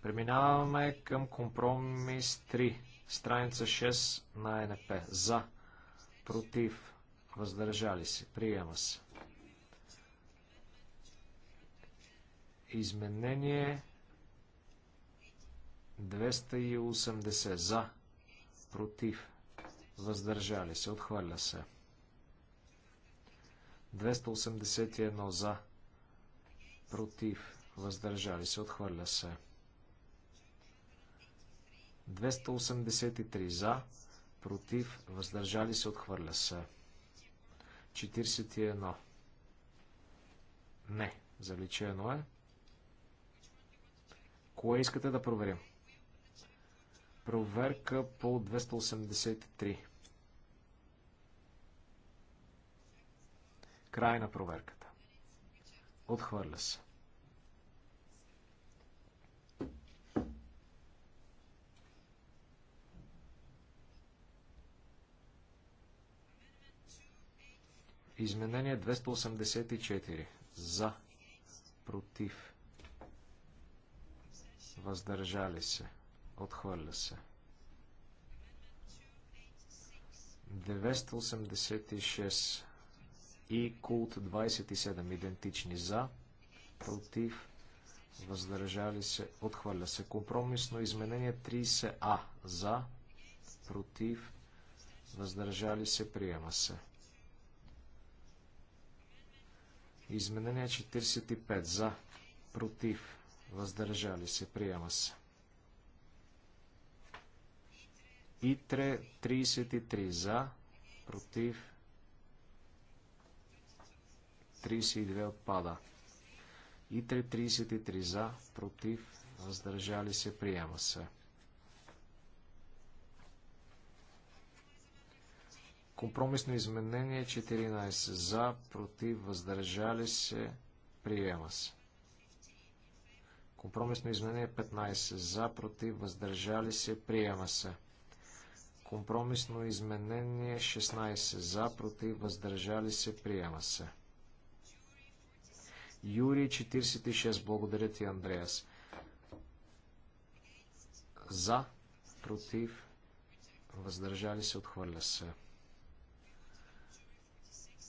Преминаваме към компромис 3, страница 6 на НП. За, против, въздържали се, приема се. Изменение 280 за, против, въздържали се, отхвърля се. 281 за, против, въздържали се, отхвърля се. 283 за, против, въздържали се, отхвърля се. 41. Не, заличено е. Кое искате да проверим? Проверка по 283. Край на проверката. Отхвърля се. Изменение 284. За. Против. Въздържали се. Отхвърля се. 986 и Култ 27 идентични за, против, въздържали се, отхвърля се. Компромисно изменение 30А за, против, въздържали се, приема се. Изменение 45 за, против, въздържали се, приема се. Итре 33 за, против, 32 отпада. И 33 за, против, въздържали се, приема се. Компромисно изменение 14 за, против, въздържали се, приема се. Компромисно изменение 15 за, против, въздържали се, приема се. Компромисно изменение 16 за, против, въздържали се, приема се. Юри 46. Благодаря ти, Андреас. За, против, въздържали се, отхвърля се.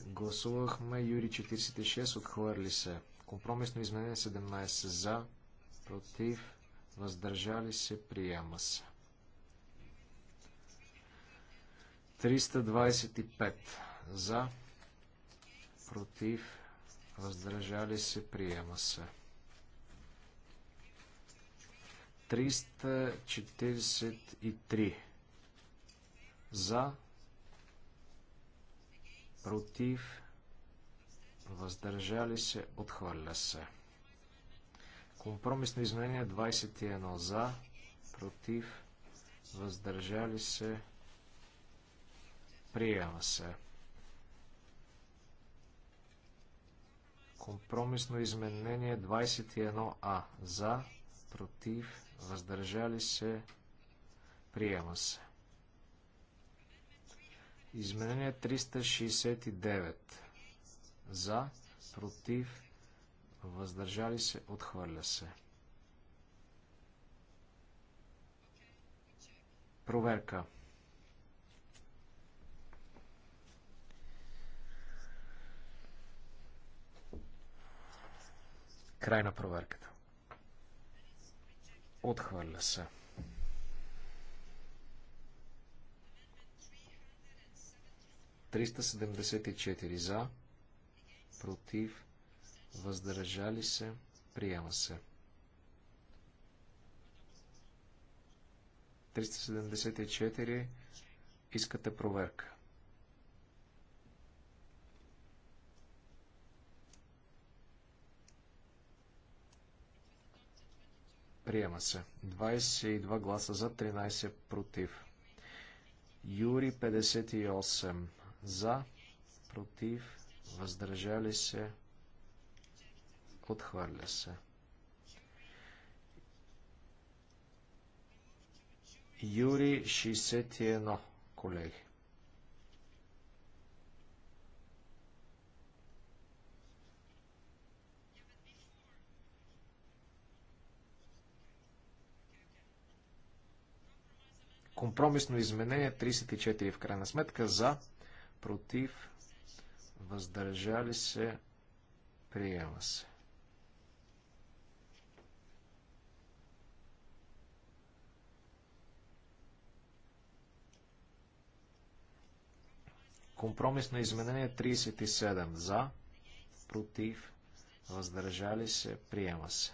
Гласувахме Юри 46, отхвърли се. Компромисно изменение 17 за, против, въздържали се, приема се. 325 за, против, въздържали се, приема се. 343 за, против, въздържали се, отхвърля се. Компромисно изменение 21 за, против, въздържали се, приема се. Компромисно изменение 21А. За, против, въздържали се, приема се. Изменение 369. За, против, въздържали се, отхвърля се. Проверка. Край на проверката. Отхвърля се. 374 за, против, въздържали се, приема се. 374 искате проверка. Приема се. 22 гласа за, 13 против. Юри 58 за, против, въздържали се, отхвърля се. Юри 61, колеги. Компромисно изменение 34 в крайна сметка за, против, въздържали се, приема се. Компромисно изменение 37 за, против, въздържали се, приема се.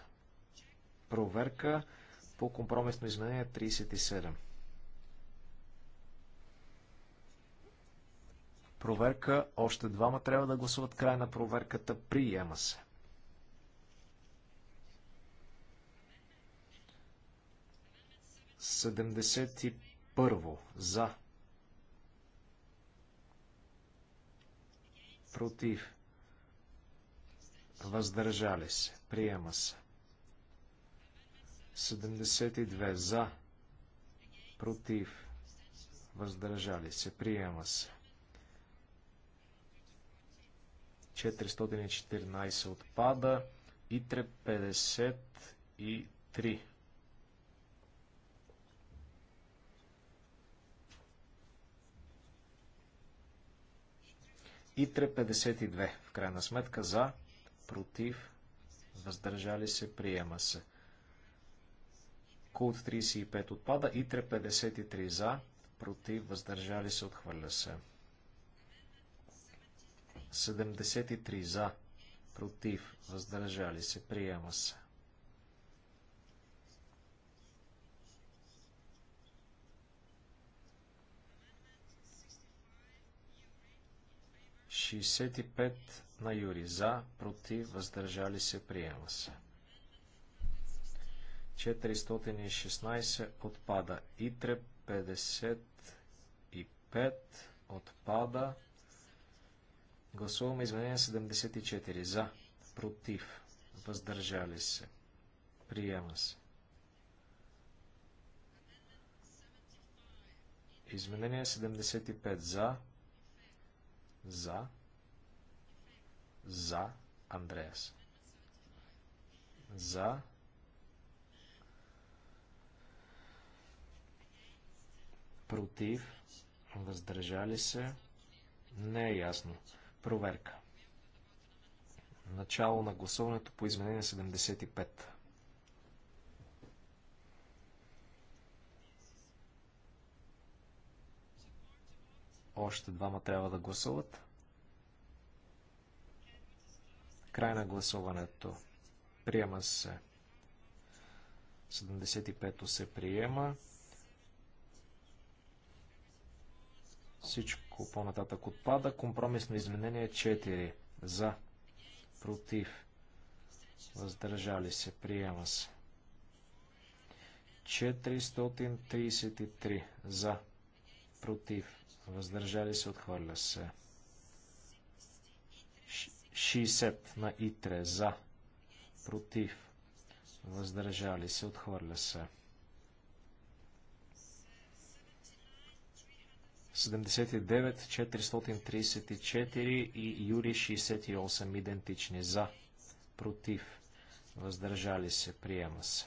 Проверка по компромисно изменение 37. Проверка. Още двама трябва да гласуват край на проверката. Приема се. Седемдесет и първо. За. Против. Въздържали се. Приема се. 72. За. Против. Въздържали се. Приема се. 414 отпада. Итре 53. Итре 52. В крайна сметка за, против, въздържали се, приема се. Култ 35 отпада. Итре 53 за, против, въздържали се, отхвърля се. 73 за, против, въздържали се, приема се. 65 на Юри за, против, въздържали се, приема се. 416 отпада. Итре 55 отпада. Гласуваме изменение 74. За. Против. Въздържали се. Приема се. Изменение 75. За. За. За. Андреас. За. Против. Въздържали се. Не е ясно. Проверка. Начало на гласуването по изменение 75. Още двама трябва да гласуват. Край на гласуването. Приема се. 75 се приема. Всичко малко по-нататък отпада. Компромисно изменение 4. За. Против. Въздържали се. Приема се. 433. За. Против. Въздържали се. Отхвърля се. 60 на ИТРЕ. За. Против. Въздържали се. Отхвърля се. 79, 434 и Юри 68 идентични за, против, въздържали се, приема се.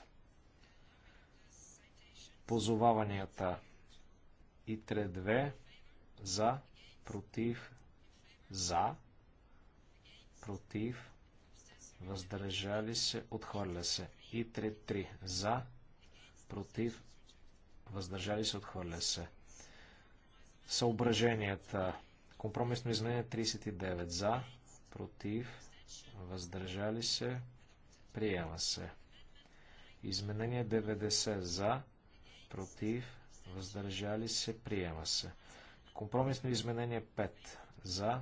Позоваванията и 3-2 за, против, за, против, въздържали се, отхвърля се. И 3-3 за, против, въздържали се, отхвърля се съображенията. Компромисно изменение 39 за, против, въздържали се, приема се. Изменение 90 за, против, въздържали се, приема се. Компромисно изменение 5 за,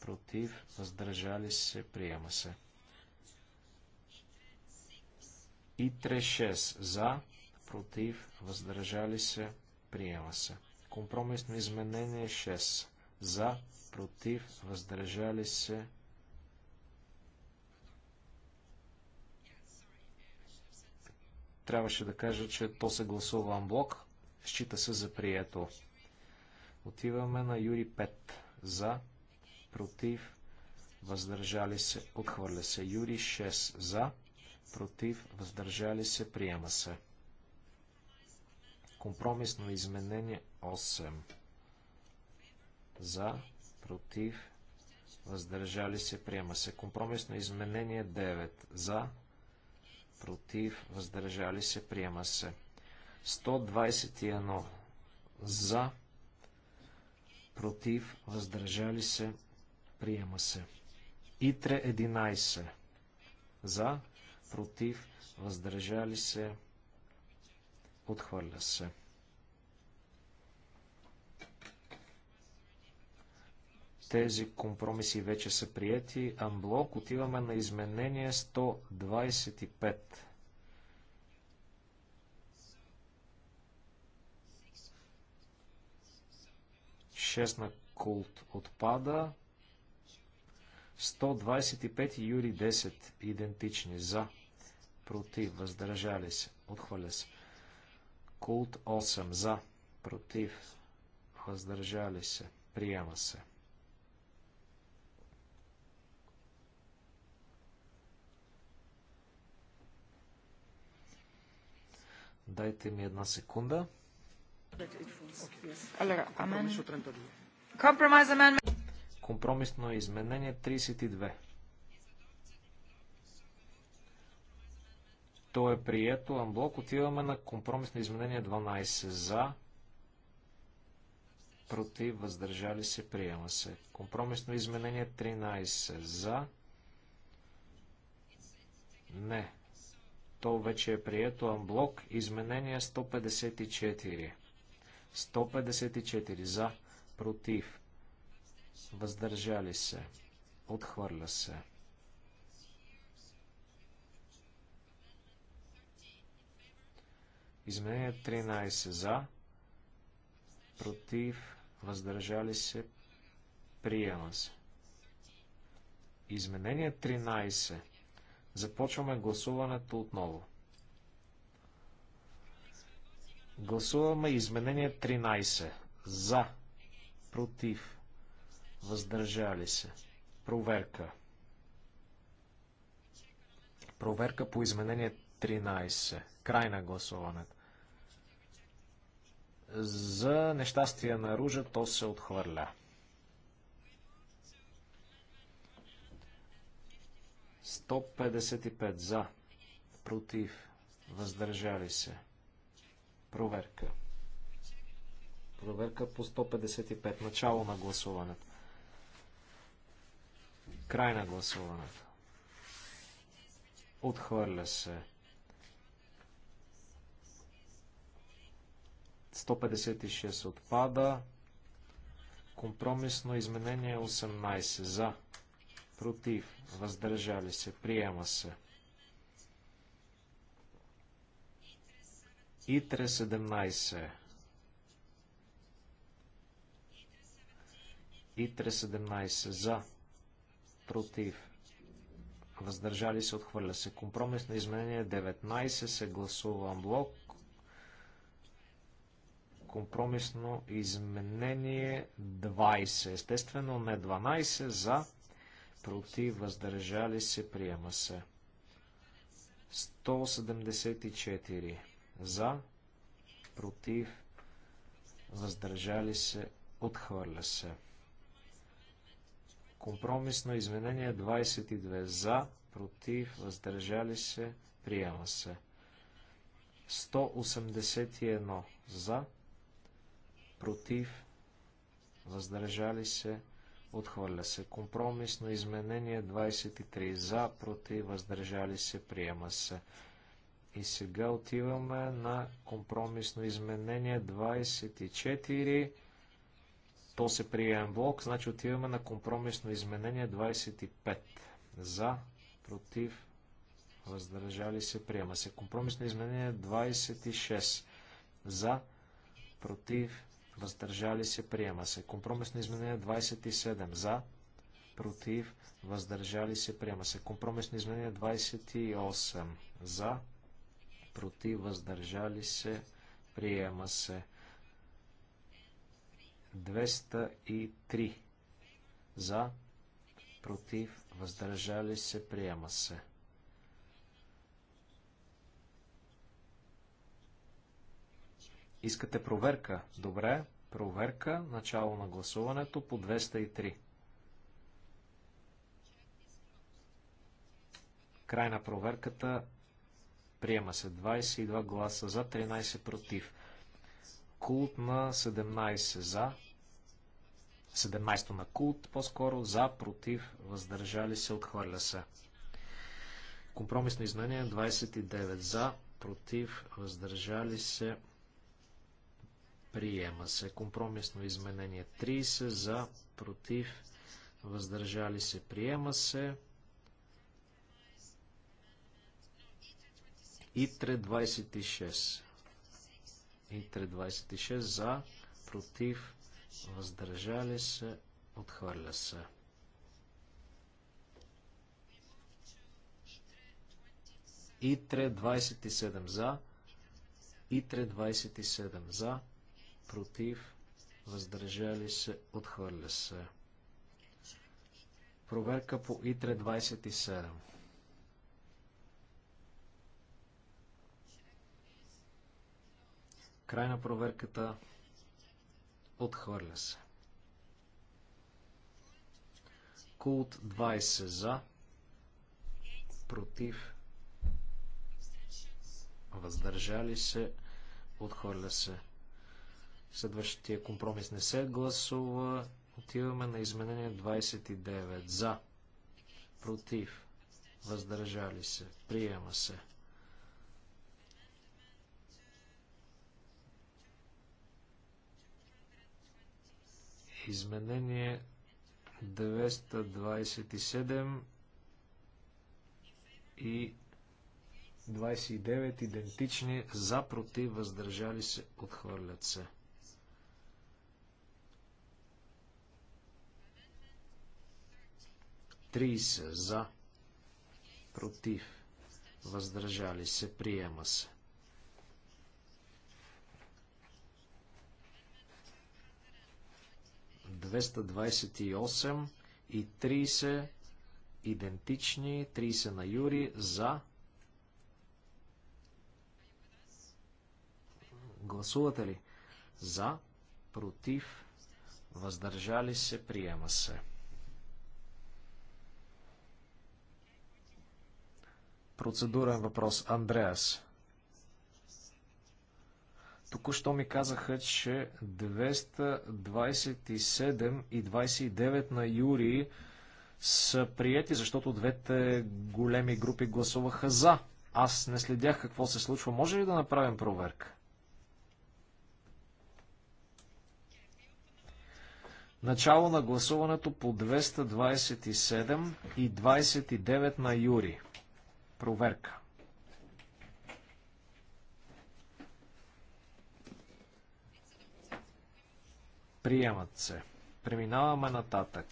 против, въздържали се, приема се. И 3-6 за, против, въздържали се, приема се. Компромисно изменение 6. За, против, въздържали се. Трябваше да кажа, че то се гласува анблок. Счита се за прието. Отиваме на Юри 5. За, против, въздържали се, отхвърля се. Юри 6. За, против, въздържали се, приема се. Компромисно изменение 8. За, против, въздържали се, приема се. Компромисно изменение 9. За, против, въздържали се, приема се. 121. За, против, въздържали се, приема се. Итре 11. За, против, въздържали се, приема се. Отхвърля се. Тези компромиси вече са прияти. Амблок отиваме на изменение 125. 6 на култ отпада. 125 Юри 10 идентични за. Против. Въздържали се. Отхвърля се. Култ 8 за, против, въздържали се, приема се. Дайте ми една секунда. Компромисно изменение 32. То е прието. Амблок. Отиваме на компромис на изменение 12. За. Против. Въздържали се. Приема се. Компромисно изменение 13. За. Не. То вече е прието. Амблок. Изменение 154. 154. За. Против. Въздържали се. Отхвърля се. Изменение 13 за, против, въздържали се, приема се. Изменение 13. Започваме гласуването отново. Гласуваме изменение 13. За, против, въздържали се. Проверка. Проверка по изменение 13. Край на гласуването. За нещастие на Ружа то се отхвърля. 155 за, против, въздържали се. Проверка. Проверка по 155. Начало на гласуването. Край на гласуването. Отхвърля се. 156 отпада. Компромисно изменение 18 за. Против. Въздържали се. Приема се. ИТРЕ 17. ИТРЕ 17 за. Против. Въздържали се. Отхвърля се. Компромисно изменение 19 се гласува блок компромисно изменение 20. Естествено не 12 за, против, въздържали се, приема се. 174 за, против, въздържали се, отхвърля се. Компромисно изменение 22 за, против, въздържали се, приема се. 181 за, против, въздържали се, отхвърля се. Компромисно изменение 23 за, против, въздържали се, приема се. И сега отиваме на компромисно изменение 24. То се приема блок, значи отиваме на компромисно изменение 25. За, против, въздържали се, приема се. Компромисно изменение 26. За, против, въздържали се, приема се. Компромисно изменение 27 за, против, въздържали се, приема се. Компромисно изменение 28 за, против, въздържали се, приема се. 203 за, против, въздържали се, приема се. Искате проверка? Добре. Проверка. Начало на гласуването по 203. Край на проверката. Приема се 22 гласа за, 13 против. Култ на 17 за. 17 на култ, по-скоро за, против, въздържали се, отхвърля се. Компромисно изменение 29 за, против, въздържали се, Приема се. Компромисно изменение 30 за, против, въздържали се. Приема се. ИТРЕ 26. ИТРЕ 26 за, против, въздържали се, отхвърля се. ИТРЕ 27 за, ИТРЕ 27 за, против, въздържали се, отхвърля се. Проверка по ИТРЕ 27. Край на проверката отхвърля се. Култ 20 за, против, въздържали се, отхвърля се. Следващия компромис не се гласува. Отиваме на изменение 29. За. Против. Въздържали се. Приема се. Изменение 927 и 29 идентични за против въздържали се отхвърлят се. 30 за, против, въздържали се, приема се. и и 30 идентични, 30 на Юри, за. Гласувате ли? За, против, въздържали се, приема се. Процедурен въпрос. Андреас. Току-що ми казаха, че 227 и 29 на Юри са приети, защото двете големи групи гласуваха за. Аз не следях какво се случва. Може ли да направим проверка? Начало на гласуването по 227 и 29 на Юри. Проверка. Приемат се. Преминаваме нататък.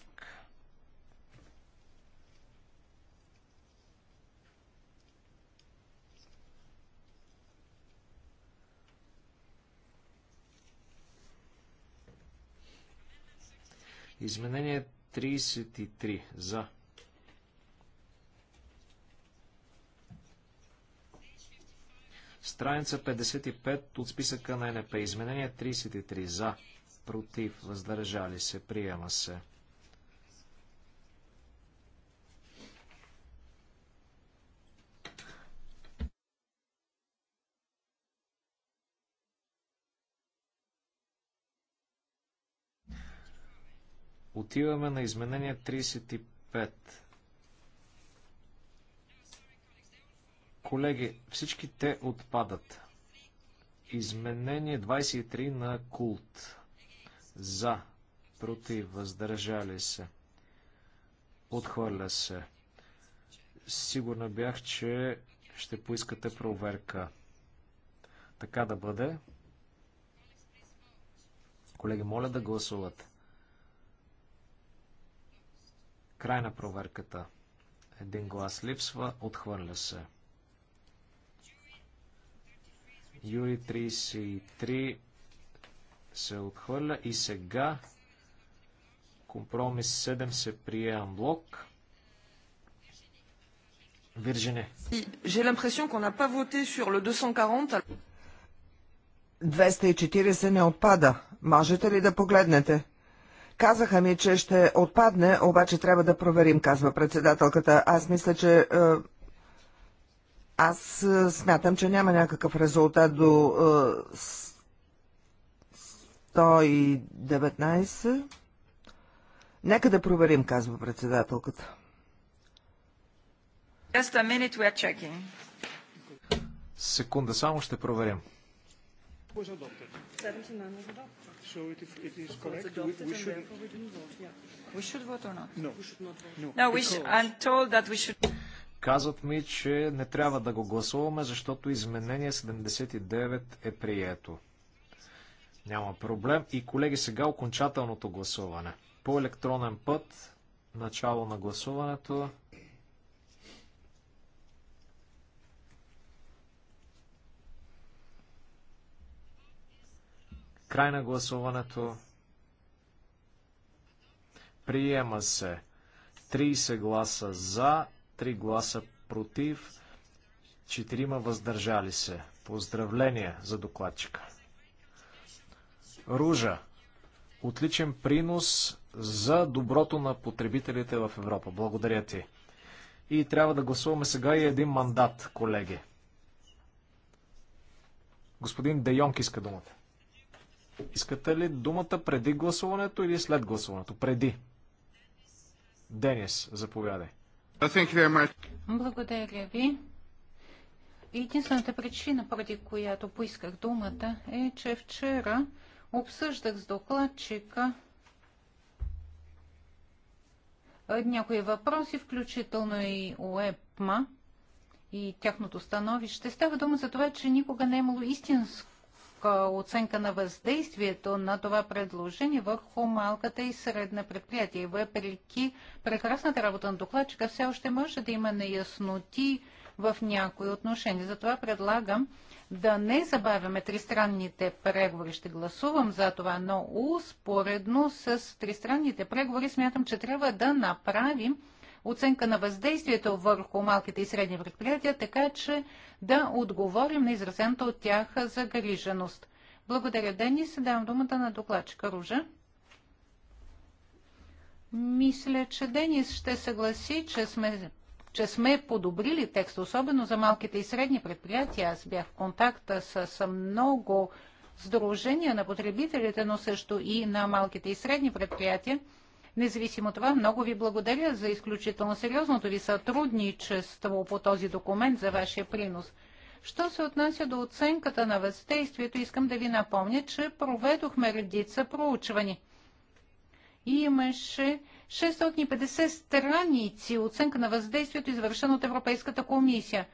Изменение 33 за Страница 55 от списъка на НП. Изменение 33. За. Против. Въздържали се. Приема се. Отиваме на изменение 35. Колеги, всички те отпадат. Изменение 23 на култ. За. Против. Въздържали се. Отхвърля се. Сигурна бях, че ще поискате проверка. Така да бъде. Колеги, моля да гласуват. Край на проверката. Един глас липсва, отхвърля се. Юли 33 се отхвърля и сега компромис 7 се прие блок. Виржене. J'ai l'impression qu'on n'a pas voté sur le 240. 240 не отпада. Можете ли да погледнете? Казаха ми, че ще отпадне, обаче трябва да проверим, казва председателката. Аз мисля, че е, аз смятам, че няма някакъв резултат до 119. Нека да проверим, казва председателката. Just a minute, we are checking. Секунда, само ще проверим. So it, it is correct. We, we should. We should vote or not? No. No. No. We sh- I'm told that we should. Казват ми, че не трябва да го гласуваме, защото изменение 79 е прието. Няма проблем. И колеги, сега окончателното гласуване. По електронен път, начало на гласуването. Край на гласуването. Приема се 30 гласа за, 3 гласа против, 4 въздържали се. Поздравления за докладчика. Ружа. Отличен принос за доброто на потребителите в Европа. Благодаря ти. И трябва да гласуваме сега и един мандат, колеги. Господин Дейонг иска думата. Искате ли думата преди гласуването или след гласуването? Преди. Денис, заповядай. Благодаря ви. Единствената причина, поради която поисках думата, е, че вчера обсъждах с докладчика някои въпроси, включително и ОЕПМА и тяхното становище. Става дума за това, че никога не е имало истинско е, оценка на въздействието на това предложение върху малката и средна предприятие. Въпреки прекрасната работа на докладчика, все още може да има неясноти в някои отношения. Затова предлагам да не забавяме тристранните преговори. Ще гласувам за това, но успоредно с тристранните преговори смятам, че трябва да направим оценка на въздействието върху малките и средни предприятия, така че да отговорим на изразената от тях загриженост. Благодаря, Денис. Давам думата на докладчика Ружа. Мисля, че Денис ще съгласи, че сме, че сме подобрили текст, особено за малките и средни предприятия. Аз бях в контакта с, с много сдружения на потребителите, но също и на малките и средни предприятия. Независимо това, много ви благодаря за изключително сериозното ви сътрудничество по този документ, за вашия принос. Що се отнася до оценката на въздействието, искам да ви напомня, че проведохме редица проучвани. Имаше 650 страници оценка на въздействието, извършено от Европейската комисия.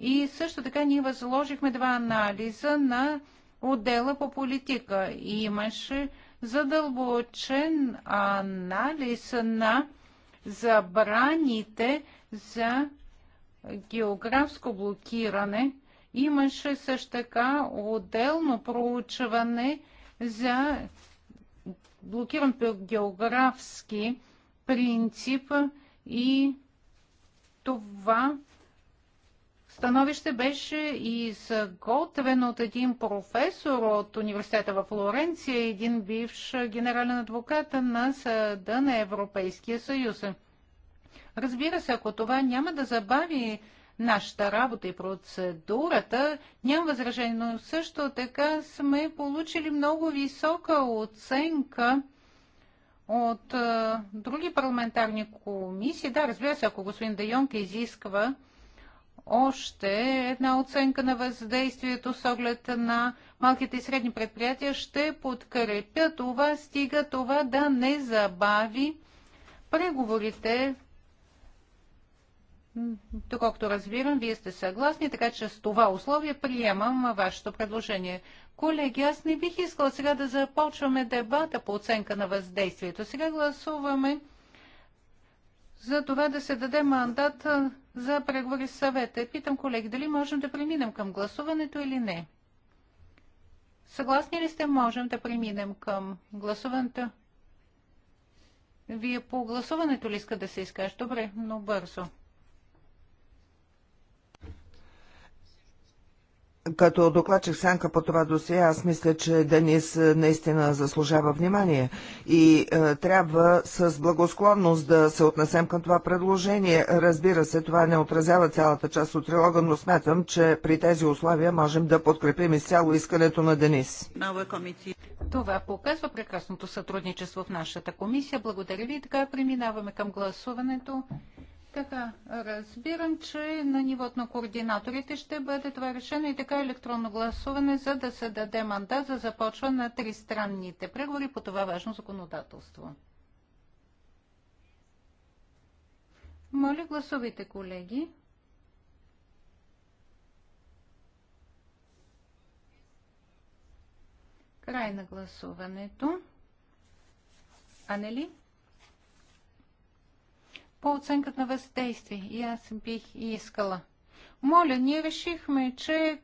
И също така ние възложихме два анализа на отдела по политика. Имаше задълбочен анализ на забраните за географско блокиране. Имаше също така отделно проучване за блокиран по географски принцип и това становище беше изготвено от един професор от университета в Флоренция, един бивш генерален адвокат на Съда на Европейския съюз. Разбира се, ако това няма да забави нашата работа и процедурата, нямам възражение, но също така сме получили много висока оценка от а, други парламентарни комисии. Да, разбира се, ако господин Дайонка изисква още една оценка на въздействието с оглед на малките и средни предприятия ще подкрепя това, стига това да не забави преговорите. Доколкото разбирам, вие сте съгласни, така че с това условие приемам вашето предложение. Колеги, аз не бих искала сега да започваме дебата по оценка на въздействието. Сега гласуваме за това да се даде мандат за преговори с съвета. Питам колеги, дали можем да преминем към гласуването или не? Съгласни ли сте, можем да преминем към гласуването? Вие по гласуването ли искате да се изкажете? Добре, но бързо. Като докладчик Сянка по това досие, аз мисля, че Денис е, наистина заслужава внимание и е, трябва с благосклонност да се отнесем към това предложение. Разбира се, това не отразява цялата част от трилога, но смятам, че при тези условия можем да подкрепим изцяло искането на Денис. Това показва прекрасното сътрудничество в нашата комисия. Благодаря ви. Така преминаваме към гласуването. Така, разбирам, че на нивото на координаторите ще бъде това решено и така електронно гласуване, за да се даде мандат за започване на тристранните преговори по това важно законодателство. Моля, гласувайте, колеги. Край на гласуването. А не ли? по оценката на въздействие. И аз бих искала. Моля, ние решихме, че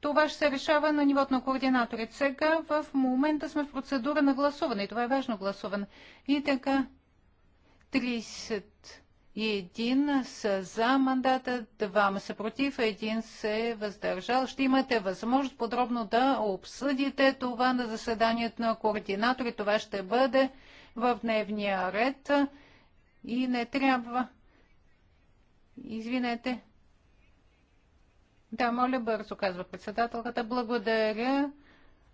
това ще се решава на нивото на координаторите. Сега в момента сме в процедура на гласуване и това е важно гласуване. И така, 31 са за мандата, 2 са против, 1 се е въздържал. Ще имате възможност подробно да обсъдите това на заседанието на координатори. Това ще бъде в дневния ред. И не трябва. Извинете. Да, моля бързо, казва председателката. Благодаря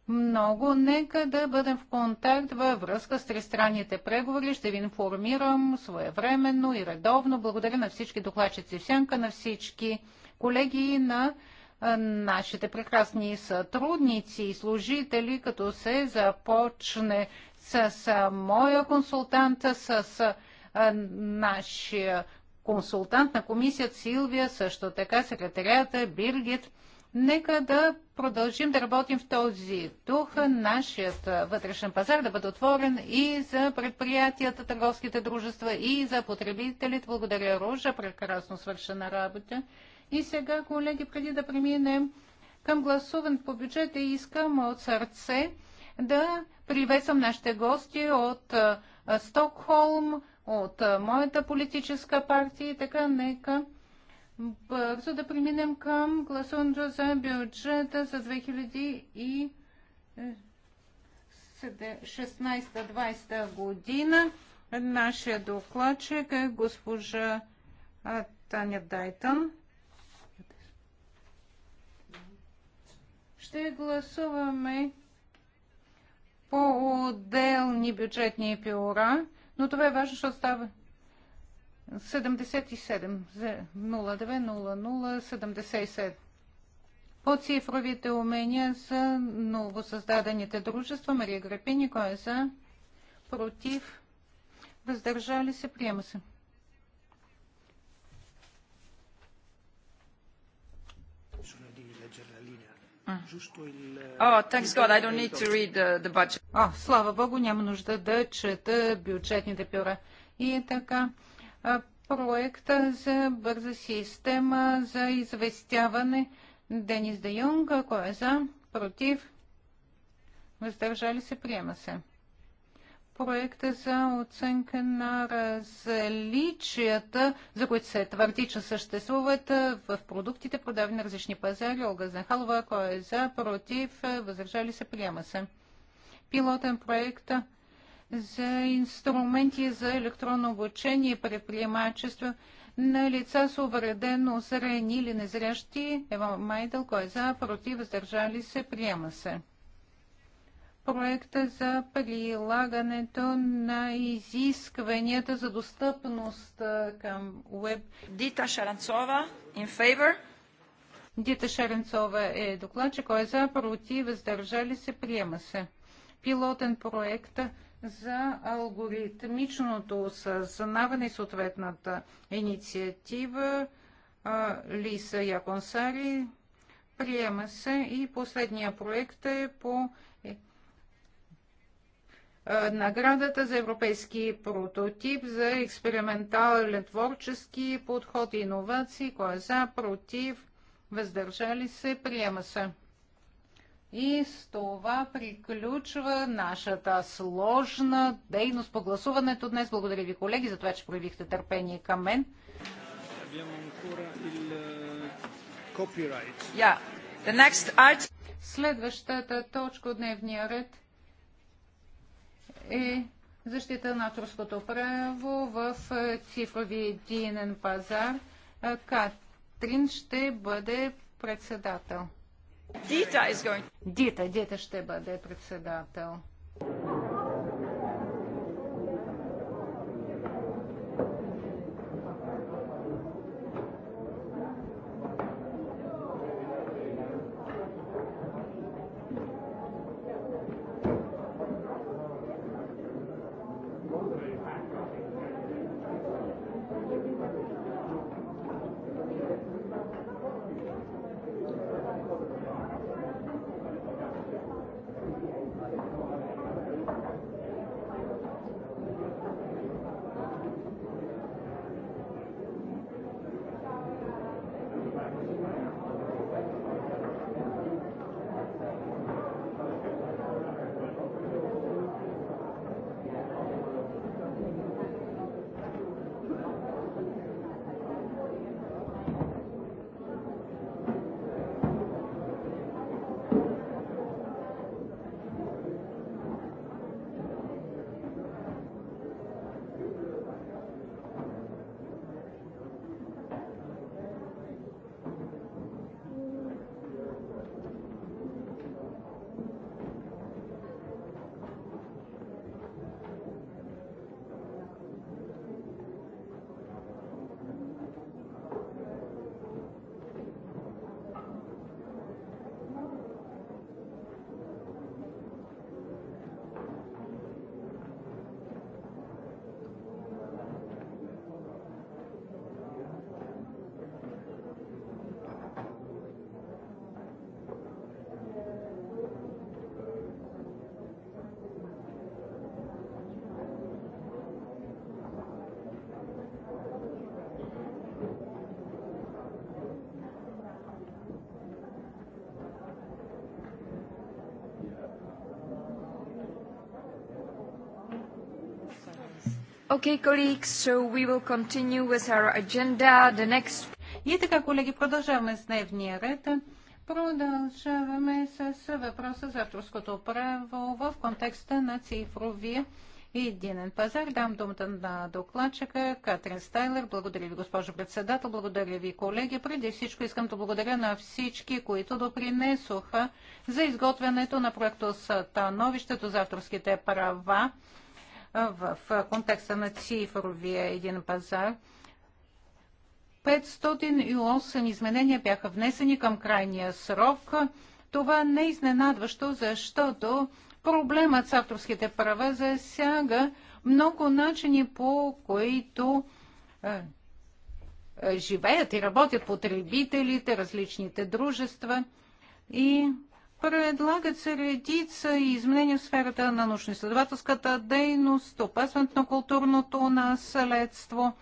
много. Нека да бъдем в контакт във връзка с тристранните преговори. Ще ви информирам своевременно и редовно. Благодаря на всички докладчици в сянка, на всички колеги и на нашите прекрасни сътрудници и служители, като се започне с моя консултант, с нашия консултант на комисията Силвия, също така секретарията Биргит. Нека да продължим да работим в този дух, нашият вътрешен пазар да бъде отворен и за предприятията, търговските дружества, и за потребителите. Благодаря, Ружа, прекрасно свършена работа. И сега, колеги, преди да преминем към гласуване по бюджета, искам от сърце да приветствам нашите гости от Стокхолм, от моята политическа партия и така нека бързо да преминем към гласуването за бюджета за 2016-2020 е, година. Нашия докладчик е госпожа Таня Дайтън. Ще гласуваме по отделни бюджетни пиора. Но това е важно, защото става 77 за 020077. По цифровите умения за новосъздадените дружества Мария Грапини, кой е за, против, въздържали се, приема се. О, слава богу, няма нужда да чета бюджетните пюра. И така, проекта за бърза система за известяване. Денис Де Юнг, кой е за? Против? Въздържали се? Приема се проекта за оценка на различията, за които се твърди, че съществуват в продуктите, продавани на различни пазари. Олга Захалова, кой е за, против, възражали се, приема се. Пилотен проект за инструменти за електронно обучение и предприемачество на лица с увредено зрение или незрящи. Ева Майдъл, кой е за, против, въздържали се, приема се проекта за прилагането на изискванията за достъпност към уеб. Дита Шаранцова, in favor. Дита Шаренцова е докладчик. Кой е за, против, въздържали се, приема се. Пилотен проект за алгоритмичното съзнаване и съответната инициатива Лиса Яконсари приема се и последния проект е по е, наградата за европейски прототип за експериментален творчески подход и иновации. Кой е за, против, въздържали се, приема се. И с това приключва нашата сложна дейност по гласуването днес. Благодаря ви, колеги, за това, че проявихте търпение към мен. Eh, Следващата точка от дневния ред е защита на авторското право в цифрови единен пазар. Катрин ще бъде председател. Дита, е Дита ще бъде председател. Okay, colleagues, so we will continue with our agenda. The next... И така, колеги, продължаваме с дневния ред. Продължаваме с въпроса за авторското право в контекста на цифровия единен пазар. Дам думата на докладчика Катрин Стайлер. Благодаря ви, госпожо председател. Благодаря ви, колеги. Преди всичко искам да благодаря на всички, които допринесоха за изготвянето на с становището за авторските права в контекста на цифровия един пазар. 508 изменения бяха внесени към крайния срок. Това не е изненадващо, защото проблемът с авторските права засяга много начини, по които е, живеят и работят потребителите, различните дружества. И Предлагат се редица и изменения в сферата на научно-изследователската дейност, опазването на културното наследство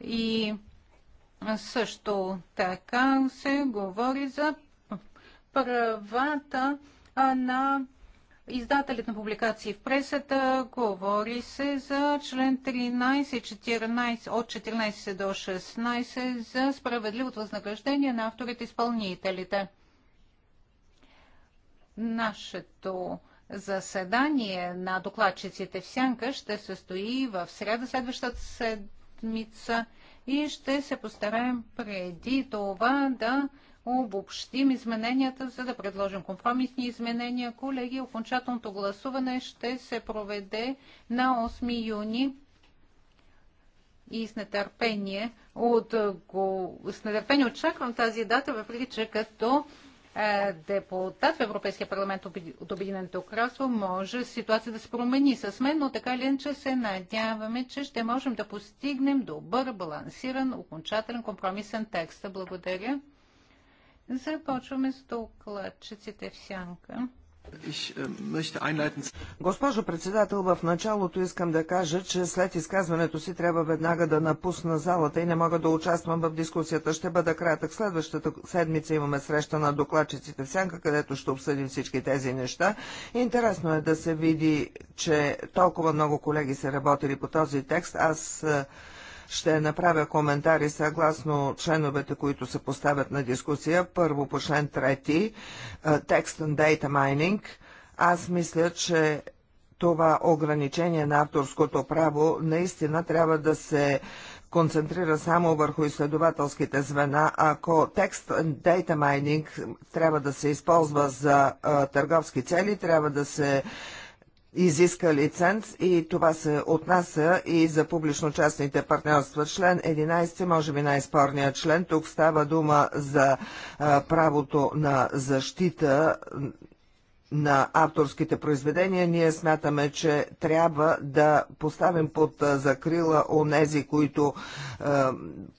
и също така се говори за правата на издателят на публикации в пресата. Говори се за член 13, 14, от 14 до 16 за справедливото възнаграждение на авторите-изпълнителите. Нашето заседание на докладчиците в Сянка ще се стои в среда следващата седмица и ще се постараем преди това да обобщим измененията, за да предложим компромисни изменения. Колеги, окончателното гласуване ще се проведе на 8 юни и с нетърпение, от, го, с нетърпение очаквам тази дата, въпреки че като е, депутат в Европейския парламент от Обединеното кралство, може ситуация да се промени с мен, но така ли че се надяваме, че ще можем да постигнем добър, балансиран, окончателен, компромисен текст. Благодаря. Започваме с докладчиците в сянка. Äh, Госпожо председател, в началото искам да кажа, че след изказването си трябва веднага да напусна залата и не мога да участвам в дискусията. Ще бъда кратък. Следващата седмица имаме среща на докладчиците в Сянка, където ще обсъдим всички тези неща. Интересно е да се види, че толкова много колеги са работили по този текст. Аз ще направя коментари съгласно членовете, които се поставят на дискусия. Първо по член 3, Text and Data Mining. Аз мисля, че това ограничение на авторското право наистина трябва да се концентрира само върху изследователските звена, ако текст Data Mining трябва да се използва за а, е, търговски цели, трябва да се изиска лиценз и това се отнася и за публично-частните партньорства. Член 11, може би най-спорният член, тук става дума за а, правото на защита на авторските произведения, ние смятаме, че трябва да поставим под закрила онези, които е,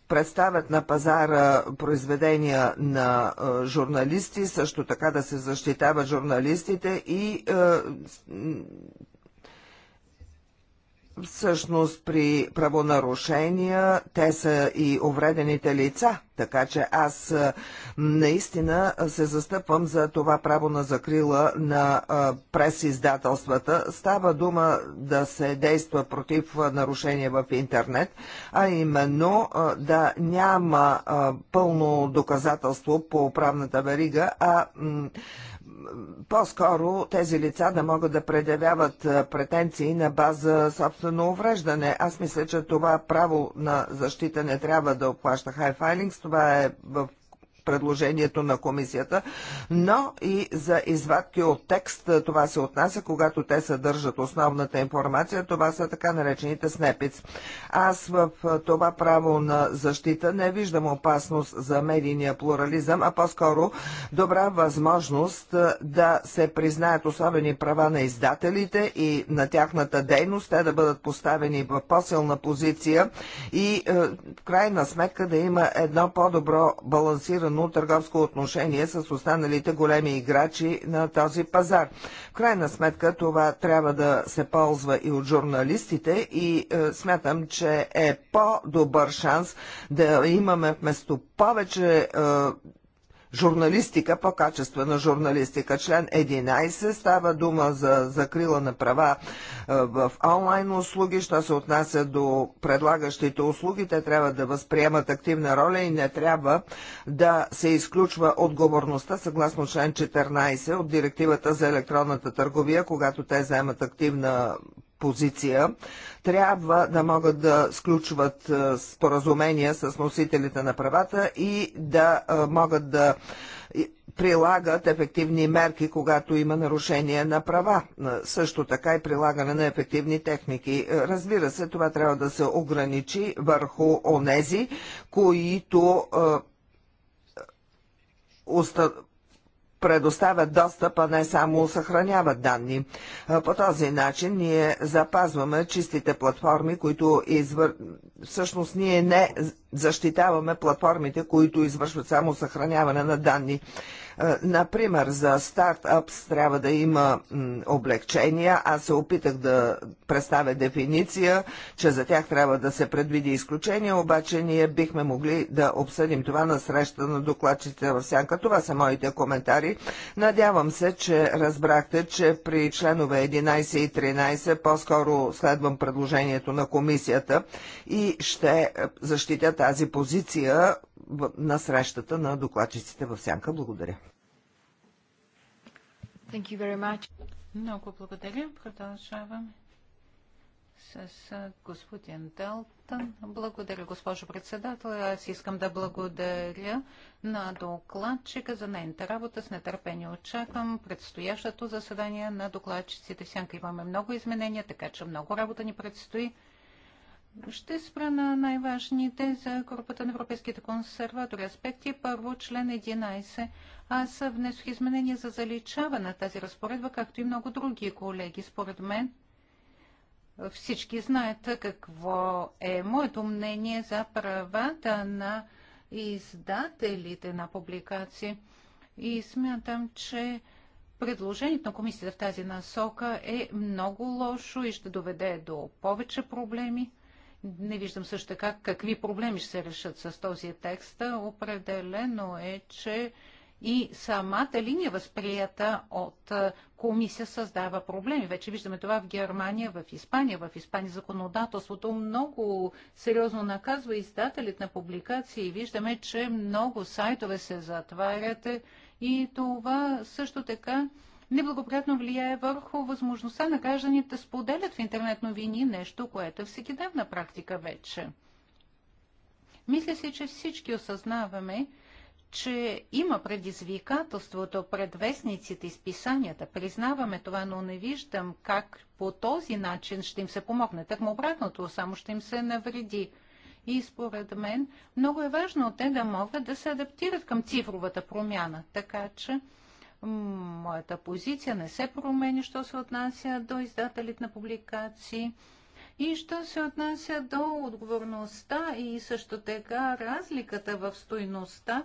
представят на пазара произведения на е, журналисти, също така да се защитават журналистите и е, Всъщност при правонарушения те са и увредените лица, така че аз наистина се застъпвам за това право на закрила на прес-издателствата. Става дума да се действа против нарушения в интернет, а именно да няма пълно доказателство по правната верига, а по-скоро тези лица да могат да предявяват претенции на база собствено увреждане. Аз мисля, че това право на защита не трябва да обхваща хайфайлингс. Това е в предложението на комисията, но и за извадки от текст. Това се отнася, когато те съдържат основната информация. Това са така наречените снепиц. Аз в това право на защита не виждам опасност за медийния плурализъм, а по-скоро добра възможност да се признаят особени права на издателите и на тяхната дейност, те да бъдат поставени в по-силна позиция и е, в крайна сметка да има едно по-добро балансирано равно търговско отношение с останалите големи играчи на този пазар. В крайна сметка това трябва да се ползва и от журналистите и е, смятам, че е по-добър шанс да имаме вместо повече е, журналистика, по-качествена журналистика. Член 11 става дума за закрила на права е, в онлайн услуги. Що се отнася до предлагащите услуги, те трябва да възприемат активна роля и не трябва да се изключва отговорността съгласно член 14 от директивата за електронната търговия, когато те заемат активна позиция, трябва да могат да сключват е, споразумения с носителите на правата и да е, могат да е, прилагат ефективни мерки, когато има нарушение на права. Също така и прилагане на ефективни техники. Разбира се, това трябва да се ограничи върху онези, които предоставят достъп, а не само съхраняват данни. По този начин ние запазваме чистите платформи, които извър... всъщност ние не защитаваме платформите, които извършват само съхраняване на данни. Е, например, за стартъпс трябва да има облегчения. Аз се опитах да представя дефиниция, че за тях трябва да се предвиди изключение, обаче ние бихме могли да обсъдим това на среща на докладчите в сянка. Това са моите коментари. Надявам се, че разбрахте, че при членове 11 и 13 по-скоро следвам предложението на комисията и ще е, защитя тази позиция на срещата на докладчиците в Сянка. Благодаря. Thank you very much. Много благодаря. Продължаваме с господин Далтън. Благодаря, госпожо председател. Аз искам да благодаря на докладчика за нейната работа. С нетърпение очаквам предстоящото заседание на докладчиците. Сянка имаме много изменения, така че много работа ни предстои. Ще спра на най-важните за групата на европейските консерватори аспекти. Първо, член 11. Аз внесох изменения за заличаване на тази разпоредба, както и много други колеги. Според мен всички знаят какво е моето мнение за правата на издателите на публикации. И смятам, че предложението на комисията в тази насока е много лошо и ще доведе до повече проблеми. Не виждам също така какви проблеми ще се решат с този текст. Определено е, че и самата линия, възприята от комисия, създава проблеми. Вече виждаме това в Германия, в Испания. В Испания законодателството много сериозно наказва издателят на публикации. Виждаме, че много сайтове се затварят и това също така неблагоприятно влияе върху възможността на гражданите да споделят в интернет новини нещо, което е всекидневна практика вече. Мисля си, че всички осъзнаваме, че има предизвикателството пред вестниците и списанията. Признаваме това, но не виждам как по този начин ще им се помогне. му обратното, само ще им се навреди. И според мен много е важно те да могат да се адаптират към цифровата промяна. Така че Моята позиция не се променя, що се отнася до издателите на публикации. И що се отнася до отговорността и също така разликата в стойността,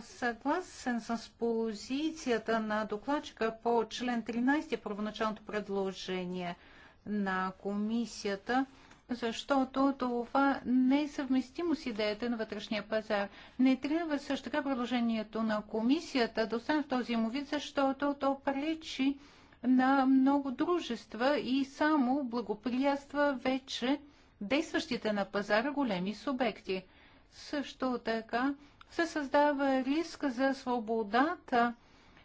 съгласен съм с позицията на докладчика по член 13, първоначалното предложение на комисията – защото това не е съвместимо с идеята на вътрешния пазар. Не трябва също така предложението на комисията да остане в този му вид, защото то пречи на много дружества и само благоприятства вече действащите на пазара големи субекти. Също така се създава риск за свободата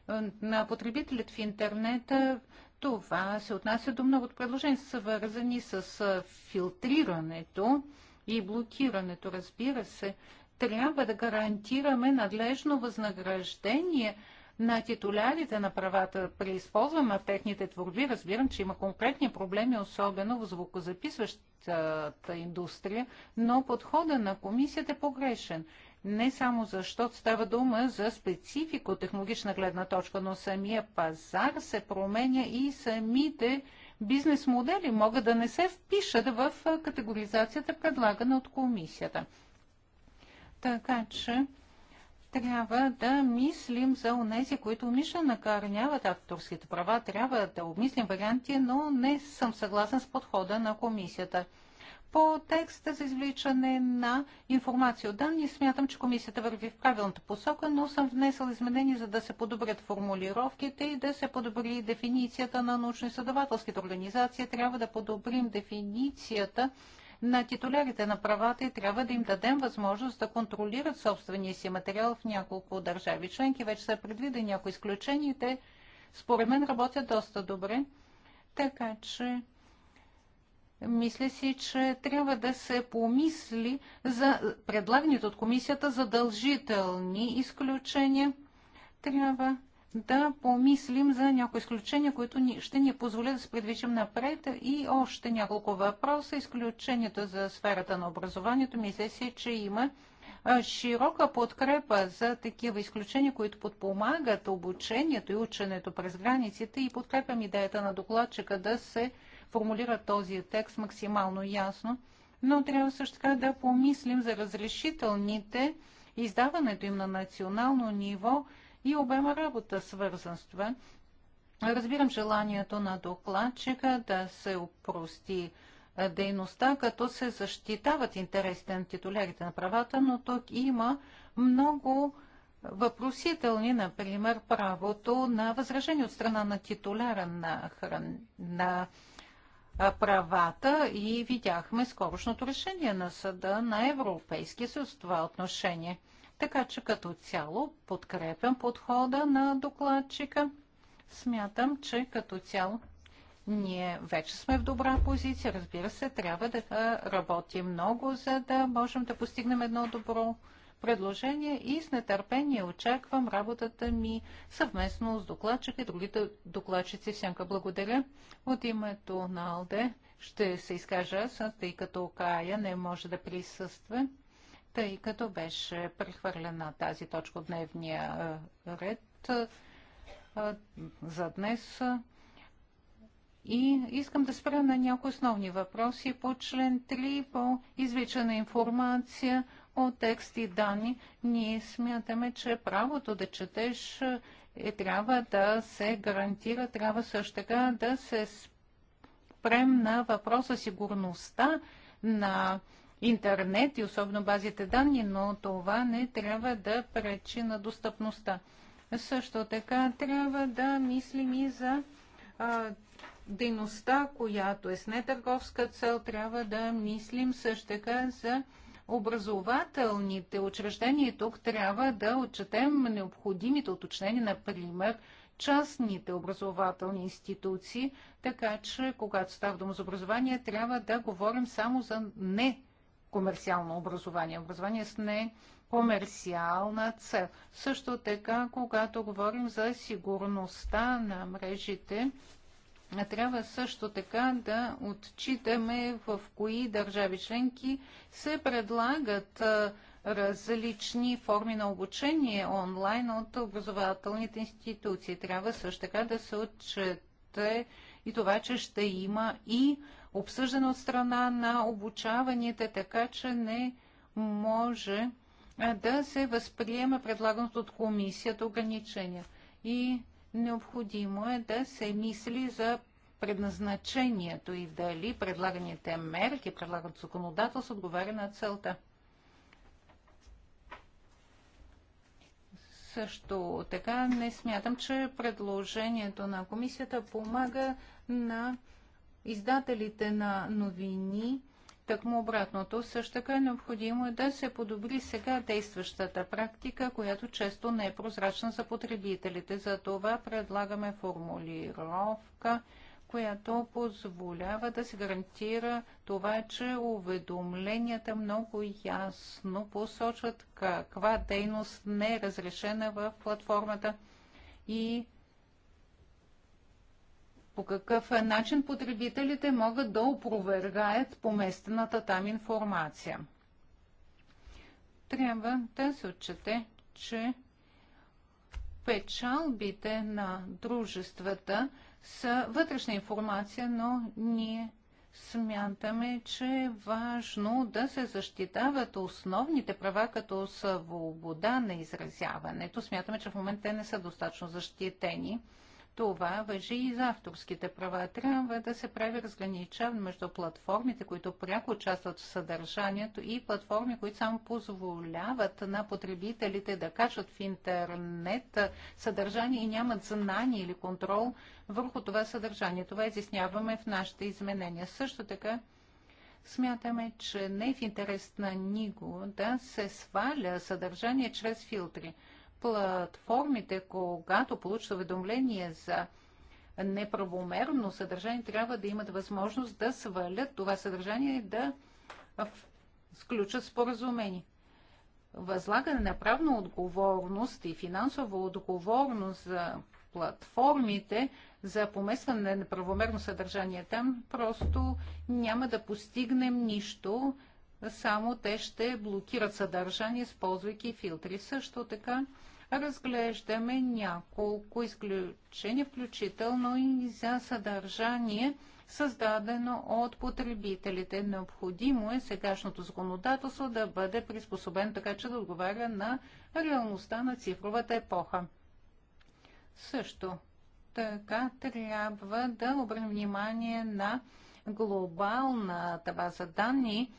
е, на потребителят в интернета това се отнася до много предложения, свързани с филтрирането и блокирането, разбира се. Трябва да гарантираме надлежно възнаграждение на титулярите на правата преизползваме в техните творби. Разбирам, че има конкретни проблеми, особено в звукозаписващата индустрия, но подхода на комисията е погрешен не само защото става дума за специфико технологична гледна точка, но самия пазар се променя и самите бизнес модели могат да не се впишат в категоризацията, предлагана от комисията. Така че трябва да мислим за онези, които умишлено накърняват авторските права. Трябва да обмислим варианти, но не съм съгласен с подхода на комисията. По текста за извличане на информация от данни смятам, че комисията върви в правилната посока, но съм внесъл изменения, за да се подобрят формулировките и да се подобри дефиницията на научно-изследователските организации. Трябва да подобрим дефиницията на титулярите на правата и трябва да им дадем възможност да контролират собствения си материал в няколко държави членки. Вече са предвидени някои изключения и те според мен работят доста добре. Така че мисля си, че трябва да се помисли за предлагането от комисията задължителни изключения. Трябва да помислим за някои изключения, които ни, ще ни позволят да се предвижим напред. И още няколко въпроса. Изключението за сферата на образованието. Мисля си, че има широка подкрепа за такива изключения, които подпомагат обучението и ученето през границите и подкрепям идеята на докладчика да се формулира този текст максимално ясно, но трябва също така да помислим за разрешителните, издаването им на национално ниво и обема работа свързан с това. Разбирам желанието на докладчика да се опрости дейността, като се защитават интересите на титулярите на правата, но тук има много въпросителни, например, правото на възражение от страна на титуляра на, хран... на правата и видяхме скорошното решение на съда на Европейския съюз в това отношение. Така че като цяло подкрепям подхода на докладчика. Смятам, че като цяло ние вече сме в добра позиция. Разбира се, трябва да работим много, за да можем да постигнем едно добро предложения и с нетърпение очаквам работата ми съвместно с докладчика и другите докладчици. Всяка благодаря. От името на Алде ще се изкажа аз, тъй като Кая не може да присъства, тъй като беше прехвърлена тази точка от дневния ред за днес. И искам да спра на някои основни въпроси по член 3, по извичана информация от текст и данни, ние смятаме, че правото да четеш е, е, трябва да се гарантира, трябва също така да се спрем на въпроса сигурността на интернет и особено базите данни, но това не трябва да пречи на достъпността. Също така трябва да мислим и за а, дейността, която е с нетърговска цел. Трябва да мислим също така за образователните учреждения. Тук трябва да отчетем необходимите уточнения, например, частните образователни институции, така че когато става дума за образование, трябва да говорим само за не комерциално образование, образование с не комерциална цел. Също така, когато говорим за сигурността на мрежите, трябва също така да отчитаме в кои държави членки се предлагат различни форми на обучение онлайн от образователните институции. Трябва също така да се отчете и това, че ще има и обсъждане от страна на обучаваните, така че не може да се възприема предлаганото от комисията ограничения. И Необходимо е да се мисли за предназначението и дали предлаганите мерки, предлагат законодателство, отговаря на целта. Също така не смятам, че предложението на комисията помага на издателите на новини му обратното, също така е необходимо да се подобри сега действащата практика, която често не е прозрачна за потребителите. За това предлагаме формулировка, която позволява да се гарантира това, че уведомленията много ясно посочват каква дейност не е разрешена в платформата и по какъв начин потребителите могат да опровергаят поместената там информация. Трябва да се отчете, че печалбите на дружествата са вътрешна информация, но ние смятаме, че е важно да се защитават основните права като свобода на изразяването. Смятаме, че в момента те не са достатъчно защитени. Това въжи и за авторските права. Трябва да се прави разграничаване между платформите, които пряко участват в съдържанието и платформи, които само позволяват на потребителите да качат в интернет съдържание и нямат знание или контрол върху това съдържание. Това изясняваме в нашите изменения. Също така смятаме, че не е в интерес на него да се сваля съдържание чрез филтри платформите, когато получат уведомление за неправомерно съдържание, трябва да имат възможност да свалят това съдържание и да включат споразумение. Възлагане на правна отговорност и финансова отговорност за платформите за поместване на неправомерно съдържание там, просто няма да постигнем нищо, само те ще блокират съдържание, използвайки филтри. Също така разглеждаме няколко изключения, включително и за съдържание, създадено от потребителите. Необходимо е сегашното законодателство да бъде приспособено така, че да отговаря на реалността на цифровата епоха. Също така трябва да обрем внимание на глобалната база данни,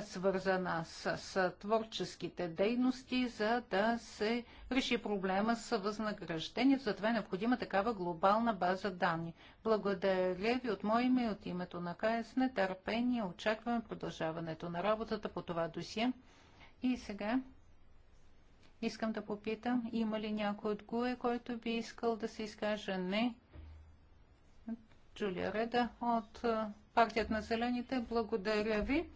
свързана с, с творческите дейности, за да се реши проблема с възнаграждението. Затова е необходима такава глобална база данни. Благодаря ви от мое име и от името на КС. Нетърпение очакваме продължаването на работата по това досие. И сега искам да попитам, има ли някой от ГУЕ, който би искал да се изкаже? Не. Джулия Реда от партията на зелените. Благодаря ви.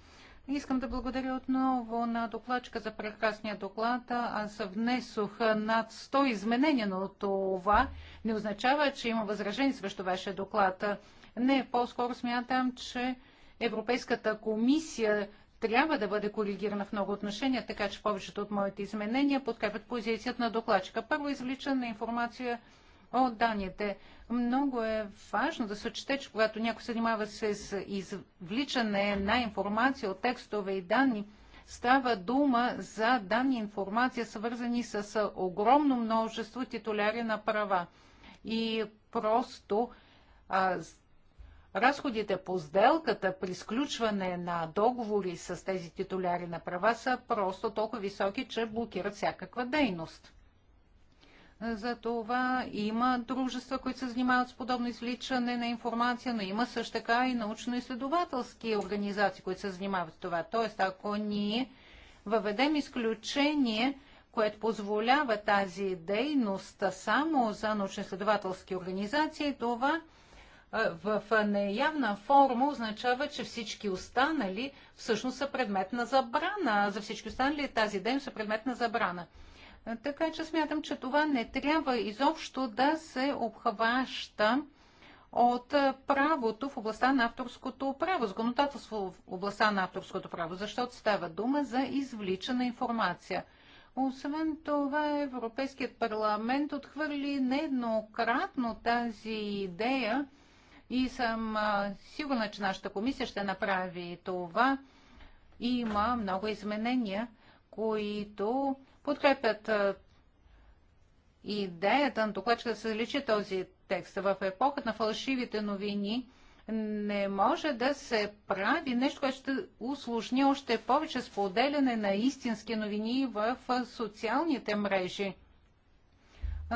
Искам да благодаря отново на докладчика за прекрасния доклад. Аз внесох над 100 изменения, но това не означава, че има възражение срещу вашия доклад. Не, по-скоро смятам, че Европейската комисия трябва да бъде коригирана в много отношения, така че повечето от моите изменения подкрепят позицията на докладчика. Първо извличане на информация от данните. Много е важно да се чете, че когато някой се занимава с извличане на информация от текстове и данни, става дума за данни информация, свързани с огромно множество титуляри на права. И просто а, разходите по сделката при сключване на договори с тези титуляри на права са просто толкова високи, че блокират всякаква дейност. За това има дружества, които се занимават с подобно извличане на информация, но има също така и научно-изследователски организации, които се занимават с това. Тоест, ако ние въведем изключение, което позволява тази дейност само за научно-изследователски организации, това в неявна форма означава, че всички останали всъщност са предмет на забрана. За всички останали тази дейност са е предмет на забрана. Така че смятам, че това не трябва изобщо да се обхваща от правото в областта на авторското право, законодателство в областта на авторското право, защото става дума за извличана информация. Освен това, Европейският парламент отхвърли нееднократно тази идея и съм сигурна, че нашата комисия ще направи това. Има много изменения, които подкрепят идеята на че да се заличи този текст. В епохата на фалшивите новини не може да се прави нещо, което ще усложни още повече споделяне на истински новини в социалните мрежи.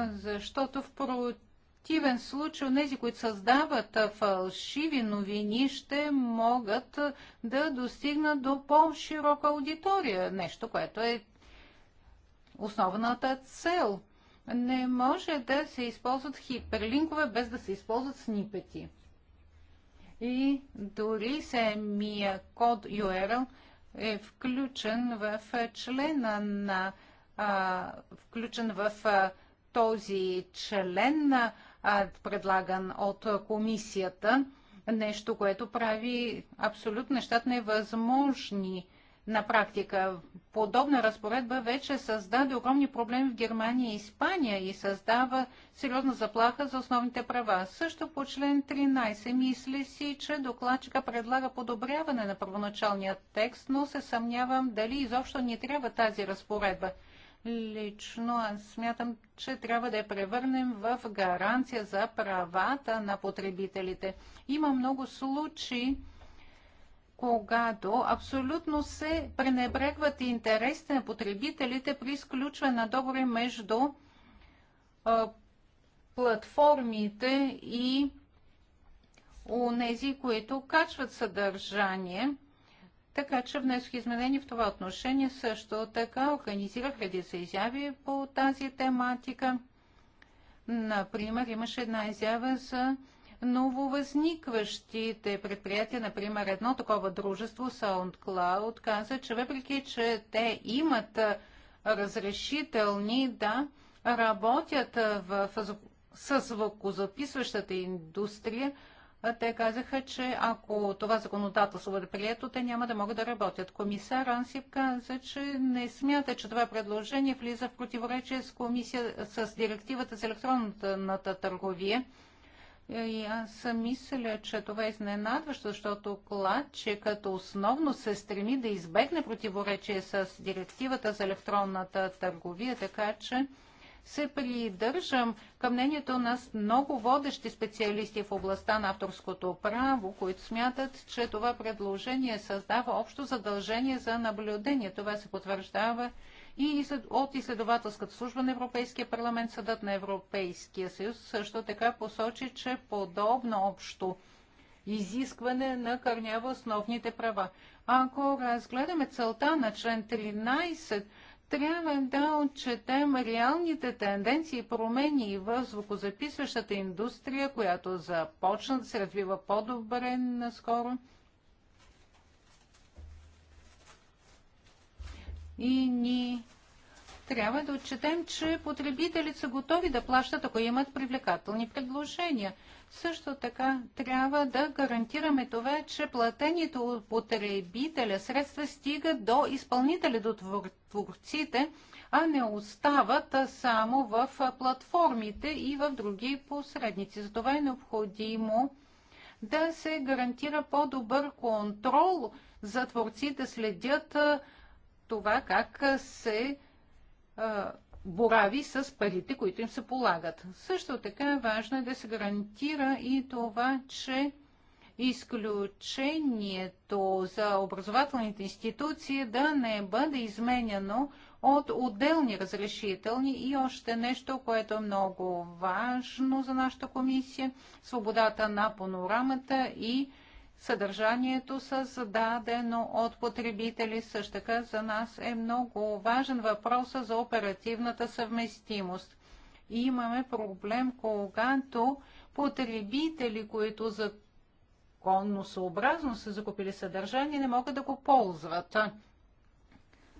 Защото в противен случай тези, които създават фалшиви новини, ще могат да достигнат до по-широка аудитория. Нещо, което е основната цел. Не може да се използват хиперлинкове без да се използват снипети. И дори самия код URL е включен в члена на а, включен в а, този член, а, предлаган от комисията, нещо, което прави абсолютно нещата невъзможни на практика подобна разпоредба вече създаде огромни проблеми в Германия и Испания и създава сериозна заплаха за основните права. Също по член 13 мисли си, че докладчика предлага подобряване на първоначалния текст, но се съмнявам дали изобщо ни трябва тази разпоредба. Лично аз смятам, че трябва да я превърнем в гаранция за правата на потребителите. Има много случаи, когато абсолютно се пренебрегват интересите на потребителите при изключване на договори между а, платформите и нези, които качват съдържание. Така че внесох изменения в това отношение. Също така организирах се изяви по тази тематика. Например, имаше една изява за нововъзникващите предприятия, например едно такова дружество, SoundCloud, каза, че въпреки, че те имат разрешителни да работят в, с звукозаписващата индустрия, те казаха, че ако това законодателство бъде прието, те няма да могат да работят. Комисар Ансип каза, че не смята, че това предложение влиза в противоречие с комисия с директивата за електронната търговия. И аз мисля, че това е изненадващо, защото Кладче като основно се стреми да избегне противоречие с директивата за електронната търговия, така че се придържам към мнението на много водещи специалисти в областта на авторското право, които смятат, че това предложение създава общо задължение за наблюдение. Това се потвърждава и от изследователската служба на Европейския парламент Съдът на Европейския съюз също така посочи, че подобно общо изискване накърнява основните права. Ако разгледаме целта на член 13, трябва да отчетем реалните тенденции и промени в звукозаписващата индустрия, която започна да се развива по-добре наскоро – и ни трябва да отчетем, че потребителите са готови да плащат, ако имат привлекателни предложения. Също така трябва да гарантираме това, че платените от потребителя средства стигат до изпълнителя, до творците, а не остават само в платформите и в други посредници. Затова е необходимо да се гарантира по-добър контрол за творците следят това как се борави с парите, които им се полагат. Също така важно е да се гарантира и това, че изключението за образователните институции да не бъде изменяно от отделни разрешителни и още нещо, което е много важно за нашата комисия – свободата на панорамата и съдържанието създадено от потребители. Също така за нас е много важен въпрос за оперативната съвместимост. И имаме проблем, когато потребители, които законно съобразно са закупили съдържание, не могат да го ползват.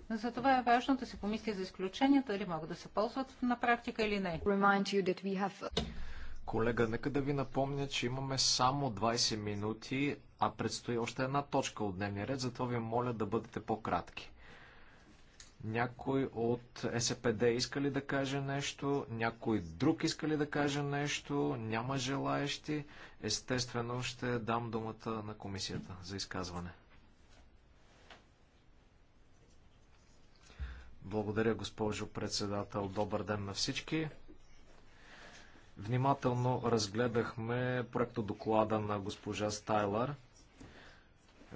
Затова е важно да се помисли за изключенията, дали могат да се ползват на практика или не. Колега, нека да ви напомня, че имаме само 20 минути, а предстои още една точка от дневния ред, затова ви моля да бъдете по-кратки. Някой от СПД иска ли да каже нещо? Някой друг иска ли да каже нещо? Няма желаещи. Естествено ще дам думата на комисията за изказване. Благодаря, госпожо председател. Добър ден на всички. Внимателно разгледахме проекто доклада на госпожа Стайлар.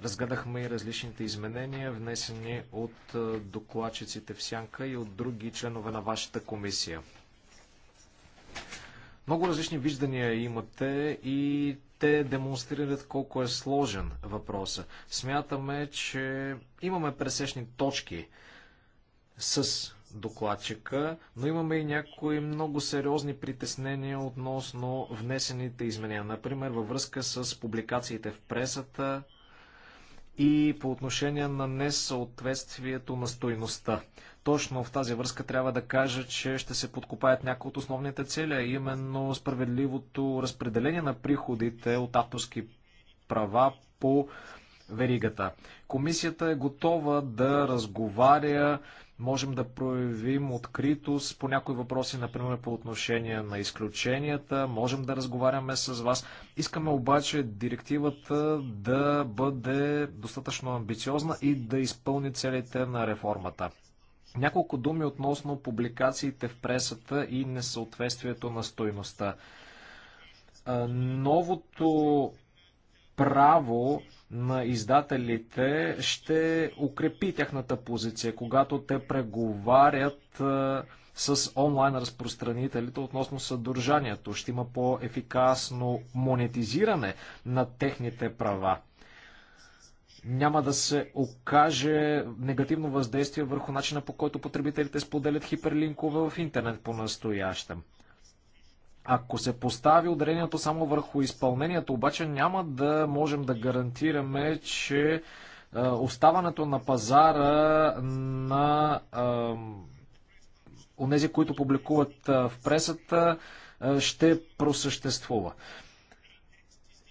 Разгледахме и различните изменения, внесени от е, докладчиците в Сянка и от други членове на вашата комисия. Много различни виждания имате и те демонстрират колко е сложен въпроса. Смятаме, че имаме пресечни точки с докладчика, но имаме и някои много сериозни притеснения относно внесените изменения. Например, във връзка с публикациите в пресата и по отношение на несъответствието на стойността. Точно в тази връзка трябва да кажа, че ще се подкопаят някои от основните цели, а именно справедливото разпределение на приходите от авторски права по веригата. Комисията е готова да разговаря Можем да проявим откритост по някои въпроси, например по отношение на изключенията. Можем да разговаряме с вас. Искаме обаче директивата да бъде достатъчно амбициозна и да изпълни целите на реформата. Няколко думи относно публикациите в пресата и несъответствието на стойността. Новото право на издателите ще укрепи тяхната позиция, когато те преговарят с онлайн разпространителите относно съдържанието. Ще има по-ефикасно монетизиране на техните права. Няма да се окаже негативно въздействие върху начина по който потребителите споделят хиперлинкове в интернет по настоящем. Ако се постави ударението само върху изпълнението, обаче няма да можем да гарантираме, че оставането на пазара на онези, които публикуват в пресата, ще просъществува.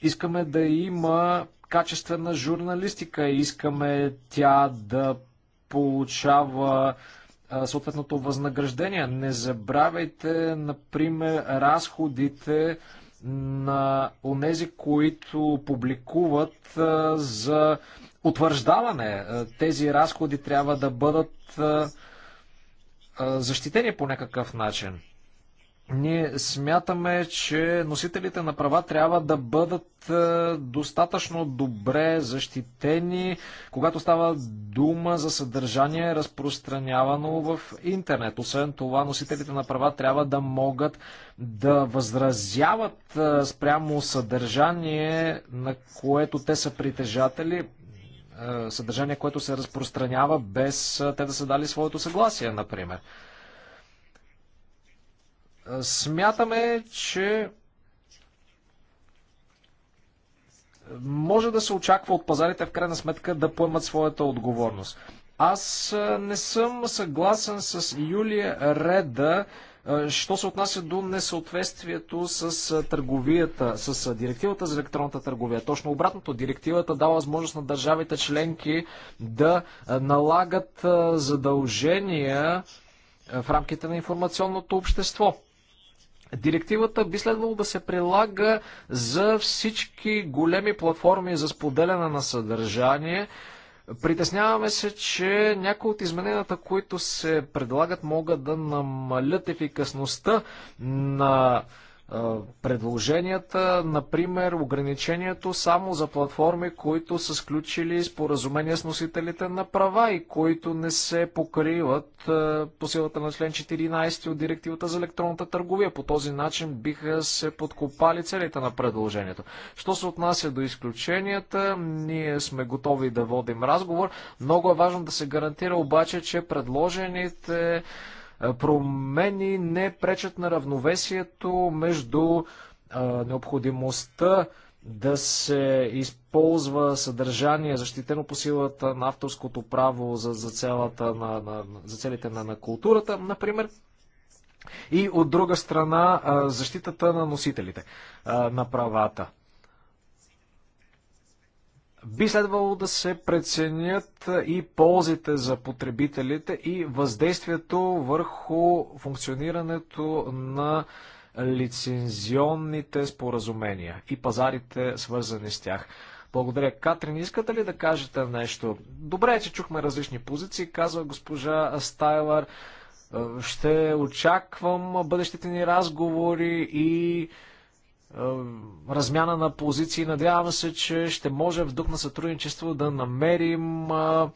Искаме да има качествена журналистика, искаме тя да получава съответното възнаграждение. Не забравяйте, например, разходите на онези, които публикуват за утвърждаване. Тези разходи трябва да бъдат защитени по някакъв начин. Ние смятаме, че носителите на права трябва да бъдат е, достатъчно добре защитени, когато става дума за съдържание разпространявано в интернет. Освен това, носителите на права трябва да могат да възразяват е, спрямо съдържание, на което те са притежатели, е, съдържание, което се разпространява без те да са дали своето съгласие, например. Смятаме, че може да се очаква от пазарите в крайна сметка да поемат своята отговорност. Аз не съм съгласен с Юлия Реда, що се отнася до несъответствието с търговията, с директивата за електронната търговия. Точно обратното, директивата дава възможност на държавите членки да налагат задължения в рамките на информационното общество. Директивата би следвало да се прилага за всички големи платформи за споделяне на съдържание. Притесняваме се, че някои от измененията, които се предлагат, могат да намалят ефикасността на предложенията, например ограничението само за платформи, които са сключили споразумения с носителите на права и които не се покриват по силата на член 14 от директивата за електронната търговия. По този начин биха се подкопали целите на предложението. Що се отнася до изключенията, ние сме готови да водим разговор. Много е важно да се гарантира обаче, че предложените промени не пречат на равновесието между необходимостта да се използва съдържание, защитено по силата на авторското право за, за, на, на, за целите на, на културата, например, и от друга страна защитата на носителите на правата. Би следвало да се преценят и ползите за потребителите и въздействието върху функционирането на лицензионните споразумения и пазарите, свързани с тях. Благодаря. Катрин, искате ли да кажете нещо? Добре, е, че чухме различни позиции, казва госпожа Стайлър. Ще очаквам бъдещите ни разговори и е, размяна на позиции. Надявам се, че ще може в дух на сътрудничество да намерим е,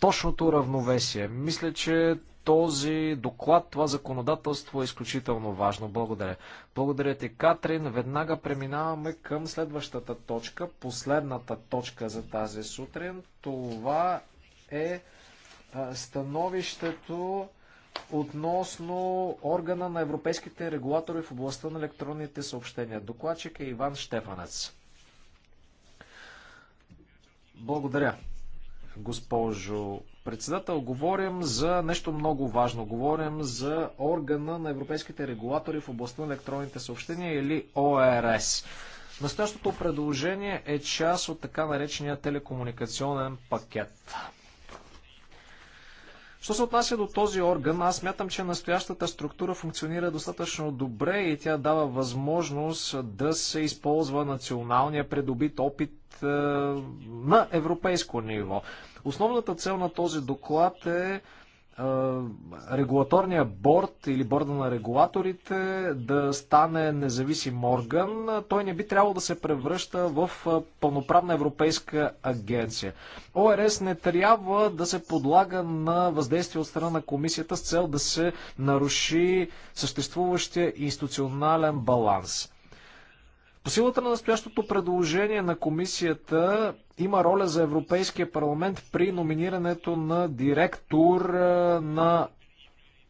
точното равновесие. Мисля, че този доклад, това законодателство е изключително важно. Благодаря. Благодаря ти, Катрин. Веднага преминаваме към следващата точка, последната точка за тази сутрин. Това е, е становището относно органа на европейските регулатори в областта на електронните съобщения. Докладчик е Иван Штефанец. Благодаря, госпожо председател. Говорим за нещо много важно. Говорим за органа на европейските регулатори в областта на електронните съобщения или ОРС. Настоящото предложение е част от така наречения телекомуникационен пакет. Що се отнася до този орган, аз мятам, че настоящата структура функционира достатъчно добре и тя дава възможност да се използва националния предобит опит е, на европейско ниво. Основната цел на този доклад е е, регулаторния борд или борда на регулаторите да стане независим орган, той не би трябвало да се превръща в е, пълноправна европейска агенция. ОРС не трябва да се подлага на въздействие от страна на комисията с цел да се наруши съществуващия институционален баланс. По силата на настоящото предложение на комисията има роля за Европейския парламент при номинирането на директор е, на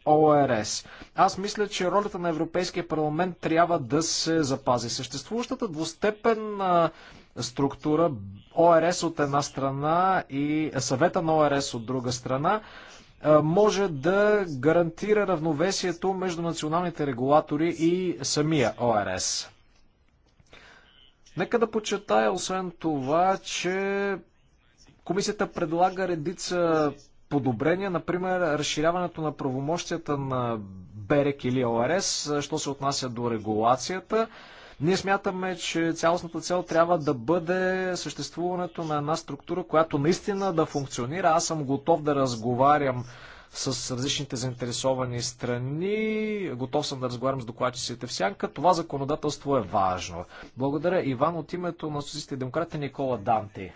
ОРС. Е Аз мисля, че ролята на Европейския парламент трябва да се запази. Съществуващата двустепенна е, структура ОРС от една страна и съвета на ОРС от друга страна може да гарантира равновесието между националните регулатори и самия ОРС. Нека да почетая, освен това, че комисията предлага редица подобрения, например, разширяването на правомощията на БЕРЕК или ОРС, що се отнася до регулацията. Ние смятаме, че цялостната цел трябва да бъде съществуването на една структура, която наистина да функционира. Аз съм готов да разговарям с различните заинтересовани страни. Готов съм да разговарям с докладчиците в сянка. Това законодателство е важно. Благодаря Иван от името на социалистите и демократи Никола Данти.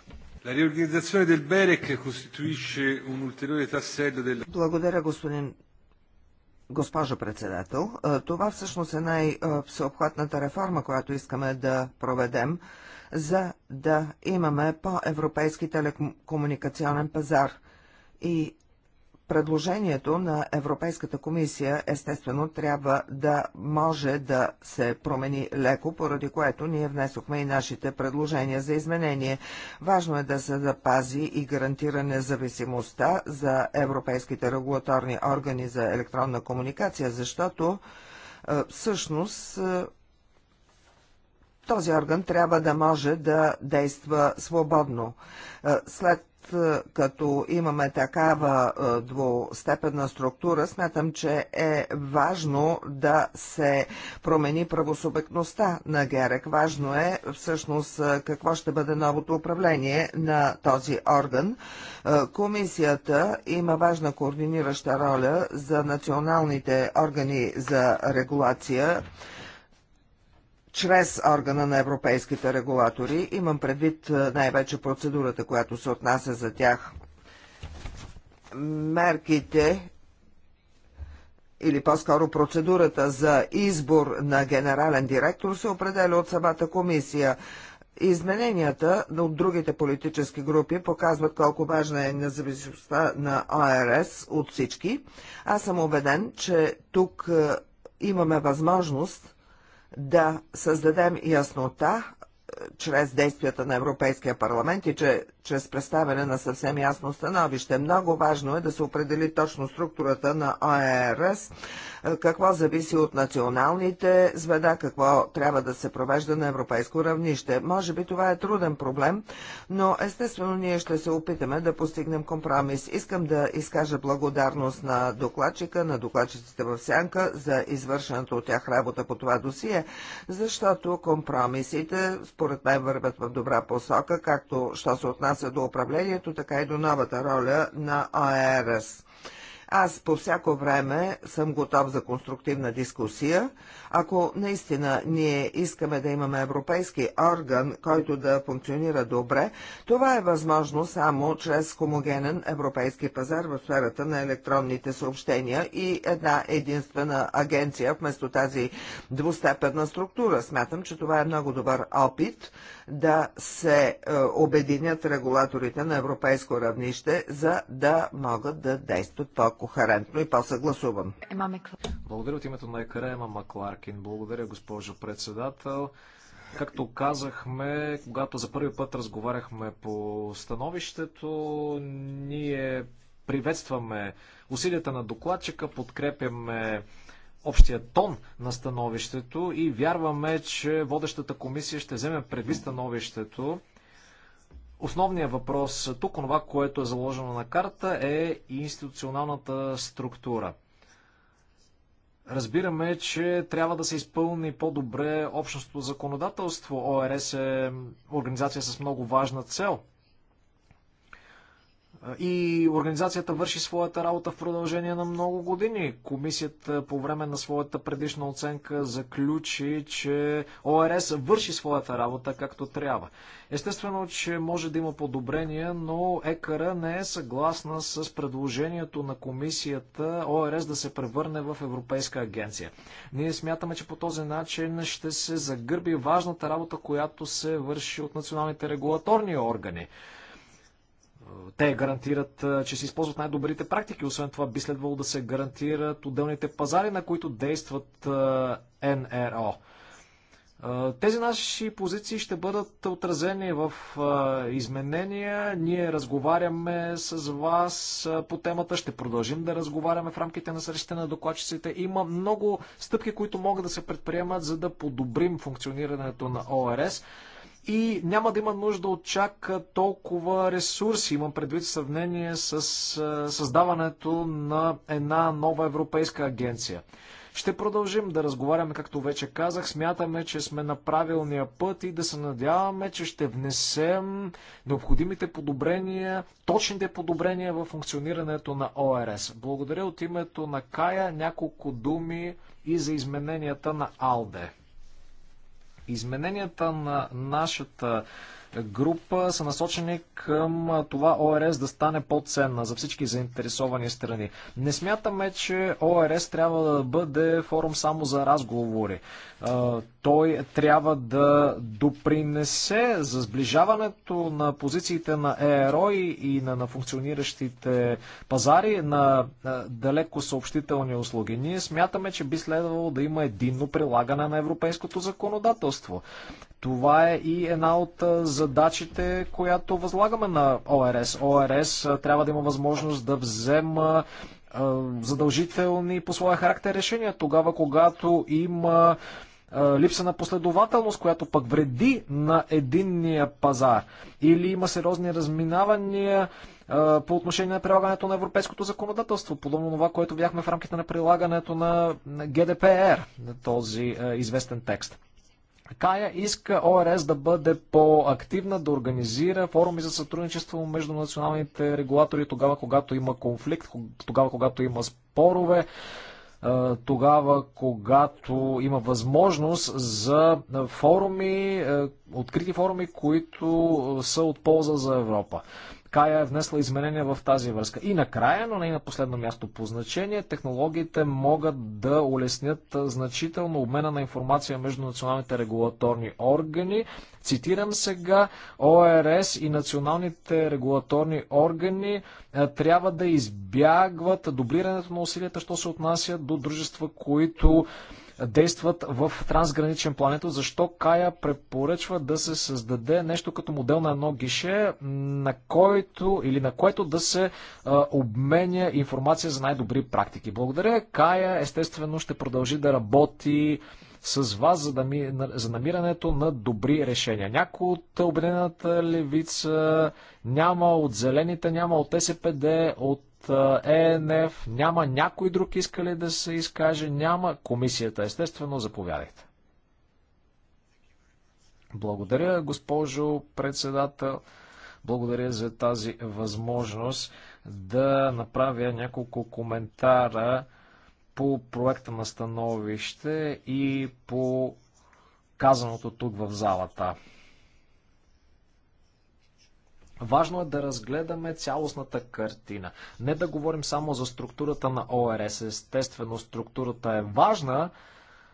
Благодаря, господин Госпожо председател, е, това всъщност е най-всеобхватната реформа, която искаме да проведем, за да имаме по-европейски телекомуникационен пазар. И Предложението на Европейската комисия естествено трябва да може да се промени леко, поради което ние внесохме и нашите предложения за изменение. Важно е да се запази и гарантира независимостта за европейските регулаторни органи за електронна комуникация, защото е, всъщност е, този орган трябва да може да действа свободно. Е, след е, като имаме такава е, двустепенна структура, смятам, че е важно да се промени правосубектността на ГЕРЕК. Важно е всъщност е, какво ще бъде новото управление на този орган. Комисията има важна координираща роля за националните органи за регулация чрез органа на европейските регулатори. Имам предвид е, най-вече процедурата, която се отнася за тях. Мерките или по-скоро процедурата за избор на генерален директор се определя от самата комисия. Измененията от другите политически групи показват колко важна е независимостта на ОРС от всички. Аз съм убеден, че тук е, имаме възможност да създадем яснота е, чрез действията на Европейския парламент и че чрез представяне на съвсем ясно становище. Много важно е да се определи точно структурата на ОЕРС, е, какво зависи от националните звена, какво трябва да се провежда на европейско равнище. Може би това е труден проблем, но естествено ние ще се опитаме да постигнем компромис. Искам да изкажа благодарност на докладчика, на докладчиците в Сянка за извършената от тях работа по това досие, защото компромисите според мен вървят в добра посока, както що се отнася отнася до управлението, така и до новата роля на ОЕРС. Аз по всяко време съм готов за конструктивна дискусия. Ако наистина ние искаме да имаме европейски орган, който да функционира добре, това е възможно само чрез хомогенен европейски пазар в сферата на електронните съобщения и една единствена агенция вместо тази двустепенна структура. Смятам, че това е много добър опит да се е, обединят регулаторите на европейско равнище, за да могат да действат по-кохерентно и по съгласуван Благодаря от името на екара Ема Макларкин. Благодаря, госпожо председател. Както казахме, когато за първи път разговаряхме по становището, ние приветстваме усилията на докладчика, подкрепяме общия тон на становището и вярваме, че водещата комисия ще вземе предвид становището. Основният въпрос тук, това, което е заложено на карта, е институционалната структура. Разбираме, че трябва да се изпълни по-добре общностното законодателство. ОРС е организация с много важна цел – и организацията върши своята работа в продължение на много години. Комисията по време на своята предишна оценка заключи, че ОРС върши своята работа както трябва. Естествено, че може да има подобрения, но ЕКР не е съгласна с предложението на комисията ОРС да се превърне в Европейска агенция. Ние смятаме, че по този начин ще се загърби важната работа, която се върши от националните регулаторни органи те гарантират, че се използват най-добрите практики. Освен това, би следвало да се гарантират отделните пазари, на които действат НРО. Тези наши позиции ще бъдат отразени в изменения. Ние разговаряме с вас по темата, ще продължим да разговаряме в рамките на срещите на докладчиците. Има много стъпки, които могат да се предприемат, за да подобрим функционирането на ОРС и няма да има нужда от чак толкова ресурси, имам предвид в сравнение с създаването на една нова европейска агенция. Ще продължим да разговаряме, както вече казах. Смятаме, че сме на правилния път и да се надяваме, че ще внесем необходимите подобрения, точните подобрения в функционирането на ОРС. Благодаря от името на Кая няколко думи и за измененията на АЛДЕ. Измененията на нашата група са насочени към това ОРС да стане по-ценна за всички заинтересовани страни. Не смятаме, че ОРС трябва да бъде форум само за разговори. Той трябва да допринесе за сближаването на позициите на ЕРО и на, на функциониращите пазари на далеко съобщителни услуги. Ние смятаме, че би следвало да има единно прилагане на европейското законодателство. Това е и една от задачите, която възлагаме на ОРС. ОРС трябва да има възможност да взема задължителни по своя характер решения тогава, когато има липса на последователност, която пък вреди на единния пазар. Или има сериозни разминавания по отношение на прилагането на европейското законодателство, подобно това, което бяхме в рамките на прилагането на ГДПР, този известен текст. Кая иска ОРС да бъде по-активна, да организира форуми за сътрудничество между националните регулатори тогава, когато има конфликт, тогава, когато има спорове, тогава, когато има възможност за форуми, открити форуми, които са от полза за Европа. Кая е внесла изменения в тази връзка. И накрая, но не и на последно място по значение, технологиите могат да улеснят значително обмена на информация между националните регулаторни органи. Цитирам сега, ОРС и националните регулаторни органи е, трябва да избягват дублирането на усилията, що се отнася до дружества, които действат в трансграничен плането. Защо Кая препоръчва да се създаде нещо като модел на едно гише, на който или на което да се а, обменя информация за най-добри практики? Благодаря. Кая естествено ще продължи да работи с вас за, да ми, за намирането на добри решения. Някой от Обединената левица няма, от Зелените няма, от СПД, от е ЕНФ? Няма някой друг иска ли да се изкаже? Няма. Комисията, естествено, заповядайте. Благодаря, госпожо председател. Благодаря за тази възможност да направя няколко коментара по проекта на становище и по казаното тук в залата. Важно е да разгледаме цялостната картина. Не да говорим само за структурата на ОРС. Естествено, структурата е важна,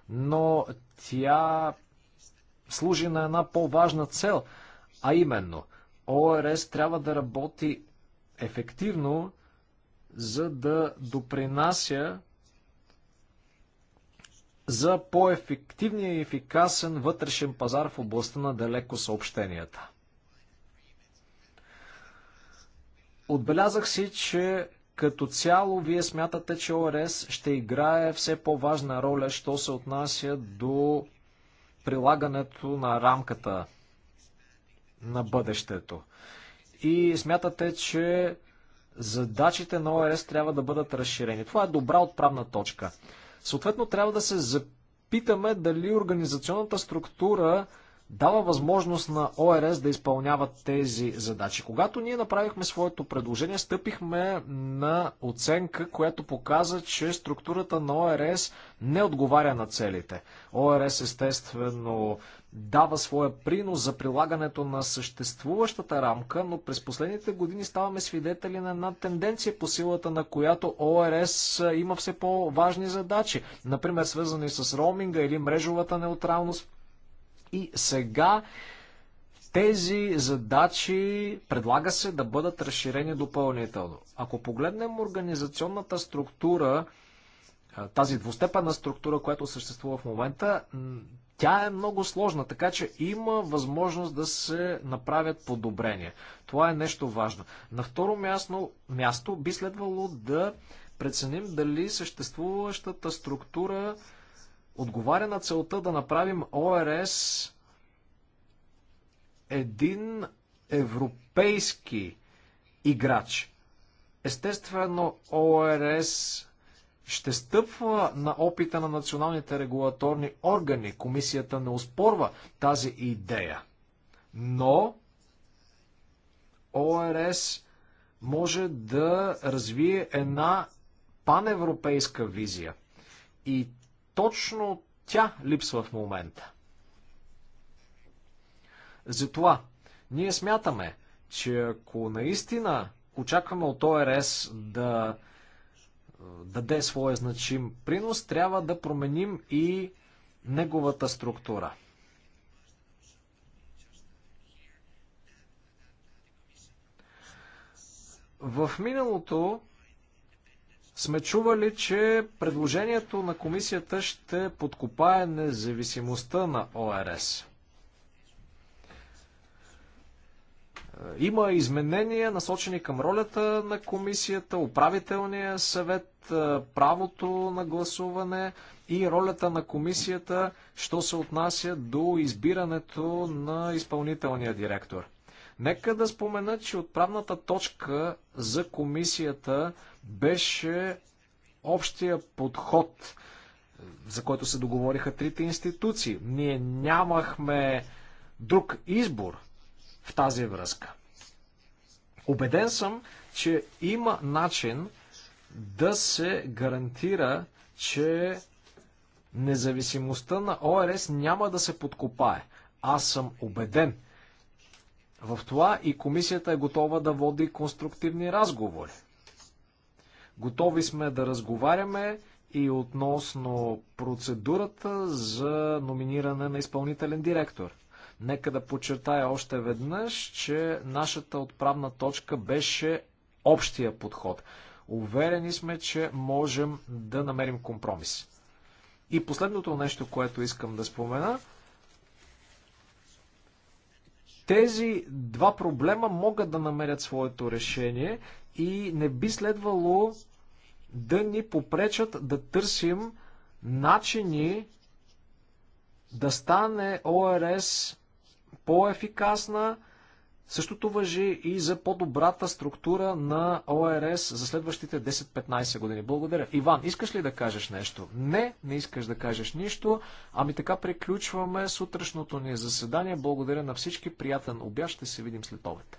но тя служи на една по-важна цел, а именно ОРС трябва да работи ефективно, за да допринася за по-ефективния и ефикасен вътрешен пазар в областта на далеко съобщенията. Отбелязах си, че като цяло вие смятате, че ОРС ще играе все по-важна роля, що се отнася до прилагането на рамката на бъдещето. И смятате, че задачите на ОРС трябва да бъдат разширени. Това е добра отправна точка. Съответно, трябва да се запитаме дали организационната структура дава възможност на ОРС да изпълняват тези задачи. Когато ние направихме своето предложение, стъпихме на оценка, която показа, че структурата на ОРС не отговаря на целите. ОРС естествено дава своя принос за прилагането на съществуващата рамка, но през последните години ставаме свидетели на една тенденция по силата на която ОРС има все по-важни задачи, например свързани с роуминга или мрежовата неутралност. И сега тези задачи предлага се да бъдат разширени допълнително. Ако погледнем организационната структура, тази двустепенна структура, която съществува в момента, тя е много сложна, така че има възможност да се направят подобрения. Това е нещо важно. На второ място, място би следвало да преценим дали съществуващата структура отговаря на целта да направим ОРС един европейски играч. Естествено, ОРС ще стъпва на опита на националните регулаторни органи. Комисията не успорва тази идея. Но ОРС може да развие една паневропейска визия. И точно тя липсва в момента. Затова ние смятаме, че ако наистина очакваме от ОРС да е, даде своя значим принос, трябва да променим и неговата структура. В миналото сме чували, че предложението на комисията ще подкопае независимостта на ОРС. Има изменения, насочени към ролята на комисията, управителния съвет, правото на гласуване и ролята на комисията, що се отнася до избирането на изпълнителния директор. Нека да спомена, че отправната точка за комисията беше общия подход, за който се договориха трите институции. Ние нямахме друг избор в тази връзка. Обеден съм, че има начин да се гарантира, че независимостта на ОРС няма да се подкопае. Аз съм убеден в това и комисията е готова да води конструктивни разговори. Готови сме да разговаряме и относно процедурата за номиниране на изпълнителен директор. Нека да подчертая още веднъж, че нашата отправна точка беше общия подход. Уверени сме, че можем да намерим компромис. И последното нещо, което искам да спомена, тези два проблема могат да намерят своето решение и не би следвало да ни попречат да търсим начини да стане ОРС по-ефикасна. Същото въжи и за по-добрата структура на ОРС за следващите 10-15 години. Благодаря. Иван, искаш ли да кажеш нещо? Не, не искаш да кажеш нищо. Ами така приключваме сутрешното ни заседание. Благодаря на всички. Приятен обяд. Ще се видим след обед.